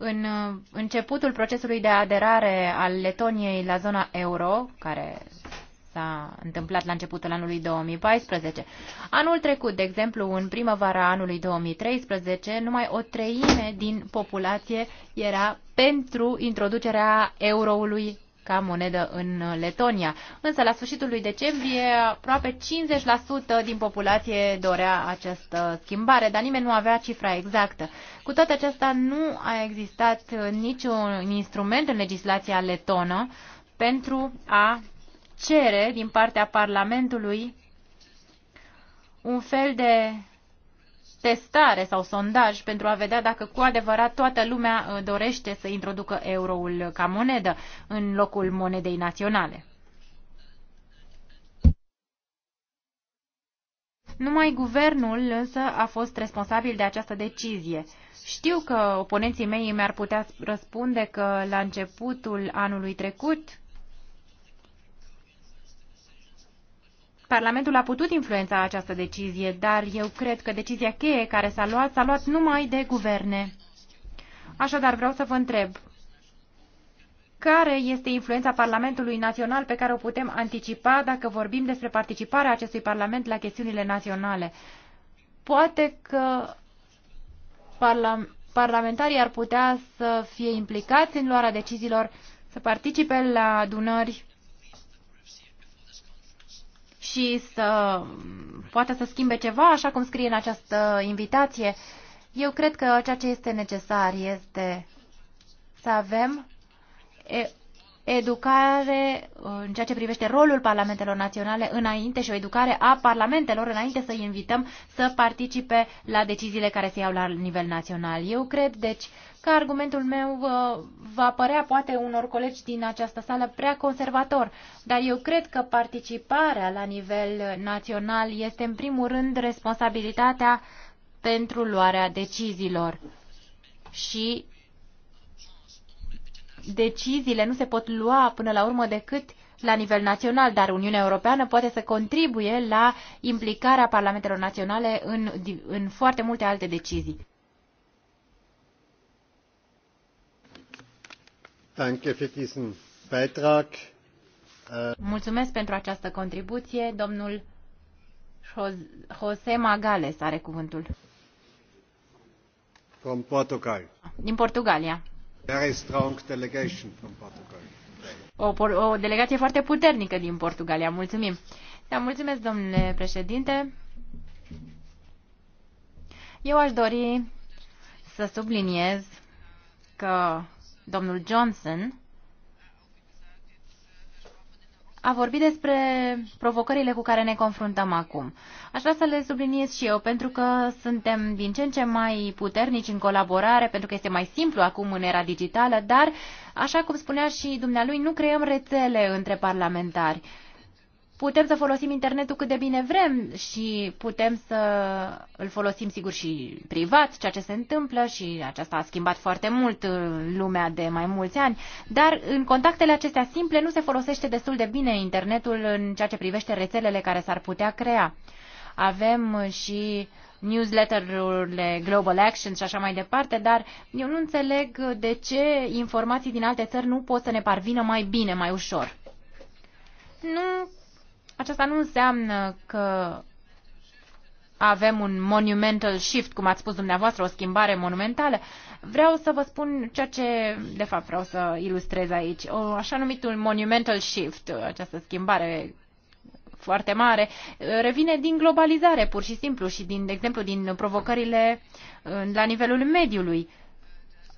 În uh, începutul procesului de aderare al Letoniei la zona euro, care s-a întâmplat la începutul anului 2014. Anul trecut, de exemplu, în primăvara anului 2013, numai o treime din populație era pentru introducerea euroului ca monedă în Letonia. Însă la sfârșitul lui decembrie aproape 50% din populație dorea această schimbare, dar nimeni nu avea cifra exactă. Cu toate acestea nu a existat niciun instrument în legislația letonă pentru a cere din partea Parlamentului un fel de testare sau sondaj pentru a vedea dacă cu adevărat toată lumea uh, dorește să introducă euroul ca monedă în locul monedei naționale. Numai guvernul însă a fost responsabil de această decizie. Știu că oponenții mei mi-ar putea răspunde că la începutul anului trecut Parlamentul a putut influența această decizie, dar eu cred că decizia cheie care s-a luat, s-a luat numai de guverne. Așadar, vreau să vă întreb, care este influența Parlamentului Național pe care o putem anticipa dacă vorbim despre participarea acestui Parlament la chestiunile naționale? Poate că parla parlamentarii ar putea să fie implicați în luarea deciziilor, să participe la adunări și să poată să schimbe ceva, așa cum scrie în această invitație. Eu cred că ceea ce este necesar este să avem educare uh, în ceea ce privește rolul parlamentelor naționale înainte și o educare a parlamentelor înainte să-i invităm să participe la deciziile care se iau la nivel național. Eu cred, deci, că argumentul meu uh, va părea poate unor colegi din această sală prea conservator, dar eu cred că participarea la nivel național este în primul rând responsabilitatea pentru luarea deciziilor și deciziile nu se pot lua până la urmă decât la nivel național, dar Uniunea Europeană poate să contribuie la implicarea parlamentelor naționale în, în foarte multe alte decizii. Äh, Mulțumesc pentru această contribuție. Domnul José Magales are cuvântul. Din Portugalia. O, o delegație foarte puternică din Portugalia. Mulțumim. Da, mulțumesc, domnule președinte. Eu aș dori să subliniez că domnul Johnson a vorbit despre provocările cu care ne confruntăm acum. Aș vrea să le subliniez și eu, pentru că suntem din ce în ce mai puternici în colaborare, pentru că este mai simplu acum în era digitală, dar, așa cum spunea și dumnealui, nu creăm rețele între parlamentari. Uh, putem să folosim internetul cât de bine vrem și putem să îl folosim sigur și privat, ceea ce se întâmplă și aceasta a schimbat foarte mult uh, lumea de mai mulți ani, dar în contactele acestea simple nu se folosește destul de bine internetul în ceea ce privește rețelele care s-ar putea crea. Avem și newsletter-urile Global Action și așa mai departe, dar eu nu înțeleg de ce informații din alte țări nu pot să ne parvină mai bine, mai ușor. Nu aceasta nu înseamnă că avem un monumental shift, cum ați spus dumneavoastră, o schimbare monumentală. Vreau să vă spun ceea ce, de fapt, vreau să ilustrez aici. O așa numitul monumental shift, această schimbare foarte mare, revine din globalizare, pur și simplu, și din, de exemplu, din provocările la nivelul mediului.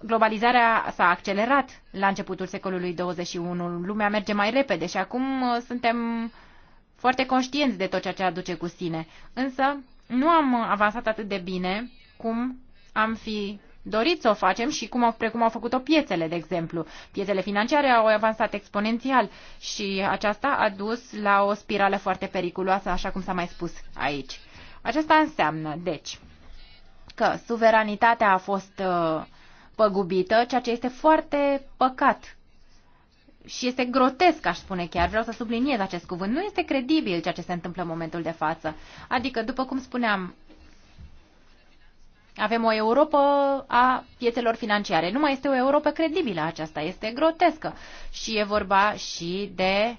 Globalizarea s-a accelerat la începutul secolului 21. Lumea merge mai repede și acum uh, suntem foarte conștienți de tot ceea ce aduce cu sine. Însă nu am avansat atât de bine cum am fi dorit să o facem și cum, precum au făcut-o piețele, de exemplu. Piețele financiare au avansat exponențial și aceasta a dus la o spirală foarte periculoasă, așa cum s-a mai spus aici. Aceasta înseamnă, deci, că suveranitatea a fost uh, păgubită, ceea ce este foarte păcat și este grotesc, aș spune chiar, vreau să subliniez acest cuvânt, nu este credibil ceea ce se întâmplă în momentul de față. Adică, după cum spuneam, avem o Europa a piețelor financiare. Nu mai este o Europa credibilă aceasta, este grotescă. Și e vorba și de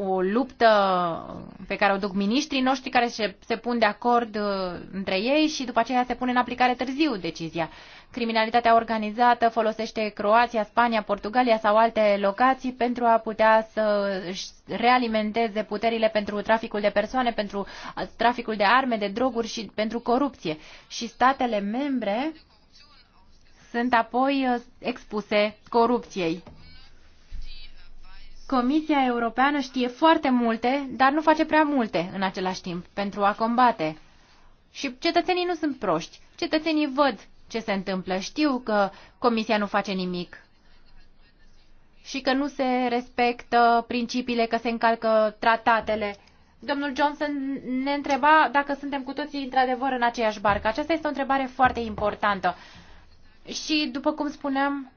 o luptă pe care o duc miniștrii noștri care se, se pun de acord uh, între ei și după aceea se pune în aplicare târziu decizia. Criminalitatea organizată folosește Croația, Spania, Portugalia sau alte locații pentru a putea să realimenteze puterile pentru traficul de persoane, pentru uh, traficul de arme, de droguri și pentru corupție. Și statele membre sunt apoi uh, expuse corupției. Comisia Europeană știe foarte multe, dar nu face prea multe în același timp pentru a combate. Și cetățenii nu sunt proști. Cetățenii văd ce se întâmplă. Știu că Comisia nu face nimic și că nu se respectă principiile, că se încalcă tratatele. Domnul Johnson ne întreba dacă suntem cu toții într-adevăr în aceeași barcă. Aceasta este o întrebare foarte importantă. Și, după cum spuneam,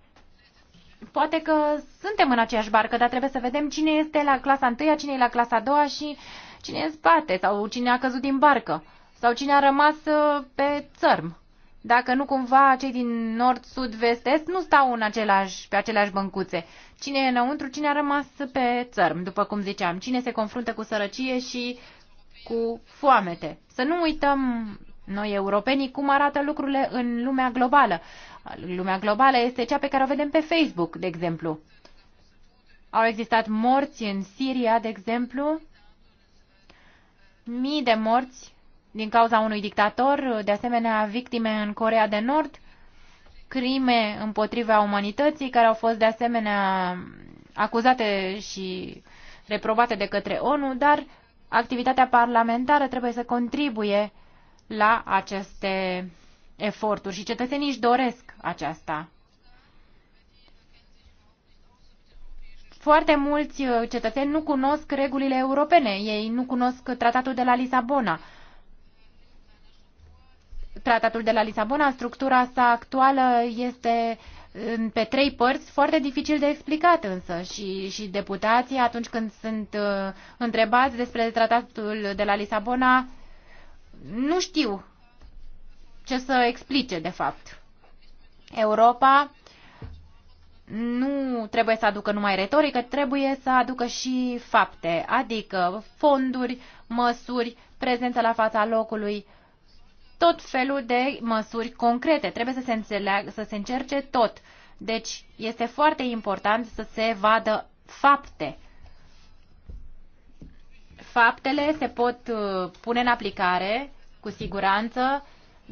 poate că suntem în aceeași barcă, dar trebuie să vedem cine este la clasa 1, cine e la clasa 2 și cine e în spate sau cine a căzut din barcă sau cine a rămas uh, pe țărm. Dacă nu cumva cei din nord, sud, vest, est nu stau în același, pe aceleași băncuțe. Cine e înăuntru, cine a rămas pe țărm, după cum ziceam. Cine se confruntă cu sărăcie și cu foamete. Să nu uităm noi europenii cum arată lucrurile în lumea globală lumea globală este cea pe care o vedem pe Facebook, de exemplu. Au existat morți în Siria, de exemplu, mii de morți din cauza unui dictator, de asemenea victime în Corea de Nord, crime împotriva umanității care au fost de asemenea acuzate și reprobate de către ONU, dar activitatea parlamentară trebuie să contribuie la aceste eforturi și cetățenii își doresc aceasta. Foarte mulți uh, cetățeni nu cunosc regulile europene, ei nu cunosc tratatul de la Lisabona. Tratatul de la Lisabona, structura sa actuală este pe trei părți, foarte dificil de explicat însă și, și deputații atunci când sunt uh, întrebați despre tratatul de la Lisabona nu știu ce să explice, de fapt. Europa nu trebuie să aducă numai retorică, trebuie să aducă și fapte, adică fonduri, măsuri, prezență la fața locului, tot felul de măsuri concrete. Trebuie să se, înțeleagă, să se încerce tot. Deci este foarte important să se vadă fapte. Faptele se pot uh, pune în aplicare cu siguranță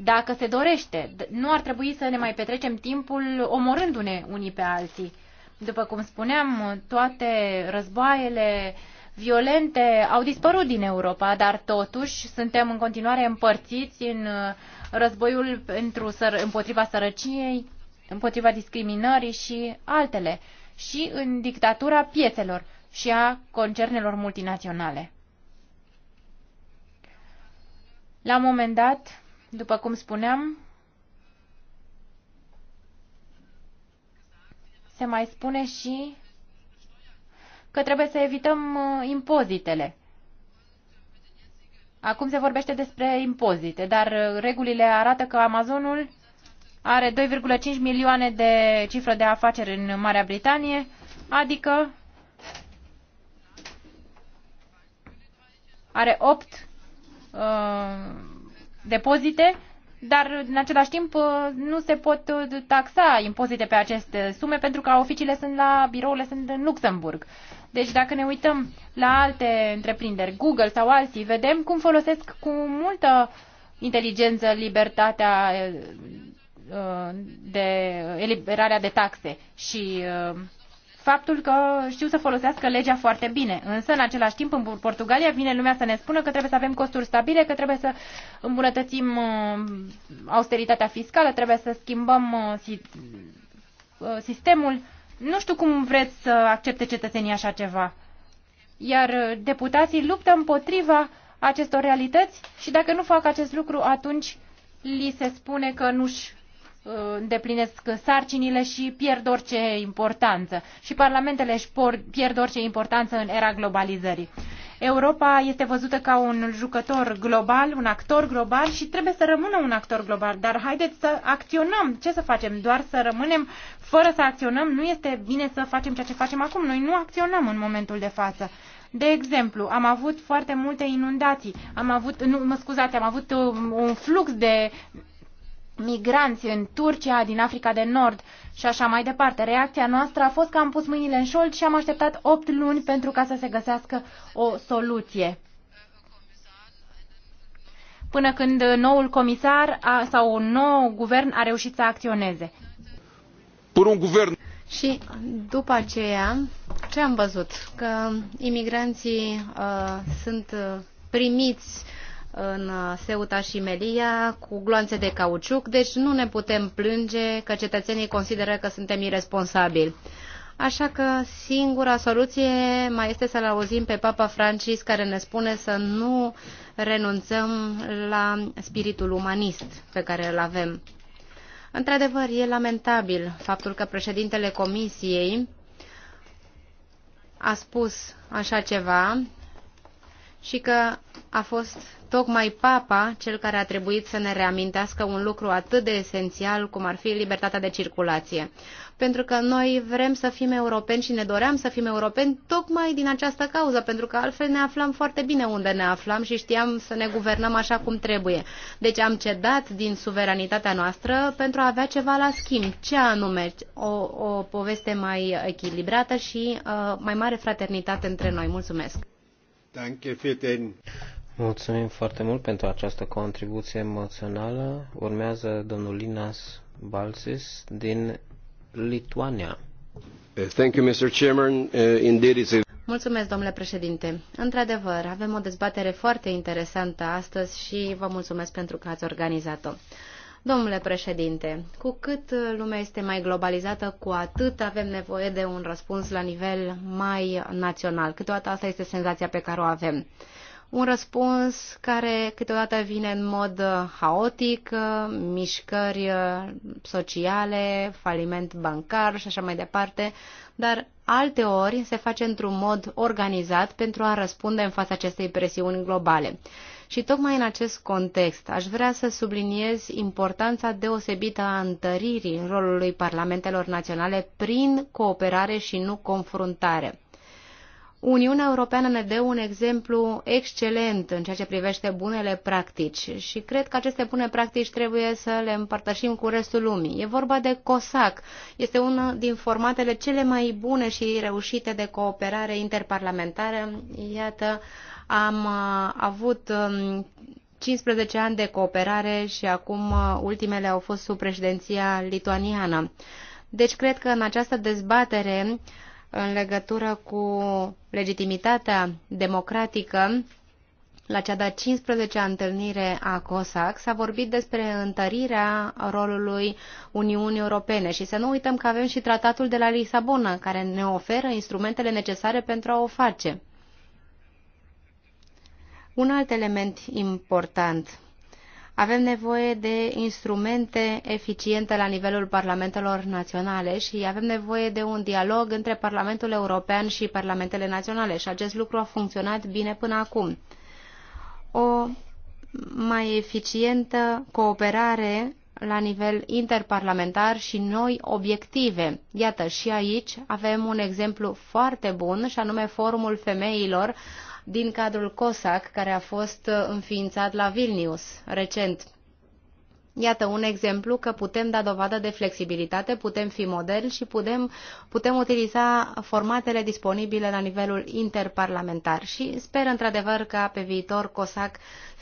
dacă se dorește. Nu ar trebui să ne mai petrecem timpul omorându-ne unii pe alții. După cum spuneam, toate războaiele violente au dispărut din Europa, dar totuși suntem în continuare împărțiți în uh, războiul pentru săr- împotriva sărăciei, împotriva discriminării și altele, și în dictatura piețelor și a concernelor multinaționale. La un moment dat, după cum spuneam, se mai spune și că trebuie să evităm uh, impozitele. Acum se vorbește despre impozite, dar uh, regulile arată că Amazonul are 2,5 milioane de cifră de afaceri în Marea Britanie, adică are 8 uh, depozite, dar în același timp uh, nu se pot uh, taxa impozite pe aceste sume pentru că oficiile sunt la, birourile sunt în Luxemburg. Deci dacă ne uităm la alte întreprinderi, Google sau alții, vedem cum folosesc cu multă inteligență libertatea uh, de eliberarea de taxe și faptul că știu să folosească legea foarte bine. Însă, în același timp, în Portugalia vine lumea să ne spună că trebuie să avem costuri stabile, că trebuie să îmbunătățim uh, austeritatea fiscală, trebuie să schimbăm uh, uh, sistemul. Nu știu cum vreți să accepte cetățenii așa ceva. Iar deputații luptă împotriva acestor realități și dacă nu fac acest lucru, atunci li se spune că nu-și îndeplinesc sarcinile și pierd orice importanță. Și parlamentele își pierd orice importanță în era globalizării. Europa este văzută ca un jucător global, un actor global și trebuie să rămână un actor global. Dar haideți să acționăm. Ce să facem? Doar să rămânem fără să acționăm? Nu este bine să facem ceea ce facem acum. Noi nu acționăm în momentul de față. De exemplu, am avut foarte multe inundații, am avut, nu, mă scuzați, am avut uh, un flux de migranți în Turcia, din Africa de Nord și așa mai departe. Reacția noastră a fost că am pus mâinile în șold și am așteptat 8 luni pentru ca să se găsească o soluție. Până când noul comisar a, sau un nou guvern a reușit să acționeze. Până un guvern. Și după aceea, ce am văzut? Că imigranții uh, sunt uh, primiți uh, în Ceuta și Melia cu gloanțe de cauciuc, deci nu ne putem plânge că cetățenii consideră că suntem irresponsabili. Așa că singura soluție mai este să-l auzim pe Papa Francis care ne spune să nu renunțăm la spiritul umanist pe care îl avem. Într-adevăr, e lamentabil faptul că președintele Comisiei a spus așa ceva și că a fost tocmai Papa cel care a trebuit să ne reamintească un lucru atât de esențial cum ar fi libertatea de circulație. Pentru că noi vrem să fim europeni și ne doream să fim europeni tocmai din această cauză, pentru că altfel ne aflam foarte bine unde ne aflam și știam să ne guvernăm așa cum trebuie. Deci am cedat din suveranitatea noastră pentru a avea ceva la schimb. Ce anume? O, o poveste mai echilibrată și uh, mai mare fraternitate între noi. Mulțumesc! Danke für den Mulțumim foarte mult pentru această contribuție emoțională. Urmează domnul Linas Balsis din Lituania. Thank you, Mr. Chairman. Uh, indeed, it's a... Mulțumesc, domnule președinte. Într-adevăr, avem o dezbatere foarte interesantă astăzi și vă mulțumesc pentru că ați organizat-o. Domnule președinte, cu cât lumea este mai globalizată, cu atât avem nevoie de un răspuns la nivel mai național. Câteodată asta este senzația pe care o avem un răspuns care câteodată vine în mod uh, haotic, uh, mișcări uh, sociale, faliment bancar și așa mai departe, dar alte ori se face într-un mod organizat pentru a răspunde în fața acestei presiuni globale. Și tocmai în acest context aș vrea să subliniez importanța deosebită a întăririi rolului parlamentelor naționale prin cooperare și nu confruntare. Uniunea Europeană ne dă un exemplu excelent în ceea ce privește bunele practici și cred că aceste bune practici trebuie să le împărtășim cu restul lumii. E vorba de COSAC. Este una din formatele cele mai bune și reușite de cooperare interparlamentară. Iată, am uh, avut 15 um, ani de cooperare și acum uh, ultimele au fost sub președinția lituaniană. Deci cred că în această dezbatere în legătură cu legitimitatea democratică, la cea de-a 15-a întâlnire a COSAC s-a vorbit despre întărirea rolului Uniunii Europene și să nu uităm că avem și tratatul de la Lisabona, care ne oferă instrumentele necesare pentru a o face. Un alt element important avem nevoie de instrumente eficiente la nivelul parlamentelor naționale și avem nevoie de un dialog între Parlamentul European și Parlamentele naționale și acest lucru a funcționat bine până acum. O mai eficientă cooperare la nivel interparlamentar și noi obiective. Iată, și aici avem un exemplu foarte bun, și anume Forumul Femeilor, din cadrul COSAC, care a fost uh, înființat la Vilnius recent Iată un exemplu că putem da dovadă de flexibilitate, putem fi model și putem, putem utiliza formatele disponibile la nivelul interparlamentar și sper într-adevăr ca pe viitor COSAC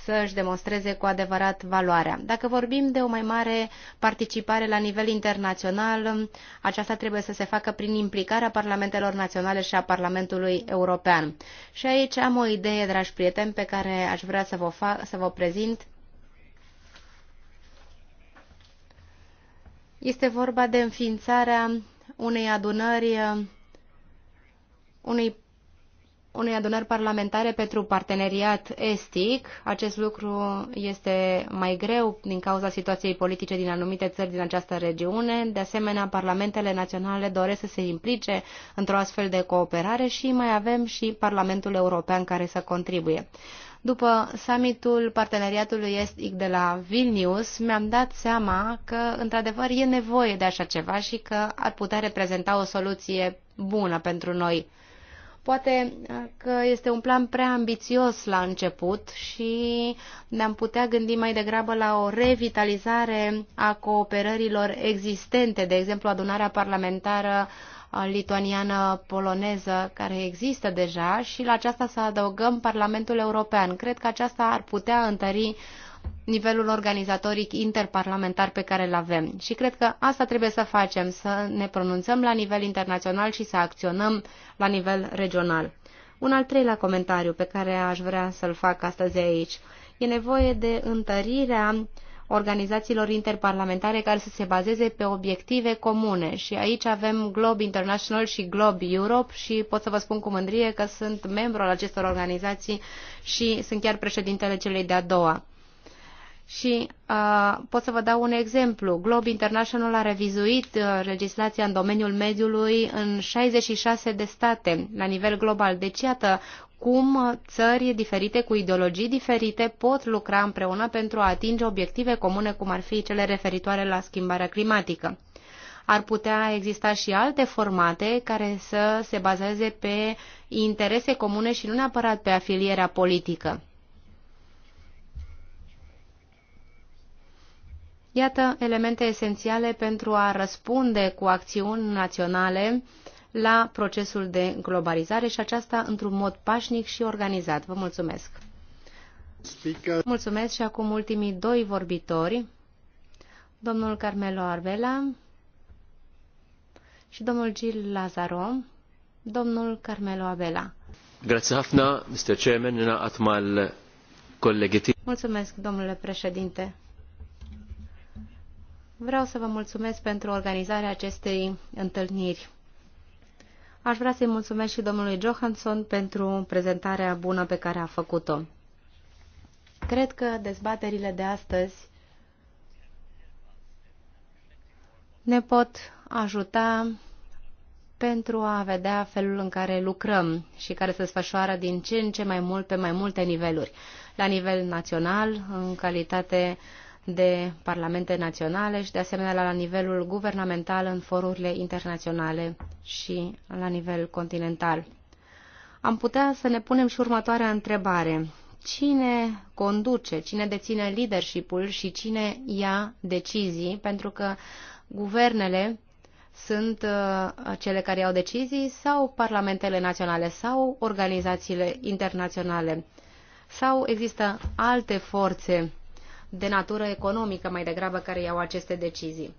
să își demonstreze cu adevărat valoarea. Dacă vorbim de o mai mare participare la nivel internațional, aceasta trebuie să se facă prin implicarea parlamentelor naționale și a Parlamentului European. Și aici am o idee, dragi prieteni, pe care aș vrea să vă, fac, să vă prezint Este vorba de înființarea unei adunări, unei, unei adunări parlamentare pentru parteneriat estic. Acest lucru este mai greu din cauza situației politice din anumite țări din această regiune. De asemenea, parlamentele naționale doresc să se implice într-o astfel de cooperare și mai avem și Parlamentul European care să contribuie. După summitul parteneriatului estic de la Vilnius, mi-am dat seama că, într-adevăr, e nevoie de așa ceva și că ar putea reprezenta o soluție bună pentru noi. Poate uh, că este un plan prea ambițios la început și ne-am putea gândi mai degrabă la o revitalizare a cooperărilor existente, de exemplu adunarea parlamentară lituaniană-poloneză care există deja și la aceasta să adăugăm Parlamentul European. Cred că aceasta ar putea întări nivelul organizatoric interparlamentar pe care îl avem. Și cred că asta trebuie să facem, să ne pronunțăm la nivel internațional și să acționăm la nivel regional. Un al treilea comentariu pe care aș vrea să-l fac astăzi aici. E nevoie de întărirea organizațiilor interparlamentare care să se bazeze pe obiective comune. Și aici avem Globe International și Globe Europe și pot să vă spun cu mândrie că sunt membru al acestor organizații și sunt chiar președintele celei de-a doua. Și uh, pot să vă dau un exemplu. Globe International a revizuit uh, legislația în domeniul mediului în 66 de state la nivel global. Deci, iată, cum țări diferite cu ideologii diferite pot lucra împreună pentru a atinge obiective comune, cum ar fi cele referitoare la schimbarea climatică. Ar putea exista și alte formate care să se bazeze pe interese comune și nu neapărat pe afilierea politică. Iată elemente esențiale pentru a răspunde cu acțiuni naționale uh, la procesul de globalizare și aceasta într-un mod pașnic și organizat. Vă mulțumesc! Mulțumesc și acum ultimii doi vorbitori, domnul Carmelo Arvela și domnul Gil Lazaro, domnul Carmelo Arvela. Grazie Mr. Chairman, Mulțumesc, domnule președinte. Vreau să vă mulțumesc pentru organizarea acestei întâlniri. Aș vrea să-i mulțumesc și domnului Johansson pentru prezentarea bună pe care a făcut-o. Cred că dezbaterile de astăzi ne pot ajuta pentru a vedea felul în care lucrăm și care se sfășoară din ce în ce mai mult pe mai multe niveluri. La nivel național, în calitate uh, de parlamente naționale și de asemenea la nivelul guvernamental în forurile internaționale și la nivel continental. Am putea să ne punem și următoarea întrebare. Cine conduce, cine deține leadership-ul și cine ia decizii? Pentru că guvernele sunt uh, cele care iau decizii sau parlamentele naționale sau organizațiile internaționale? Sau există alte forțe de natură economică mai degrabă care iau aceste decizii.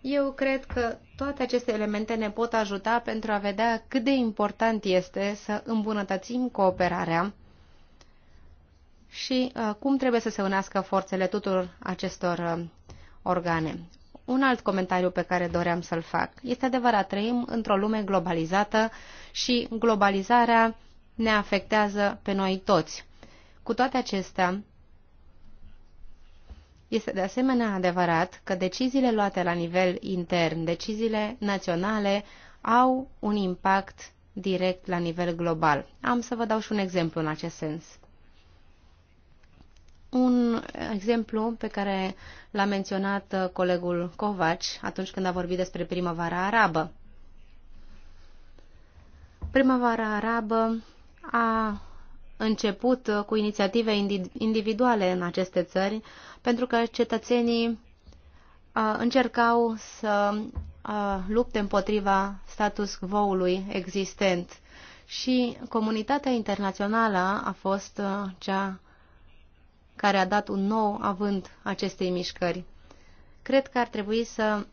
Eu cred că toate aceste elemente ne pot ajuta pentru a vedea cât de important este să îmbunătățim cooperarea și uh, cum trebuie să se unească forțele tuturor acestor uh, organe. Un alt comentariu pe care doream să-l fac. Este adevărat, trăim într-o lume globalizată și globalizarea ne afectează pe noi toți. Cu toate acestea, este de asemenea adevărat că deciziile luate la nivel intern, deciziile naționale, au un impact direct la nivel global. Am să vă dau și un exemplu în acest sens. Un exemplu pe care l-a menționat uh, colegul Covaci atunci când a vorbit despre primăvara arabă. Primăvara arabă a început uh, cu inițiative individuale în aceste țări, pentru că cetățenii încercau să lupte împotriva status quo-ului existent și comunitatea internațională a fost cea care a dat un nou avânt acestei mișcări. Cred că ar trebui să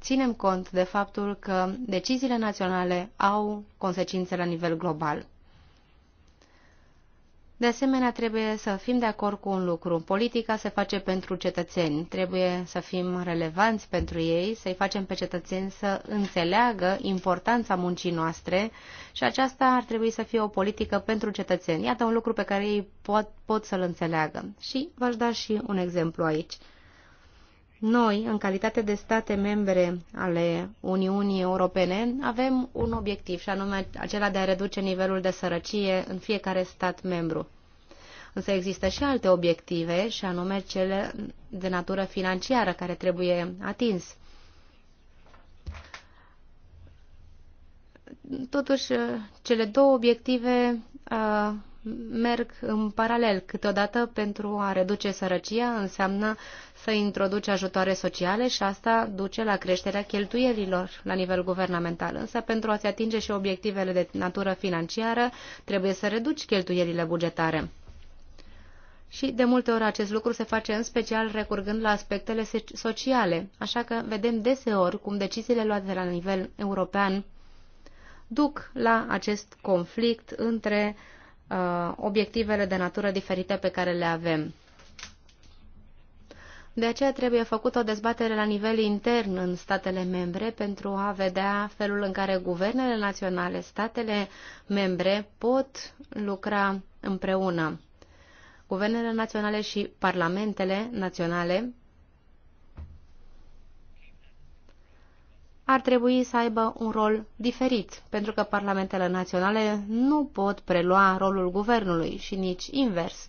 ținem cont de faptul că deciziile naționale au consecințe la nivel global. De asemenea, trebuie să fim de acord cu un lucru. Politica se face pentru cetățeni. Trebuie să fim relevanți pentru ei, să-i facem pe cetățeni să înțeleagă importanța muncii noastre și aceasta ar trebui să fie o politică pentru cetățeni. Iată un lucru pe care ei pot, pot să-l înțeleagă. Și v-aș da și un exemplu aici. Noi, în calitate de state membre ale Uniunii Europene, avem un obiectiv, și anume acela de a reduce nivelul de sărăcie în fiecare stat membru. Însă există și alte obiective, și anume cele de natură financiară care trebuie atins. Totuși, cele două obiective uh, merg în paralel. Câteodată pentru a reduce sărăcia înseamnă să introduci ajutoare sociale și asta duce la creșterea cheltuielilor la nivel guvernamental. Însă pentru a-ți atinge și obiectivele de natură financiară trebuie să reduci cheltuielile bugetare. Și de multe ori acest lucru se face în special recurgând la aspectele sociale, așa că vedem deseori cum deciziile luate la nivel european duc la acest conflict între uh, Uh, obiectivele de natură diferite pe care le avem. De aceea trebuie făcută o dezbatere la nivel intern în statele membre pentru a vedea felul în care guvernele naționale, statele membre pot lucra împreună. Guvernele naționale și parlamentele naționale ar trebui să aibă un rol diferit, pentru că parlamentele naționale nu pot prelua rolul guvernului și nici invers.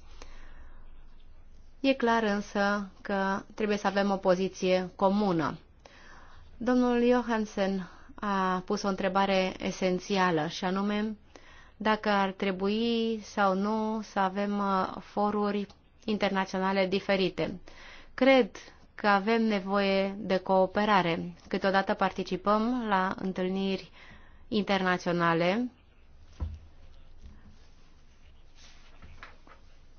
E clar însă că trebuie să avem o poziție comună. Domnul Johansen a pus o întrebare esențială și anume dacă ar trebui sau nu să avem uh, foruri internaționale diferite. Cred că avem nevoie de cooperare. Câteodată participăm la întâlniri internaționale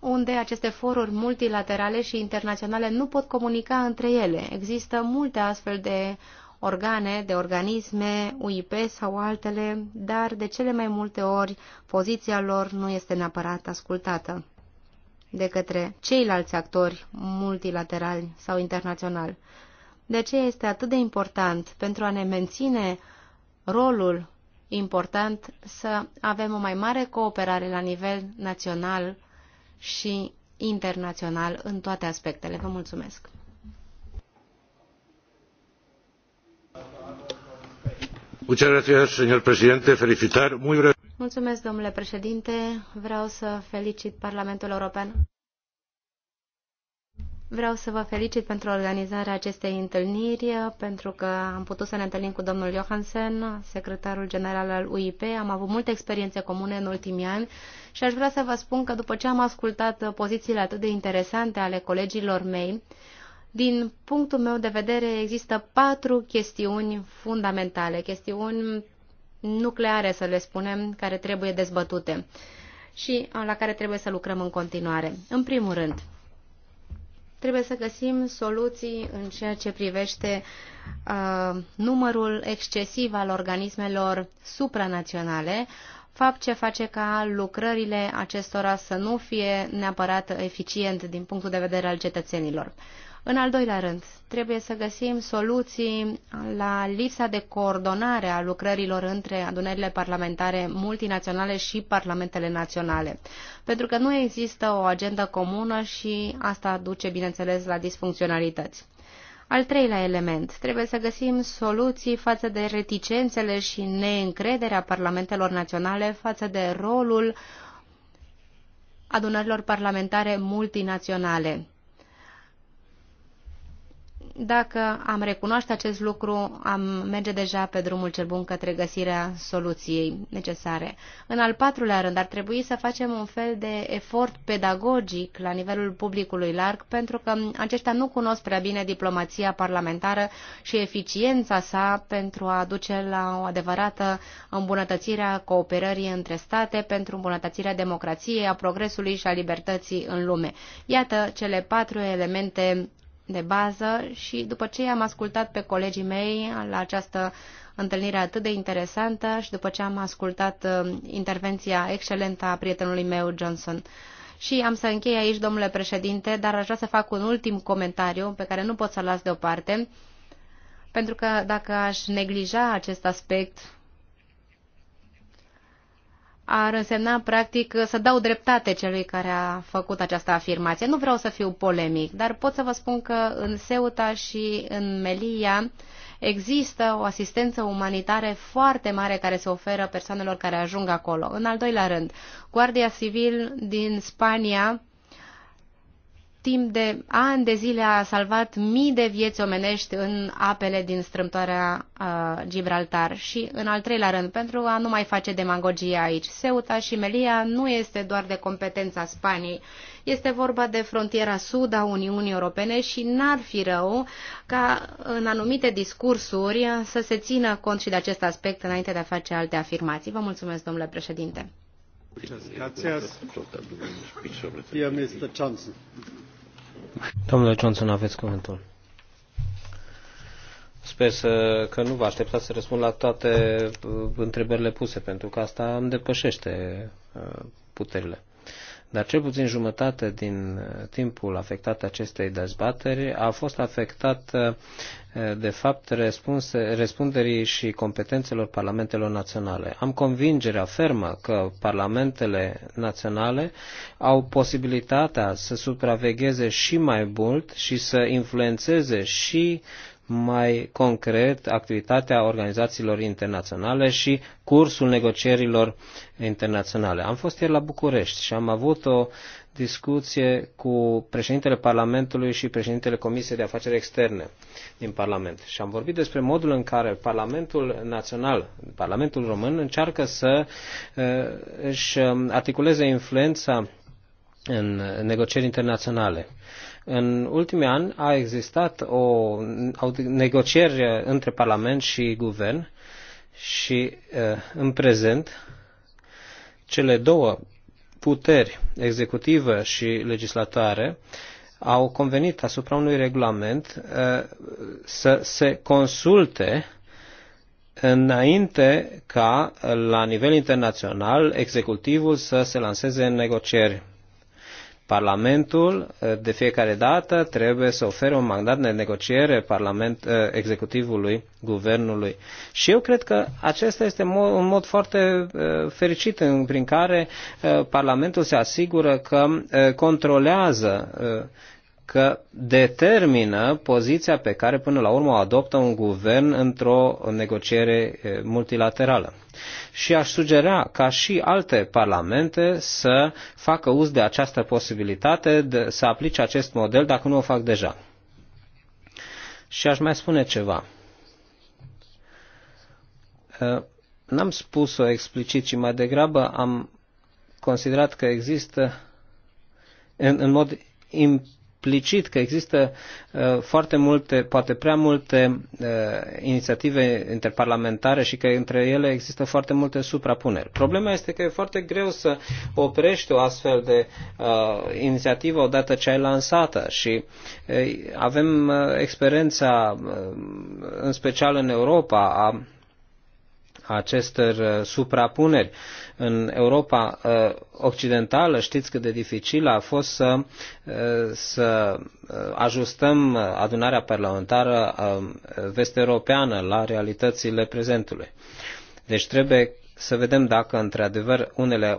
unde aceste foruri multilaterale și internaționale nu pot comunica între ele. Există multe astfel de organe, de organisme, UIP sau altele, dar de cele mai multe ori poziția lor nu este neapărat ascultată de către ceilalți actori multilaterali sau internaționali. De aceea este atât de important pentru a ne menține rolul important să avem o mai mare cooperare la nivel național și internațional în toate aspectele. Vă mulțumesc! señor presidente felicitar muy Mulțumesc, domnule președinte. Vreau să felicit Parlamentul European. Vreau să vă felicit pentru organizarea acestei întâlniri, pentru că am putut să ne întâlnim cu domnul Johansen, secretarul general al UIP. Am avut multe experiențe comune în ultimii ani și aș vrea să vă spun că după ce am ascultat pozițiile atât de interesante ale colegilor mei, din punctul meu de vedere există patru chestiuni fundamentale, chestiuni nucleare, să le spunem, care trebuie dezbătute și la care trebuie să lucrăm în continuare. În primul rând, trebuie să găsim soluții în ceea ce privește uh, numărul excesiv al organismelor supranaționale, fapt ce face ca lucrările acestora să nu fie neapărat eficient din punctul de vedere al cetățenilor. În al doilea rând, trebuie să găsim soluții la lipsa de coordonare a lucrărilor între adunările parlamentare multinaționale și parlamentele naționale, pentru că nu există o agendă comună și asta duce, bineînțeles, la disfuncționalități. Al treilea element, trebuie să găsim soluții față de reticențele și neîncrederea parlamentelor naționale față de rolul adunărilor parlamentare multinaționale dacă am recunoaște acest lucru, am merge deja pe drumul cel bun către găsirea soluției necesare. În al patrulea rând, ar trebui să facem un fel de efort pedagogic la nivelul publicului larg, pentru că aceștia nu cunosc prea bine diplomația parlamentară și eficiența sa pentru a duce la o adevărată îmbunătățire a cooperării între state, pentru îmbunătățirea democrației, a progresului și a libertății în lume. Iată cele patru elemente de bază și după ce am ascultat pe colegii mei la această întâlnire atât de interesantă și după ce am ascultat uh, intervenția excelentă a prietenului meu, Johnson. Și am să închei aici, domnule președinte, dar aș vrea să fac un ultim comentariu pe care nu pot să-l las deoparte, pentru că dacă aș neglija acest aspect ar însemna, practic, să dau dreptate celui care a făcut această afirmație. Nu vreau să fiu polemic, dar pot să vă spun că în Ceuta și în Melia există o asistență umanitară foarte mare care se oferă persoanelor care ajung acolo. În al doilea rând, Guardia Civil din Spania timp de ani de zile a salvat mii de vieți omenești în apele din strâmtoarea uh, Gibraltar. Și, în al treilea rând, pentru a nu mai face demagogie aici, Ceuta și Melia nu este doar de competența Spaniei. Este vorba de frontiera sud a Uniunii Europene și n-ar fi rău ca în anumite discursuri să se țină cont și de acest aspect înainte de a face alte afirmații. Vă mulțumesc, domnule președinte. Gracias. Gracias. Domnule Johnson, aveți cuvântul. Sper să, că nu vă așteptați să răspund la toate uh, întrebările puse, pentru că asta îmi depășește uh, puterile dar cel puțin jumătate din uh, timpul afectat acestei dezbateri a fost afectat uh, de fapt răspunderii și competențelor parlamentelor naționale. Am convingerea fermă că parlamentele naționale au posibilitatea să supravegheze și mai mult și să influențeze și mai concret activitatea organizațiilor internaționale și cursul negocierilor internaționale. Am fost ieri la București și am avut o discuție cu președintele Parlamentului și președintele Comisiei de Afaceri Externe din Parlament. Și am vorbit despre modul în care Parlamentul Național, Parlamentul Român, încearcă să uh, își um, articuleze influența în negocieri internaționale. În ultimii ani a existat o negocieri între Parlament și Guvern și în prezent cele două puteri executivă și legislatoare au convenit asupra unui regulament să se consulte înainte ca la nivel internațional executivul să se lanseze în negocieri Parlamentul eh, de fiecare dată trebuie să ofere un mandat de negociere parlament, eh, executivului, guvernului. Și eu cred că acesta este un mod foarte eh, fericit în, prin care Parlamentul se asigură că controlează că determină poziția pe care până la urmă o adoptă un guvern într-o negociere multilaterală și aș sugera ca și alte parlamente să facă uz de această posibilitate, de, să aplice acest model dacă nu o fac deja. Și aș mai spune ceva. Ă, n-am spus-o explicit, ci mai degrabă am considerat că există în, în mod imp- explicit că există uh, foarte multe, poate prea multe uh, inițiative interparlamentare și că între ele există foarte multe suprapuneri. Problema este că e foarte greu să oprești o astfel de uh, inițiativă odată ce ai lansată și avem experiența în special în Europa a acestor uh, suprapuneri. În Europa uh, Occidentală știți cât de dificil a fost să, uh, să ajustăm adunarea parlamentară vest-europeană la realitățile prezentului. Deci trebuie să vedem dacă într-adevăr unele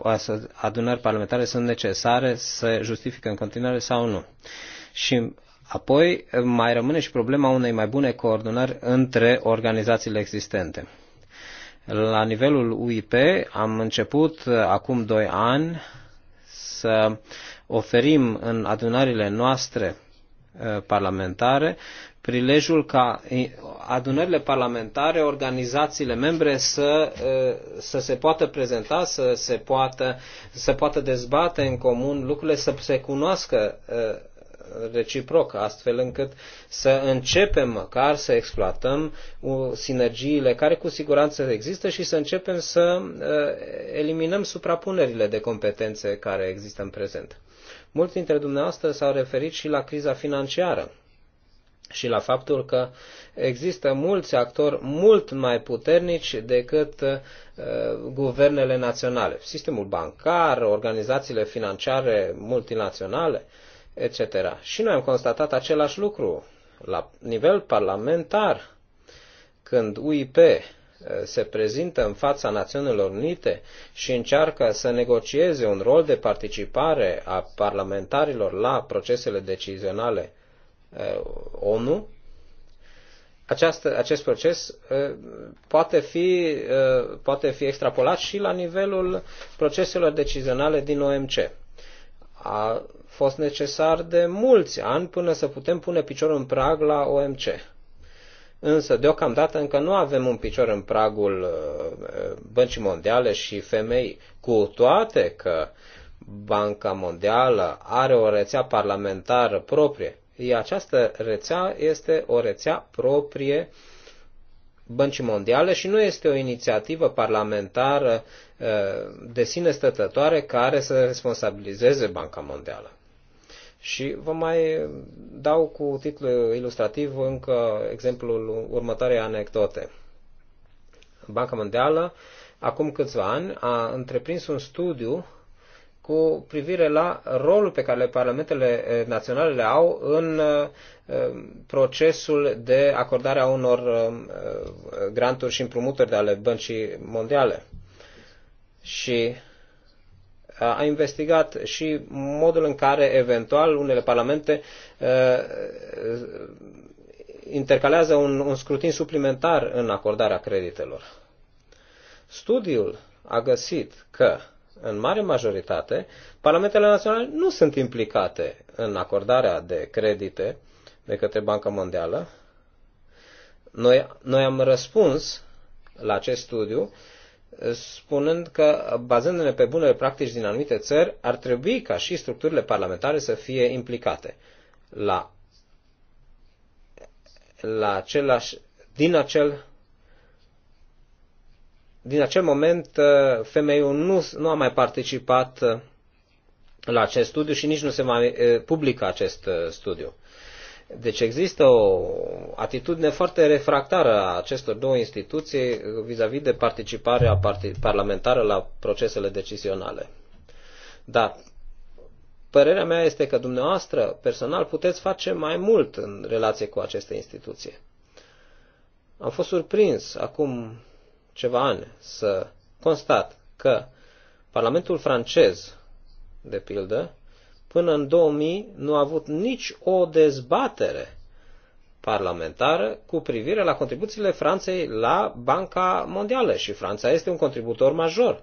adunări parlamentare sunt necesare, să justifică în continuare sau nu. Și apoi mai rămâne și problema unei mai bune coordonări între organizațiile existente. La nivelul UIP am început uh, acum 2 ani să oferim în adunările noastre uh, parlamentare prilejul ca adunările parlamentare, organizațiile membre să, uh, să se poată prezenta, să se poată, să poată dezbate în comun lucrurile, să se cunoască reciproc, astfel încât să începem măcar să exploatăm uh, sinergiile care cu siguranță există și să începem să uh, eliminăm suprapunerile de competențe care există în prezent. Mulți dintre dumneavoastră s-au referit și la criza financiară și la faptul că există mulți actori mult mai puternici decât uh, guvernele naționale. Sistemul bancar, organizațiile financiare multinaționale. Uh, etc. Și noi am constatat același lucru la nivel parlamentar, când UIP eh, se prezintă în fața Națiunilor Unite și încearcă să negocieze un rol de participare a parlamentarilor la procesele decizionale eh, ONU, această, acest proces eh, poate fi, poate fi extrapolat și la nivelul proceselor decizionale din OMC. A, fost necesar de mulți ani până să putem pune piciorul în prag la OMC. Însă, deocamdată, încă nu avem un picior în pragul uh, Băncii Mondiale și femei, cu toate că Banca Mondială are o rețea parlamentară proprie. Această rețea este o rețea proprie Băncii Mondiale și nu este o inițiativă parlamentară uh, de sine stătătoare care să responsabilizeze Banca Mondială. Și vă mai dau cu titlu ilustrativ încă exemplul următoarei anecdote. Banca Mondială, acum câțiva ani, a întreprins un studiu cu privire la rolul pe care parlamentele naționale le au în uh, procesul de acordare a unor uh, granturi și împrumuturi de ale băncii mondiale. Și a investigat și modul în care eventual unele parlamente intercalează un, un scrutin suplimentar în acordarea creditelor. Studiul a găsit că, în mare majoritate, parlamentele naționale nu sunt implicate în acordarea de credite de către Banca Mondială. Noi, noi am răspuns la acest studiu spunând că, bazându-ne pe bunele practici din anumite țări, ar trebui ca și structurile parlamentare să fie implicate. La, la același, din acel din acel moment uh, femeiul nu, nu a mai participat uh, la acest studiu și nici nu se mai uh, publică acest studiu. Deci există o atitudine foarte refractară a acestor două instituții vis-a-vis -vis de participarea parlamentară la procesele decizionale? Dar părerea mea este că dumneavoastră, personal, puteți face mai mult în relație cu aceste instituții. Am fost surprins acum ceva ani să constat că Parlamentul francez, de pildă, Până în 2000 nu a avut nici o dezbatere parlamentară cu privire la contribuțiile Franței la Banca Mondială și Franța este un contributor major.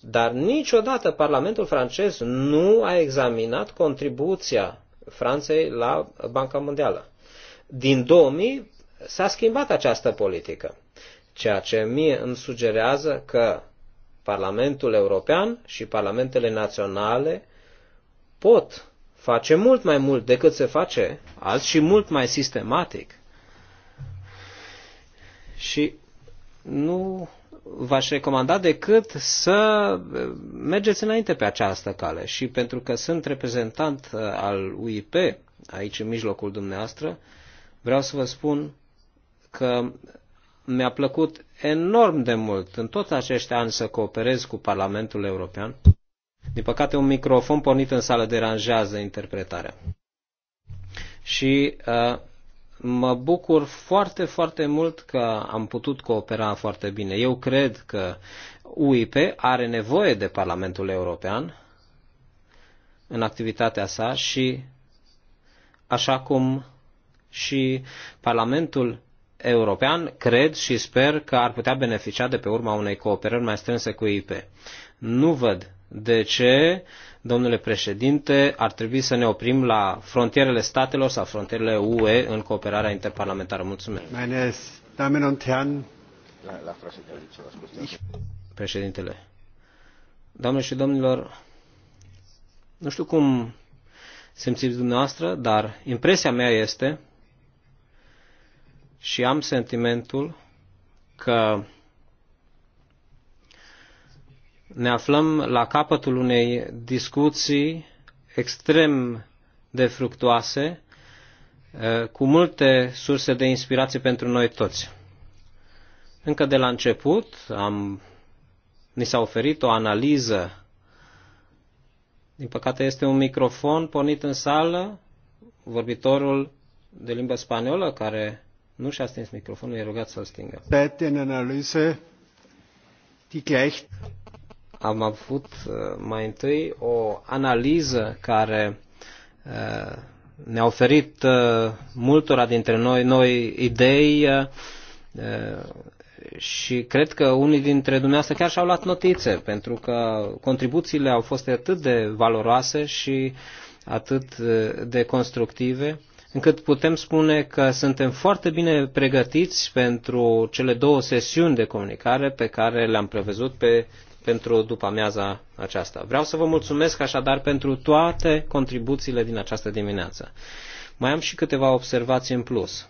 Dar niciodată Parlamentul francez nu a examinat contribuția Franței la Banca Mondială. Din 2000 s-a schimbat această politică, ceea ce mie îmi sugerează că Parlamentul European și Parlamentele Naționale pot face mult mai mult decât se face azi și mult mai sistematic. Și nu v-aș recomanda decât să eh, mergeți înainte pe această cale. Și pentru că sunt reprezentant eh, al UIP aici în mijlocul dumneavoastră, vreau să vă spun că mi-a plăcut enorm de mult în toți acești ani să cooperez cu Parlamentul European din păcate, un microfon pornit în sală deranjează interpretarea. Și uh, mă bucur foarte, foarte mult că am putut coopera foarte bine. Eu cred că UIP are nevoie de Parlamentul European în activitatea sa și așa cum și Parlamentul European cred și sper că ar putea beneficia de pe urma unei cooperări mai strânse cu UIP. Nu văd de ce, domnule președinte, ar trebui să ne oprim la frontierele statelor sau frontierele UE în cooperarea interparlamentară. Mulțumesc. Președintele. Doamne și domnilor, nu știu cum simțiți dumneavoastră, dar impresia mea este și am sentimentul că ne aflăm la capătul unei discuții extrem de fructuoase, eh, cu multe surse de inspirație pentru noi toți. Încă de la început am, ni s-a oferit o analiză. Din păcate este un microfon pornit în sală, vorbitorul de limbă spaniolă care nu și-a stins microfonul, e rugat să-l stingă am avut uh, mai întâi o analiză care uh, ne-a oferit uh, multora dintre noi noi idei și cred că unii dintre dumneavoastră chiar și-au luat notițe, pentru că contribuțiile au fost atât de valoroase și atât de constructive, încât putem spune că suntem foarte bine pregătiți pentru cele două sesiuni de comunicare pe care le-am prevăzut pe pentru după amiaza aceasta. Vreau să vă mulțumesc așadar pentru toate contribuțiile din această dimineață. Mai am și câteva observații în plus.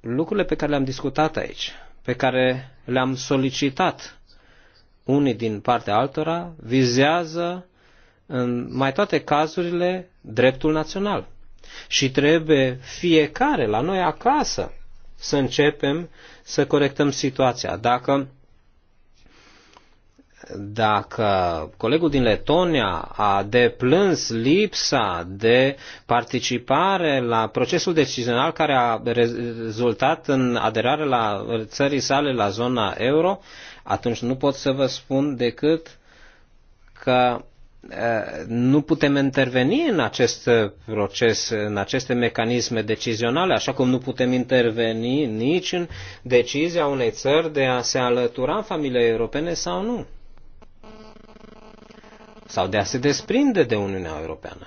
Lucrurile pe care le-am discutat aici, pe care le-am solicitat unii din partea altora, vizează în mai toate cazurile dreptul național. Și trebuie fiecare la noi acasă să începem să corectăm situația. Dacă dacă colegul din Letonia a deplâns lipsa de participare la procesul decizional care a rezultat în aderarea la țării sale la zona euro, atunci nu pot să vă spun decât că Uh, nu putem interveni în acest proces, în aceste mecanisme decizionale, așa cum nu putem interveni nici în decizia unei țări de a se alătura familiei europene sau nu. Sau de a se desprinde de Uniunea Europeană.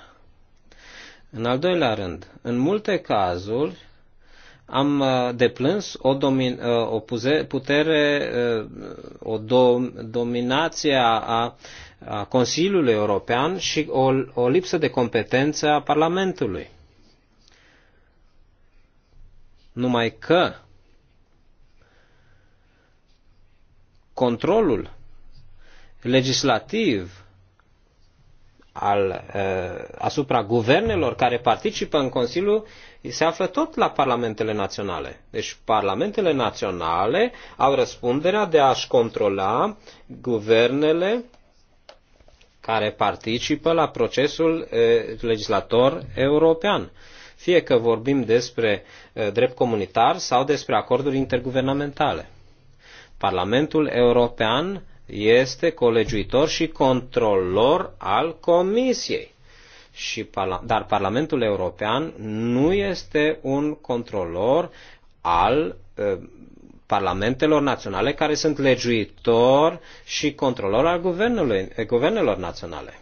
În al doilea rând, în multe cazuri am uh, deplâns o, domin, uh, o putere, o dominație a a Consiliului European și o, o lipsă de competență a Parlamentului. Numai că controlul legislativ al, asupra guvernelor care participă în Consiliu se află tot la parlamentele naționale. Deci parlamentele naționale au răspunderea de a-și controla guvernele care participă la procesul legislator european. Fie că vorbim despre drept comunitar sau despre acorduri interguvernamentale. Parlamentul European este colegiuitor și controlor al Comisiei. Și, dar Parlamentul European nu este un controlor al parlamentelor naționale care sunt legiuitor și controlor al guvernelor naționale.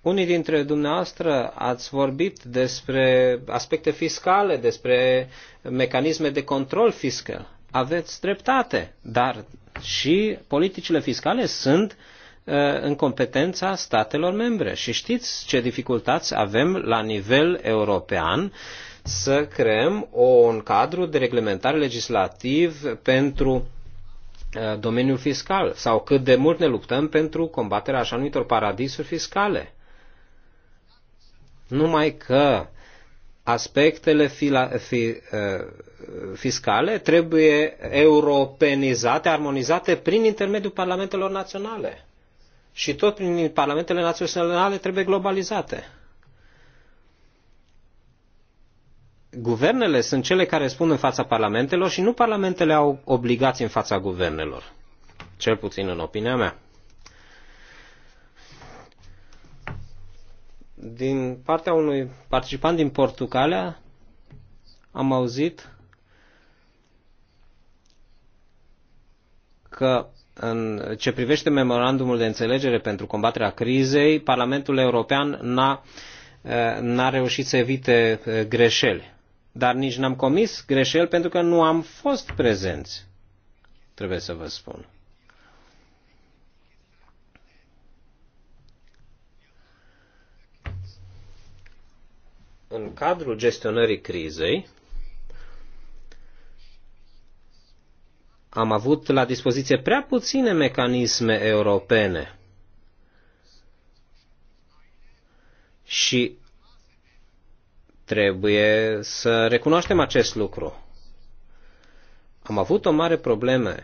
Unii dintre dumneavoastră ați vorbit despre aspecte fiscale, despre mecanisme de control fiscal. Aveți dreptate, dar și politicile fiscale sunt uh, în competența statelor membre. Și știți ce dificultăți avem la nivel european să creăm un cadru de reglementare legislativ pentru uh, domeniul fiscal sau cât de mult ne luptăm pentru combaterea așa numitor paradisuri fiscale. Numai că aspectele fila, fi, uh, fiscale trebuie europenizate, armonizate prin intermediul parlamentelor naționale. Și tot prin parlamentele naționale trebuie globalizate. guvernele sunt cele care spun în fața parlamentelor și nu parlamentele au obligații în fața guvernelor. Cel puțin în opinia mea. Din partea unui participant din Portugalia am auzit că în ce privește memorandumul de înțelegere pentru combaterea crizei, Parlamentul European n-a, eh, n-a reușit să evite eh, greșeli dar nici n-am comis greșeli pentru că nu am fost prezenți, trebuie să vă spun. În cadrul gestionării crizei, am avut la dispoziție prea puține mecanisme europene. Și Trebuie să recunoaștem acest lucru. Am avut o mare problemă.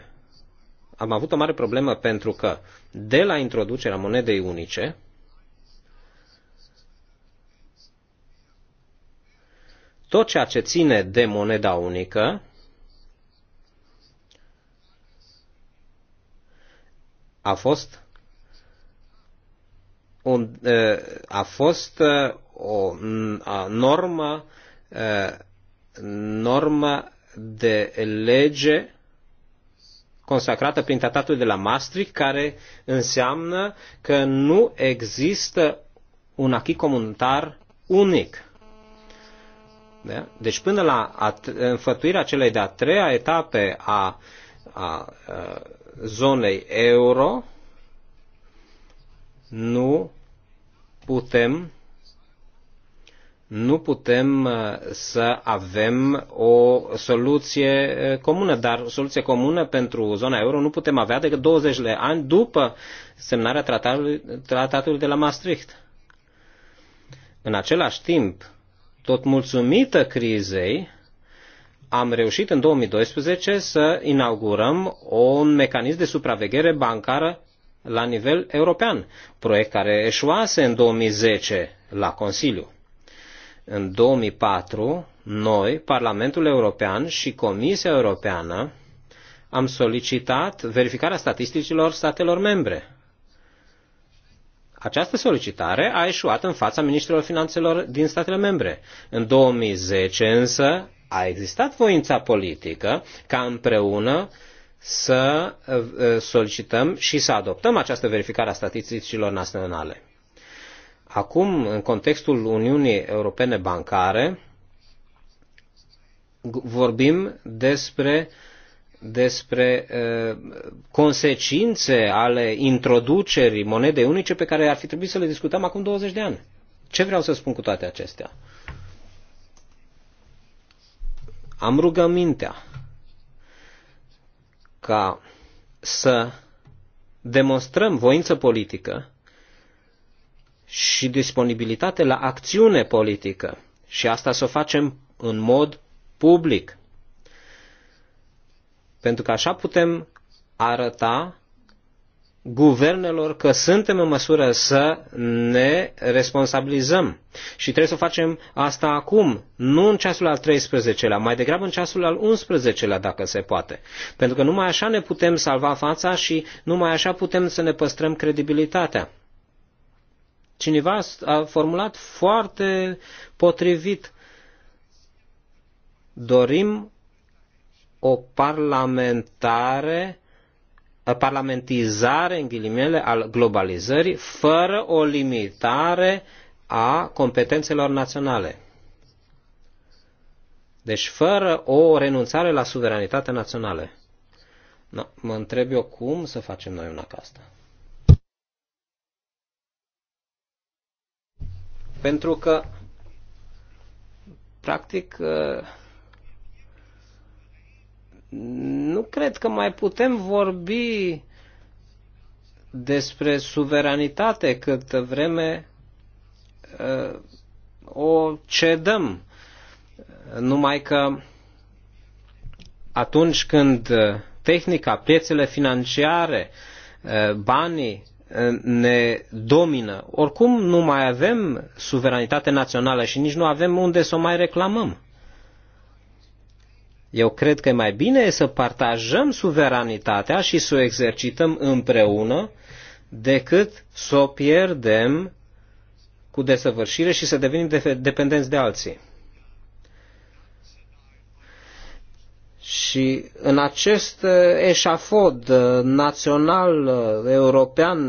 Am avut o mare problemă pentru că de la introducerea monedei unice, tot ceea ce ține de moneda unică a fost un, a fost o a a, norma de lege consacrată prin tratatul de la Maastricht, care înseamnă că nu există un achit comunitar unic. Da? Deci până la înfătuirea celei de-a treia etape a, a, a zonei euro, nu putem nu putem uh, să avem o soluție uh, comună, dar soluție comună pentru zona euro nu putem avea decât 20 de ani după semnarea tratatului, tratatului de la Maastricht. În același timp, tot mulțumită crizei, am reușit în 2012 să inaugurăm un mecanism de supraveghere bancară la nivel european, proiect care eșuase în 2010 la Consiliu. În 2004, noi, Parlamentul European și Comisia Europeană, am solicitat verificarea statisticilor statelor membre. Această solicitare a ieșuat în fața ministrilor finanțelor din statele membre. În 2010 însă a existat voința politică ca împreună să eh, solicităm și să adoptăm această verificare a statisticilor naționale. Acum, în contextul Uniunii Europene Bancare, vorbim despre despre uh, consecințe ale introducerii monedei unice pe care ar fi trebuit să le discutăm acum 20 de ani. Ce vreau să spun cu toate acestea? Am rugămintea ca să demonstrăm voință politică și disponibilitate la acțiune politică. Și asta să o facem în mod public. Pentru că așa putem arăta guvernelor că suntem în măsură să ne responsabilizăm. Și trebuie să facem asta acum, nu în ceasul al 13-lea, mai degrabă în ceasul al 11-lea, dacă se poate. Pentru că numai așa ne putem salva fața și numai așa putem să ne păstrăm credibilitatea. Cineva a formulat foarte potrivit. Dorim o parlamentare parlamentizare, în ghilimele, al globalizării, fără o limitare a competențelor naționale. Deci fără o renunțare la suveranitatea națională. No, mă întreb eu cum să facem noi una ca asta. Pentru că, practic, uh, nu cred că mai putem vorbi despre suveranitate cât vreme uh, o cedăm. Numai că atunci când tehnica, piețele financiare, uh, banii ne domină. Oricum nu mai avem suveranitate națională și nici nu avem unde să o mai reclamăm. Eu cred că mai bine e să partajăm suveranitatea și să o exercităm împreună decât să o pierdem cu desăvârșire și să devenim dependenți de alții. Și în acest uh, eșafod uh, național, uh, european,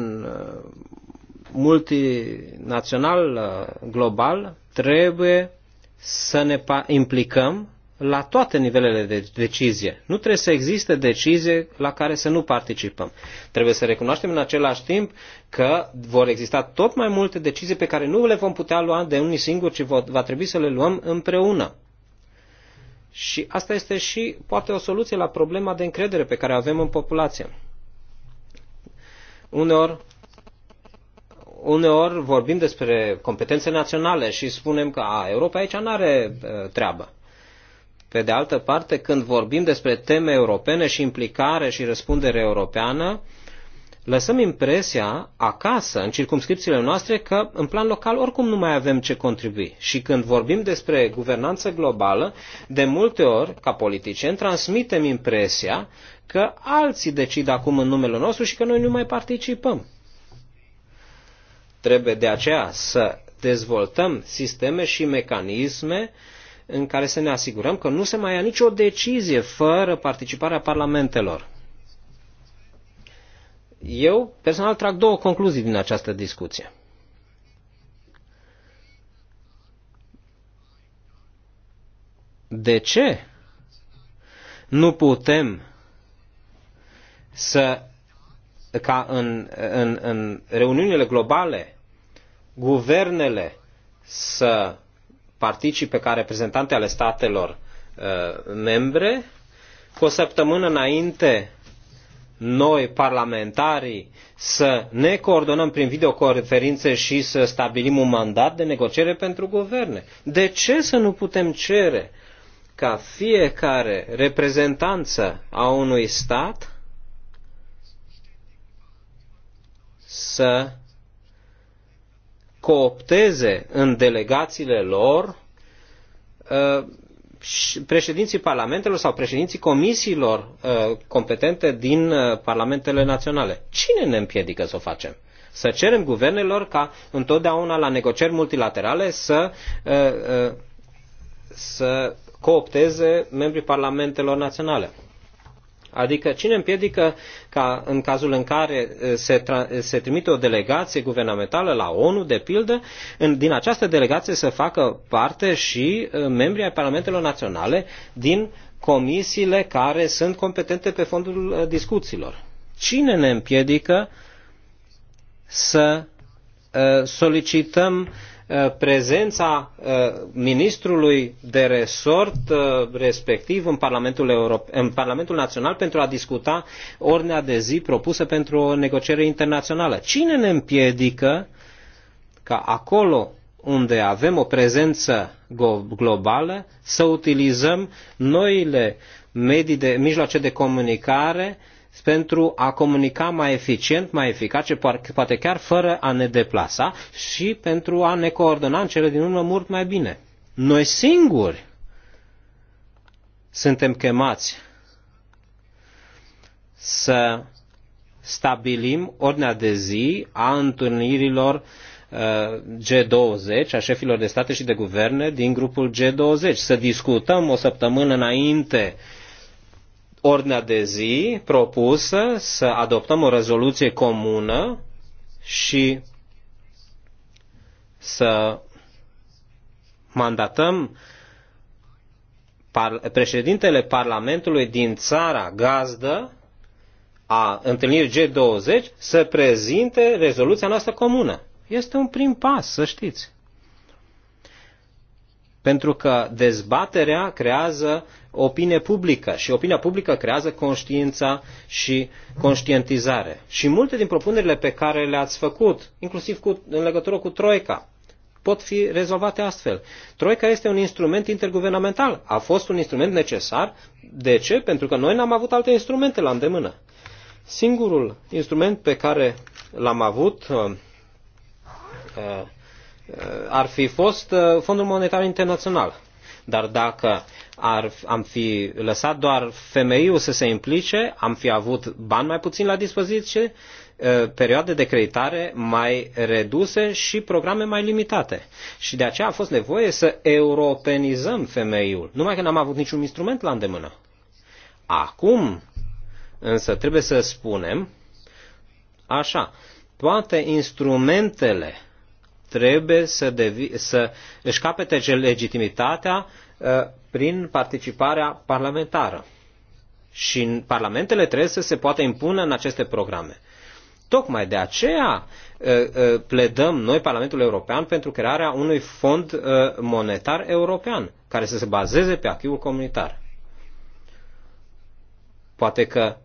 multinațional, global, trebuie să ne implicăm la toate nivelele de decizie. Nu trebuie să existe decizie la care să nu participăm. Trebuie să recunoaștem în același timp că vor exista tot mai multe decizii pe care nu le vom putea lua de unii singuri, ci va trebui să le luăm împreună. Și asta este și poate o soluție la problema de încredere pe care o avem în populație. Uneori, uneori vorbim despre competențe naționale și spunem că a, Europa aici nu are uh, treabă. Pe de altă parte, când vorbim despre teme europene și implicare și răspundere europeană, uh, lăsăm impresia acasă, în circumscripțiile noastre, că în plan local oricum nu mai avem ce contribui. Și când vorbim despre guvernanță globală, de multe ori, ca politicieni, transmitem impresia că alții decid acum în numele nostru și că noi nu mai participăm. Trebuie de aceea să dezvoltăm sisteme și mecanisme în care să ne asigurăm că nu se mai ia nicio decizie fără participarea parlamentelor eu personal trag două concluzii din această discuție. De ce nu putem să ca în, în, în reuniunile globale guvernele să participe ca reprezentante ale statelor uh, membre cu o săptămână înainte noi, parlamentarii, să ne coordonăm prin videoconferințe și să stabilim un mandat de negociere pentru guverne. De ce să nu putem cere ca fiecare reprezentanță a unui stat să coopteze în delegațiile lor uh, președinții parlamentelor sau președinții comisiilor uh, competente din uh, parlamentele naționale. Cine ne împiedică să o facem? Să cerem guvernelor ca întotdeauna la negocieri multilaterale să, uh, să coopteze membrii parlamentelor naționale. Adică cine împiedică ca în cazul în care se, se trimite o delegație guvernamentală la ONU, de pildă, în, din această delegație să facă parte și membrii ai Parlamentelor Naționale din comisiile care sunt competente pe fondul discuțiilor. Cine ne împiedică să solicităm uh, Uh, prezența uh, ministrului de resort uh, respectiv în Parlamentul, Europe, în Parlamentul Național pentru a discuta ordinea de zi propusă pentru o negociere internațională. Cine ne împiedică ca acolo unde avem o prezență globală să utilizăm noile medii de, mijloace de comunicare uh, pentru a comunica mai eficient, mai eficace, poate chiar fără a ne deplasa și pentru a ne coordona în cele din urmă mult mai bine. Noi singuri suntem chemați să stabilim ordinea de zi a întâlnirilor uh, G20, a șefilor de state și de guverne din grupul G20. Să discutăm o săptămână înainte uh, ordinea de zi propusă să adoptăm o rezoluție comună și să mandatăm președintele Parlamentului din țara gazdă a întâlnirii G20 să prezinte rezoluția noastră comună. Este un prim pas, să știți pentru că dezbaterea creează opinie publică și opinia publică creează conștiința și conștientizare. Și multe din propunerile pe care le-ați făcut, inclusiv cu, în legătură cu Troica, pot fi rezolvate astfel. Troica este un instrument interguvernamental. A fost un instrument necesar. De ce? Pentru că noi n-am avut alte instrumente la îndemână. Singurul instrument pe care l-am avut uh, uh, Uh, ar fi fost uh, Fondul Monetar Internațional. Dar dacă ar, am fi lăsat doar femeiul să se implice, am fi avut bani mai puțin la dispoziție, uh, perioade de creditare mai reduse și programe mai limitate. Și de aceea a fost nevoie să europenizăm femeiul, numai că n-am avut niciun instrument la îndemână. Acum, însă, trebuie să spunem așa, toate instrumentele trebuie să, devi, să își capete legitimitatea uh, prin participarea parlamentară. Și parlamentele trebuie să se poată impune în aceste programe. Tocmai de aceea uh, uh, pledăm noi, Parlamentul European, pentru crearea unui fond monetar european, care să se bazeze pe acquis comunitar. Poate că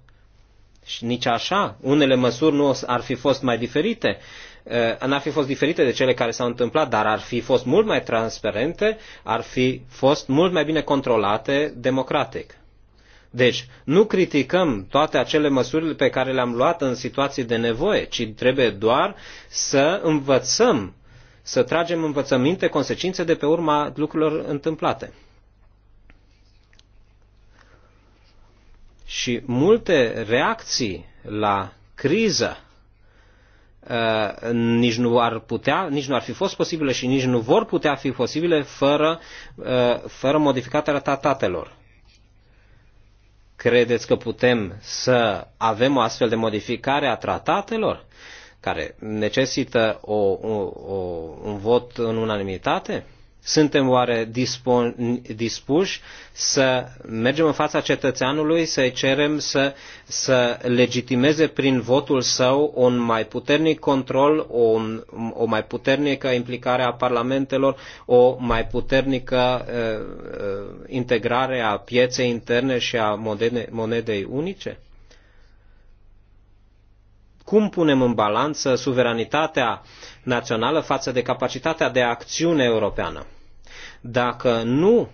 și nici așa, unele măsuri nu ar fi fost mai diferite, Eh, n-ar fi fost diferite de cele care s-au întâmplat, dar ar fi fost mult mai transparente, ar fi fost mult mai bine controlate democratic. Deci, nu criticăm toate acele măsuri pe care le-am luat în situații de nevoie, ci trebuie doar să învățăm, să tragem învățăminte, consecințe de pe urma lucrurilor întâmplate. Și multe reacții la criză Uh, nici nu ar putea, nici nu ar fi fost posibile și nici nu vor putea fi posibile fără, uh, fără modificarea tratatelor. Credeți că putem să avem o astfel de modificare a tratatelor care necesită o, o, o, un vot în unanimitate? Suntem oare dispuși să mergem în fața cetățeanului, să-i cerem să, să legitimeze prin votul său un mai puternic control, o, o mai puternică implicare a parlamentelor, o mai puternică uh, uh integrare a pieței interne și a monede, monedei unice? Cum punem în balanță suveranitatea uh, națională față de capacitatea de acțiune europeană. Dacă nu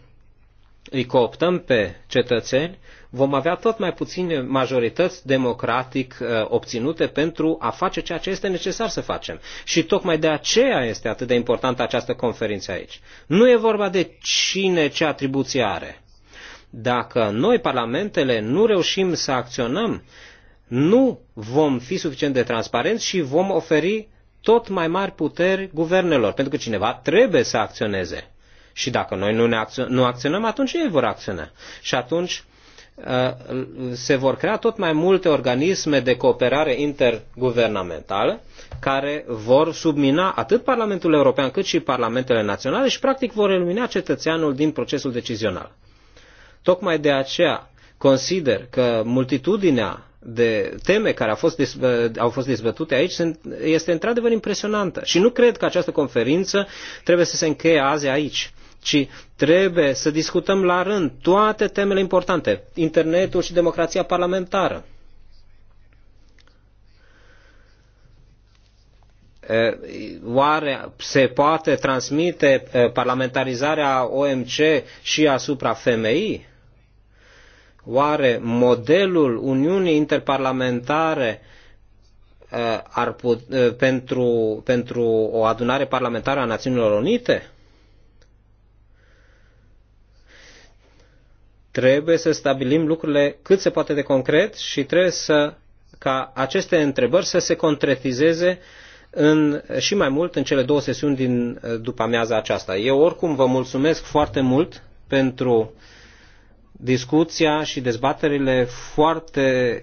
îi cooptăm pe cetățeni, vom avea tot mai puține majorități democratic uh, obținute pentru a face ceea ce este necesar să facem. Și tocmai de aceea este atât de importantă această conferință aici. Nu e vorba de cine ce atribuție are. Dacă noi, parlamentele, nu reușim să acționăm, nu vom fi suficient de transparenți și vom oferi tot mai mari puteri guvernelor, pentru că cineva trebuie să acționeze. Și dacă noi nu, ne acționăm, nu acționăm, atunci ei vor acționa. Și atunci uh, se vor crea tot mai multe organisme de cooperare interguvernamentală care vor submina atât Parlamentul European cât și Parlamentele Naționale și practic vor elimina cetățeanul din procesul decizional. Tocmai de aceea consider că multitudinea de teme care au fost, au fost dezbătute aici este într-adevăr impresionantă. Și nu cred că această conferință trebuie să se încheie azi aici, ci trebuie să discutăm la rând toate temele importante, internetul și democrația parlamentară. Oare se poate transmite parlamentarizarea OMC și asupra femeii? Oare modelul Uniunii Interparlamentare uh, ar put, uh, pentru, pentru o adunare parlamentară a Națiunilor Unite? Trebuie să stabilim lucrurile cât se poate de concret și trebuie să, ca aceste întrebări să se concretizeze în, și mai mult în cele două sesiuni din uh, după amiaza aceasta. Eu oricum vă mulțumesc foarte mult pentru uh, discuția și dezbaterile foarte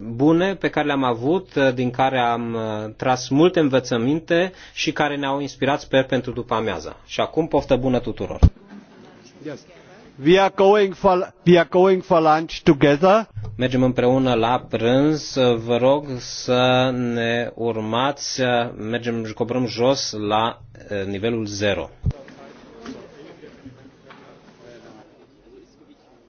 bune pe care le-am avut, din care am tras multe învățăminte și care ne-au inspirat, sper, pentru după amiaza. Și acum poftă bună tuturor! Yes. We are going for, we are going for lunch together. Mergem împreună la prânz. Vă rog să ne urmați. Mergem, coborăm jos la nivelul 0.